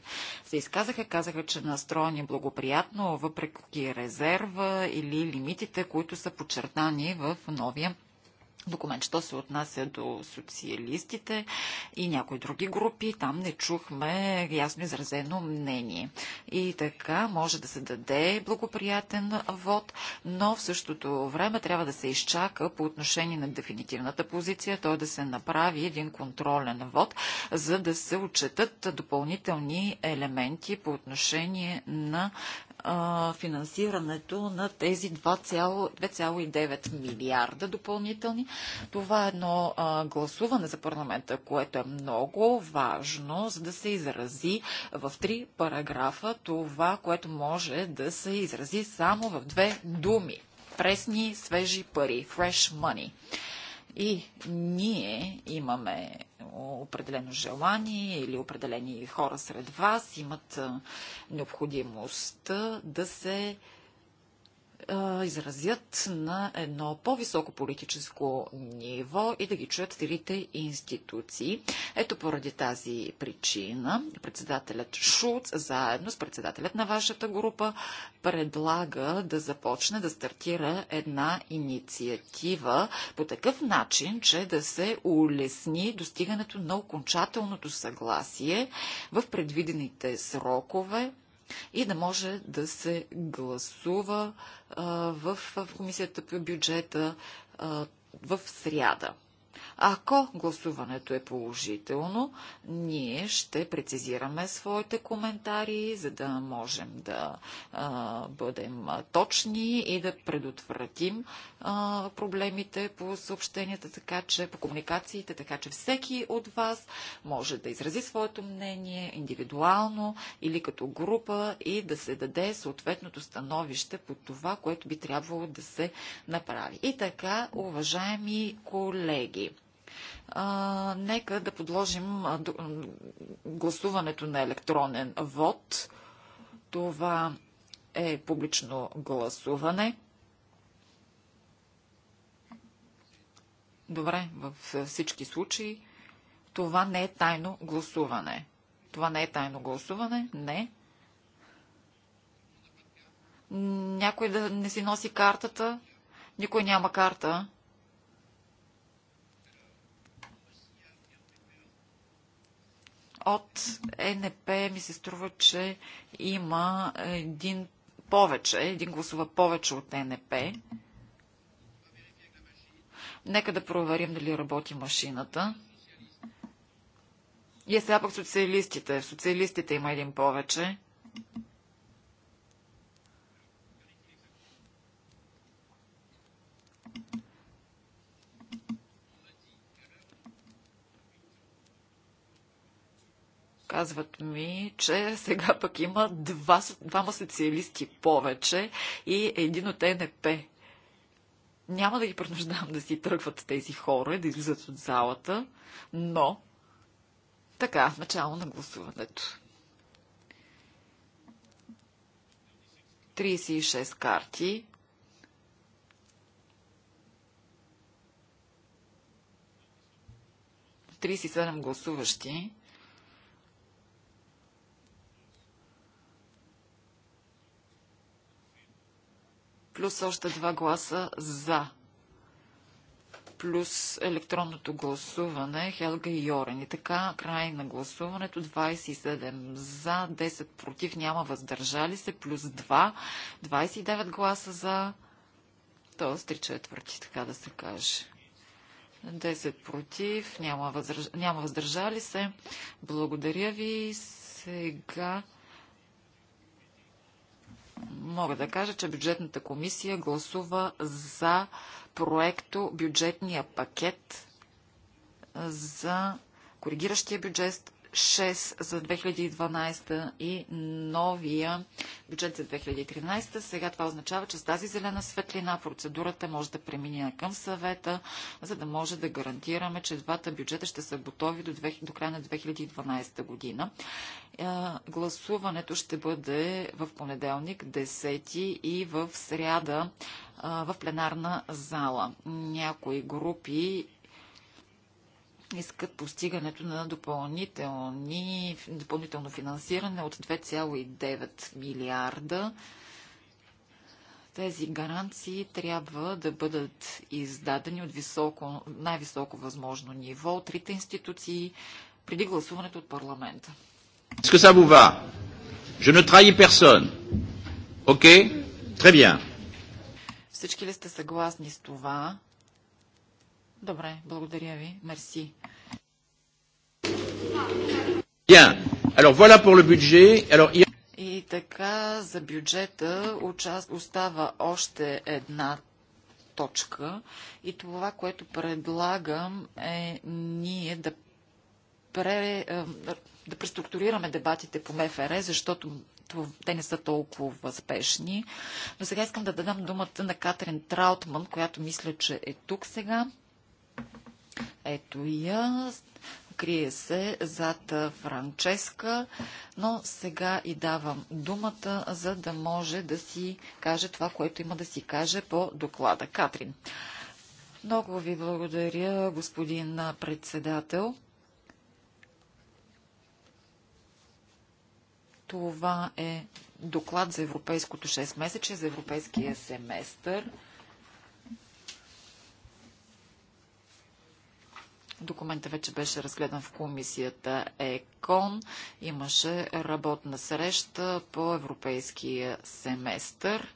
се изказаха, казаха, че настроени благоприятно, въпреки резерва или лимитите, които са подчертани в новия документ, що се отнася до социалистите и някои други групи. Там не чухме ясно изразено мнение. И така може да се даде благоприятен вод, но в същото време трябва да се изчака по отношение на дефинитивната позиция, т.е. да се направи един контролен вод, за да се отчетат допълнителни елементи по отношение на финансирането на тези 2,9 милиарда допълнителни. Това е едно гласуване за парламента, което е много важно, за да се изрази в три параграфа това, което може да се изрази само в две думи. Пресни, свежи пари, fresh money. И ние имаме определено желание или определени хора сред вас имат необходимост да се а, изразят на едно по-високо политическо ниво и да ги чуят трите институции. Ето поради тази причина председателят Шуц, заедно с председателят на вашата група, предлага да започне да стартира една инициатива по такъв начин, че да се улесни достигането на окончателното съгласие в предвидените срокове и да може да се гласува а, в, в комисията по бюджета а, в сряда. Ако гласуването е положително, ние ще прецизираме своите коментари, за да можем да а, бъдем точни и да предотвратим а, проблемите по съобщенията, така че по комуникациите, така че всеки от вас може да изрази своето мнение индивидуално или като група и да се даде съответното становище по това, което би трябвало да се направи. И така, уважаеми колеги, а, нека да подложим а, до, гласуването на електронен вод. Това е публично гласуване. Добре, във е, всички случаи това не е тайно гласуване. Това не е тайно гласуване, не. Някой да не си носи картата. Никой няма карта. от ЕНП ми се струва, че има един повече, един гласува повече от ЕНП. Нека да проверим дали работи машината. И е сега пък социалистите. социалистите има един повече. Казват ми, че сега пък има два, двама социалисти повече и един от НП. Няма да ги принуждавам да си тръгват тези хора и да излизат от залата, но така, начало на гласуването. 36 карти. Тридесет гласуващи. плюс още два гласа за, плюс електронното гласуване Хелга и Йорен. И така, край на гласуването 27 за, 10 против, няма въздържали се, плюс 2, 29 гласа за, т.е. 3 четвърти, така да се каже. 10 против, няма, въздърж... няма въздържали се. Благодаря ви. Сега мога да кажа, че бюджетната комисия гласува за проекто бюджетния пакет за коригиращия бюджет 6 за 2012 и новия бюджет за 2013. Сега това означава, че с тази зелена светлина процедурата може да премине към съвета, за да може да гарантираме, че двата бюджета ще са готови до, 2, до края на 2012 година. Е, гласуването ще бъде в понеделник 10 и в сряда е, в пленарна зала. Някои групи искат постигането на допълнителни, допълнително финансиране от 2,9 милиарда. Тези гаранции трябва да бъдат издадени от високо, най-високо възможно ниво от трите институции преди гласуването от парламента. Est-ce que ça vous va Je ne trahis personne. OK Très bien. Всички ли сте съгласни с това? Добре, благодаря ви. Мерси. Bien. Alors voilà pour le budget. Alors, И така за бюджета остава още една точка. И това, което предлагам е ние да, пре, е, да преструктурираме дебатите по МФР, защото те не са толкова спешни. Но сега искам да дадам думата на Катрин Траутман, която мисля, че е тук сега. Ето я, крие се зад Франческа, но сега и давам думата, за да може да си каже това, което има да си каже по доклада. Катрин. Много ви благодаря, господин председател. Това е доклад за европейското 6 месече, за европейския семестър. Документа вече беше разгледан в комисията ЕКОН. Имаше работна среща по европейския семестър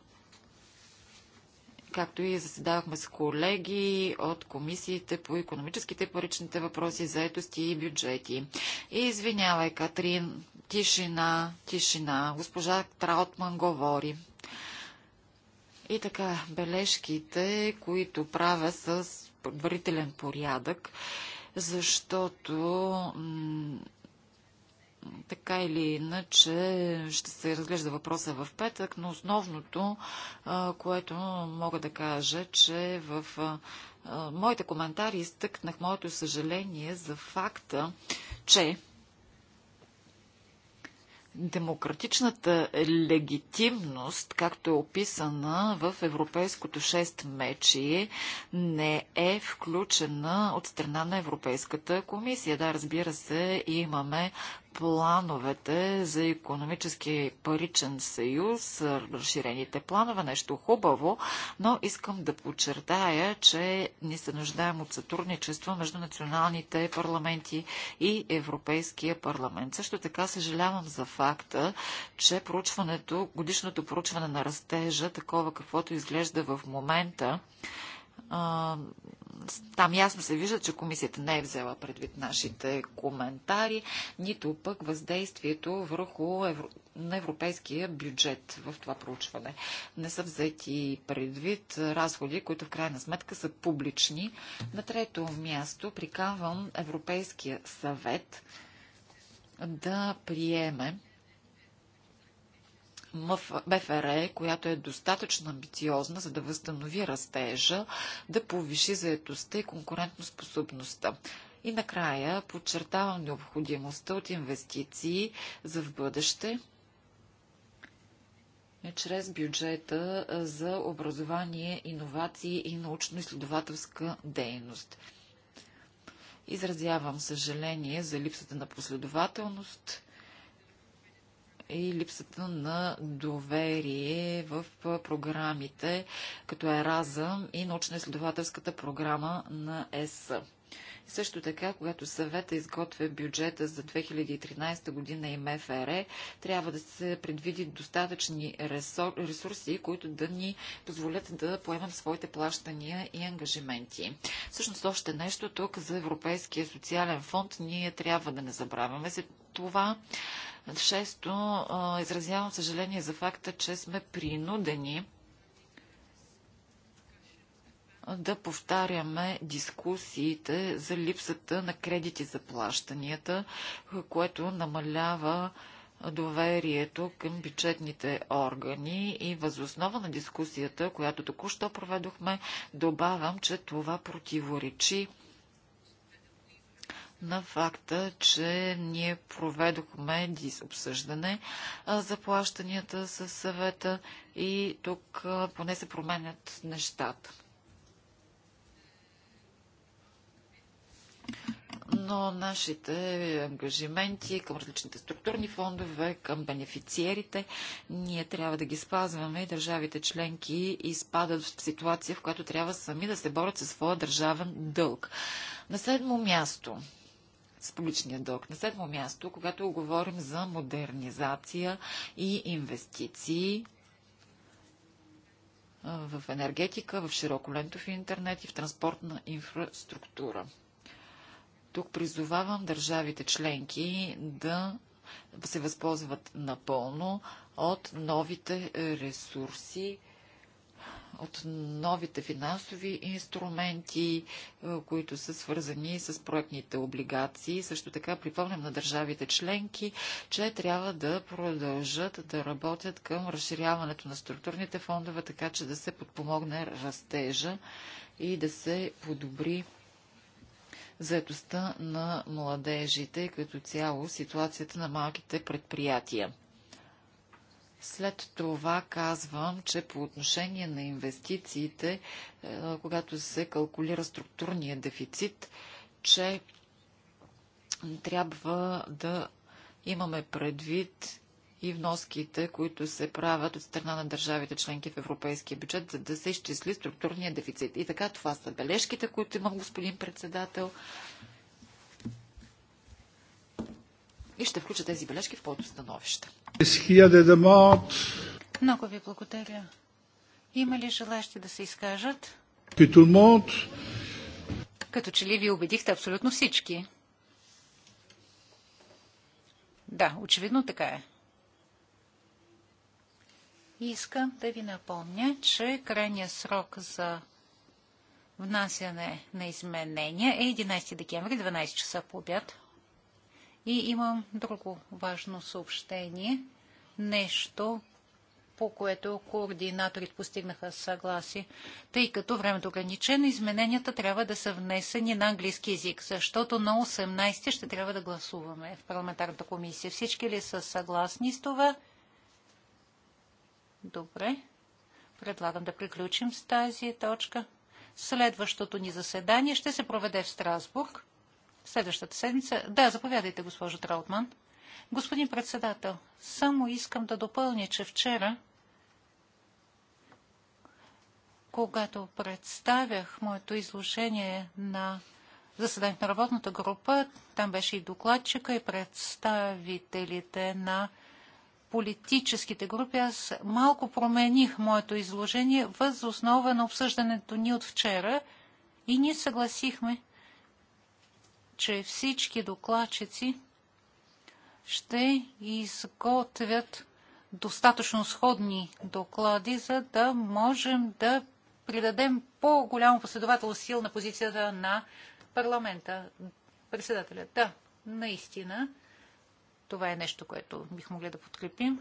както и заседавахме с колеги от комисиите по економическите паричните въпроси, заетости и бюджети. И извинявай, Катрин, тишина, тишина. Госпожа Траутман говори. И така, бележките, които правя с предварителен порядък защото така или иначе ще се разглежда въпроса в петък, но основното, което мога да кажа, че в моите коментари изтъкнах моето съжаление за факта, че демократичната легитимност, както е описана в Европейското 6 мечи, не е включена от страна на Европейската комисия. Да, разбира се, имаме плановете за економически паричен съюз, разширените планове, нещо хубаво, но искам да подчертая, че ни се нуждаем от сътрудничество между националните парламенти и Европейския парламент. Също така съжалявам за факта, че проучването, годишното проучване на растежа, такова каквото изглежда в момента, там ясно се вижда, че комисията не е взела предвид нашите коментари, нито пък въздействието върху евро... на европейския бюджет в това проучване. Не са взети предвид разходи, които в крайна сметка са публични. На трето място приканвам Европейския съвет да приеме БФР, е, която е достатъчно амбициозна, за да възстанови растежа, да повиши заетостта и конкурентоспособността. И накрая подчертавам необходимостта от инвестиции за в бъдеще е, чрез бюджета е, за образование, иновации и научно-изследователска дейност. Изразявам съжаление за липсата на последователност е и липсата на доверие в програмите като разъм и научно-изследователската програма на ЕС. Също така, когато съвета изготвя бюджета за 2013 година и МФР, трябва да се предвиди достатъчни ресурси, които да ни позволят да поемем своите плащания и ангажименти. Всъщност още нещо тук за Европейския социален фонд. Ние трябва да не забравяме за това. Шесто, изразявам съжаление за факта, че сме принудени да повтаряме дискусиите за липсата на кредити за плащанията, което намалява доверието към бюджетните органи и възоснова на дискусията, която току-що проведохме, добавям, че това противоречи на факта, че ние проведохме обсъждане за плащанията със съвета и тук поне се променят нещата. но нашите ангажименти към различните структурни фондове, към бенефициерите, ние трябва да ги спазваме и държавите членки изпадат в ситуация, в която трябва сами да се борят със своя държавен дълг. На седмо място с публичния дълг. На седмо място, когато говорим за модернизация и инвестиции, в енергетика, в широколентов интернет и в транспортна инфраструктура. Тук призовавам държавите членки да се възползват напълно от новите ресурси, от новите финансови инструменти, е, които са свързани с проектните облигации. Също така припомням на държавите членки, че трябва да продължат да работят към разширяването на структурните фондове, така че да се подпомогне растежа и да се подобри заедостта на младежите и като цяло ситуацията на малките предприятия. След това казвам, че по отношение на инвестициите, е, когато се калкулира структурния дефицит, че трябва да имаме предвид и вноските, които се правят от страна на държавите членки в европейския бюджет, за да се изчисли структурния дефицит. И така, това са бележките, които имам, господин председател. И ще включа тези бележки в моето становище. Много ви благодаря. Има ли желащи да се изкажат? Като че ли ви убедихте абсолютно всички? Да, очевидно така е. Искам да ви напомня, че крайният срок за внасяне на изменения е 11 декември, 12 часа по обяд. И имам друго важно съобщение, нещо, по което координаторите постигнаха съгласи, тъй като времето е ограничено, измененията трябва да са внесени на английски язик, защото на 18 ще трябва да гласуваме в парламентарната комисия. Всички ли са съгласни с това? Добре. Предлагам да приключим с тази точка. Следващото ни заседание ще се проведе в Страсбург. Следващата седмица. Да, заповядайте, госпожо Траутман. Господин председател, само искам да допълня, че вчера, когато представях моето изложение на заседанието на работната група, там беше и докладчика, и представителите на политическите групи, аз малко промених моето изложение въз основа на обсъждането ни от вчера и ние съгласихме, че всички докладчици ще изготвят достатъчно сходни доклади, за да можем да придадем по-голямо последователно сил на позицията на парламента. Председателя, да, наистина това е нещо, което бих могли да подкрепим.